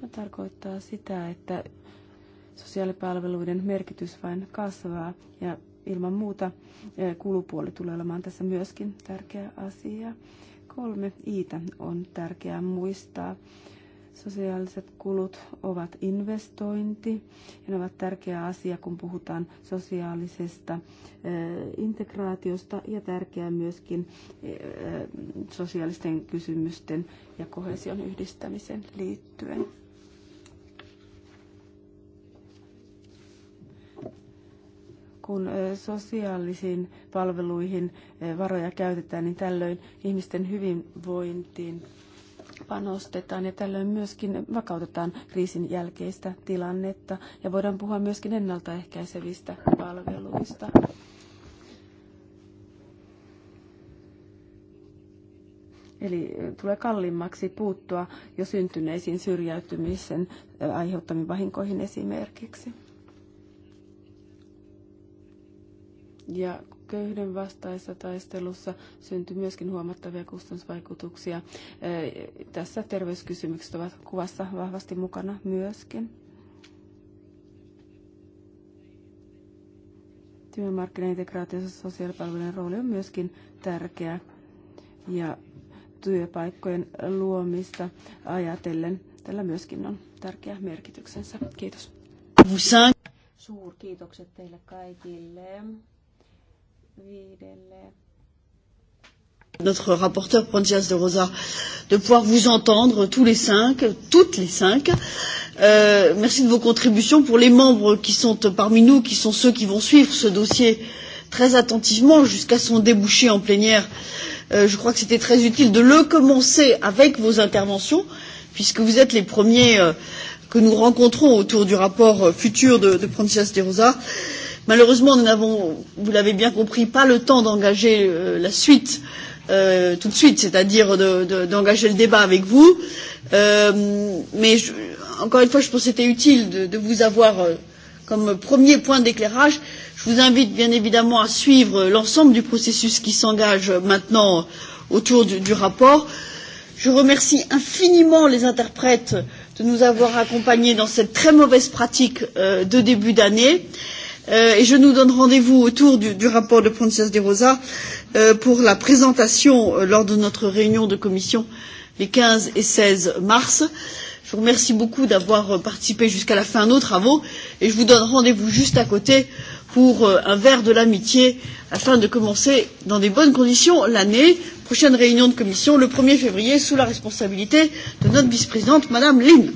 Se tarkoittaa sitä, että sosiaalipalveluiden merkitys vain kasvaa ja ilman muuta kulupuoli tulee olemaan tässä myöskin tärkeä asia. Kolme iitä on tärkeää muistaa. Sosiaaliset kulut ovat investointi ja ne ovat tärkeä asia, kun puhutaan sosiaalisesta eh, integraatiosta ja tärkeää myöskin eh, sosiaalisten kysymysten ja kohesion yhdistämisen liittyen. kun eh, sosiaalisiin palveluihin varoja käytetään, niin tällöin ihmisten hyvinvointiin panostetaan ja tällöin myöskin vakautetaan kriisin jälkeistä tilannetta ja voidaan puhua myöskin ennaltaehkäisevistä palveluista. Eli tulee kalliimmaksi puuttua jo syntyneisiin syrjäytymisen aiheuttamiin vahinkoihin esimerkiksi. Ja köyhyyden vastaisessa taistelussa syntyi myöskin huomattavia kustannusvaikutuksia. Tässä terveyskysymykset ovat kuvassa vahvasti mukana myöskin. Työmarkkinaintegraatiossa sosiaalipalvelujen rooli on myöskin tärkeä ja työpaikkojen luomista ajatellen tällä myöskin on tärkeä merkityksensä. Kiitos. Suurkiitokset teille kaikille notre rapporteur Pontias de Rosa de pouvoir vous entendre tous les cinq, toutes les cinq. Euh, merci de vos contributions. Pour les membres qui sont parmi nous, qui sont ceux qui vont suivre ce dossier très attentivement jusqu'à son débouché en plénière, euh, je crois que c'était très utile de le commencer avec vos interventions, puisque vous êtes les premiers euh, que nous rencontrons autour du rapport euh, futur de, de Pontias de Rosa. Euh, Malheureusement, nous n'avons, vous l'avez bien compris, pas le temps d'engager euh, la suite euh, tout de suite, c'est-à-dire d'engager de, de, le débat avec vous. Euh, mais je, encore une fois, je pense que c'était utile de, de vous avoir euh, comme premier point d'éclairage. Je vous invite bien évidemment à suivre l'ensemble du processus qui s'engage maintenant autour du, du rapport. Je remercie infiniment les interprètes de nous avoir accompagnés dans cette très mauvaise pratique euh, de début d'année. Euh, euh, et je nous donne rendez-vous autour du, du rapport de Princess de Rosa euh, pour la présentation euh, lors de notre réunion de commission les 15 et 16 mars. Je vous remercie beaucoup d'avoir euh, participé jusqu'à la fin de nos travaux et je vous donne rendez-vous juste à côté pour euh, un verre de l'amitié afin de commencer dans des bonnes conditions l'année. Prochaine réunion de commission le 1er février sous la responsabilité de notre vice-présidente, Madame Lynn.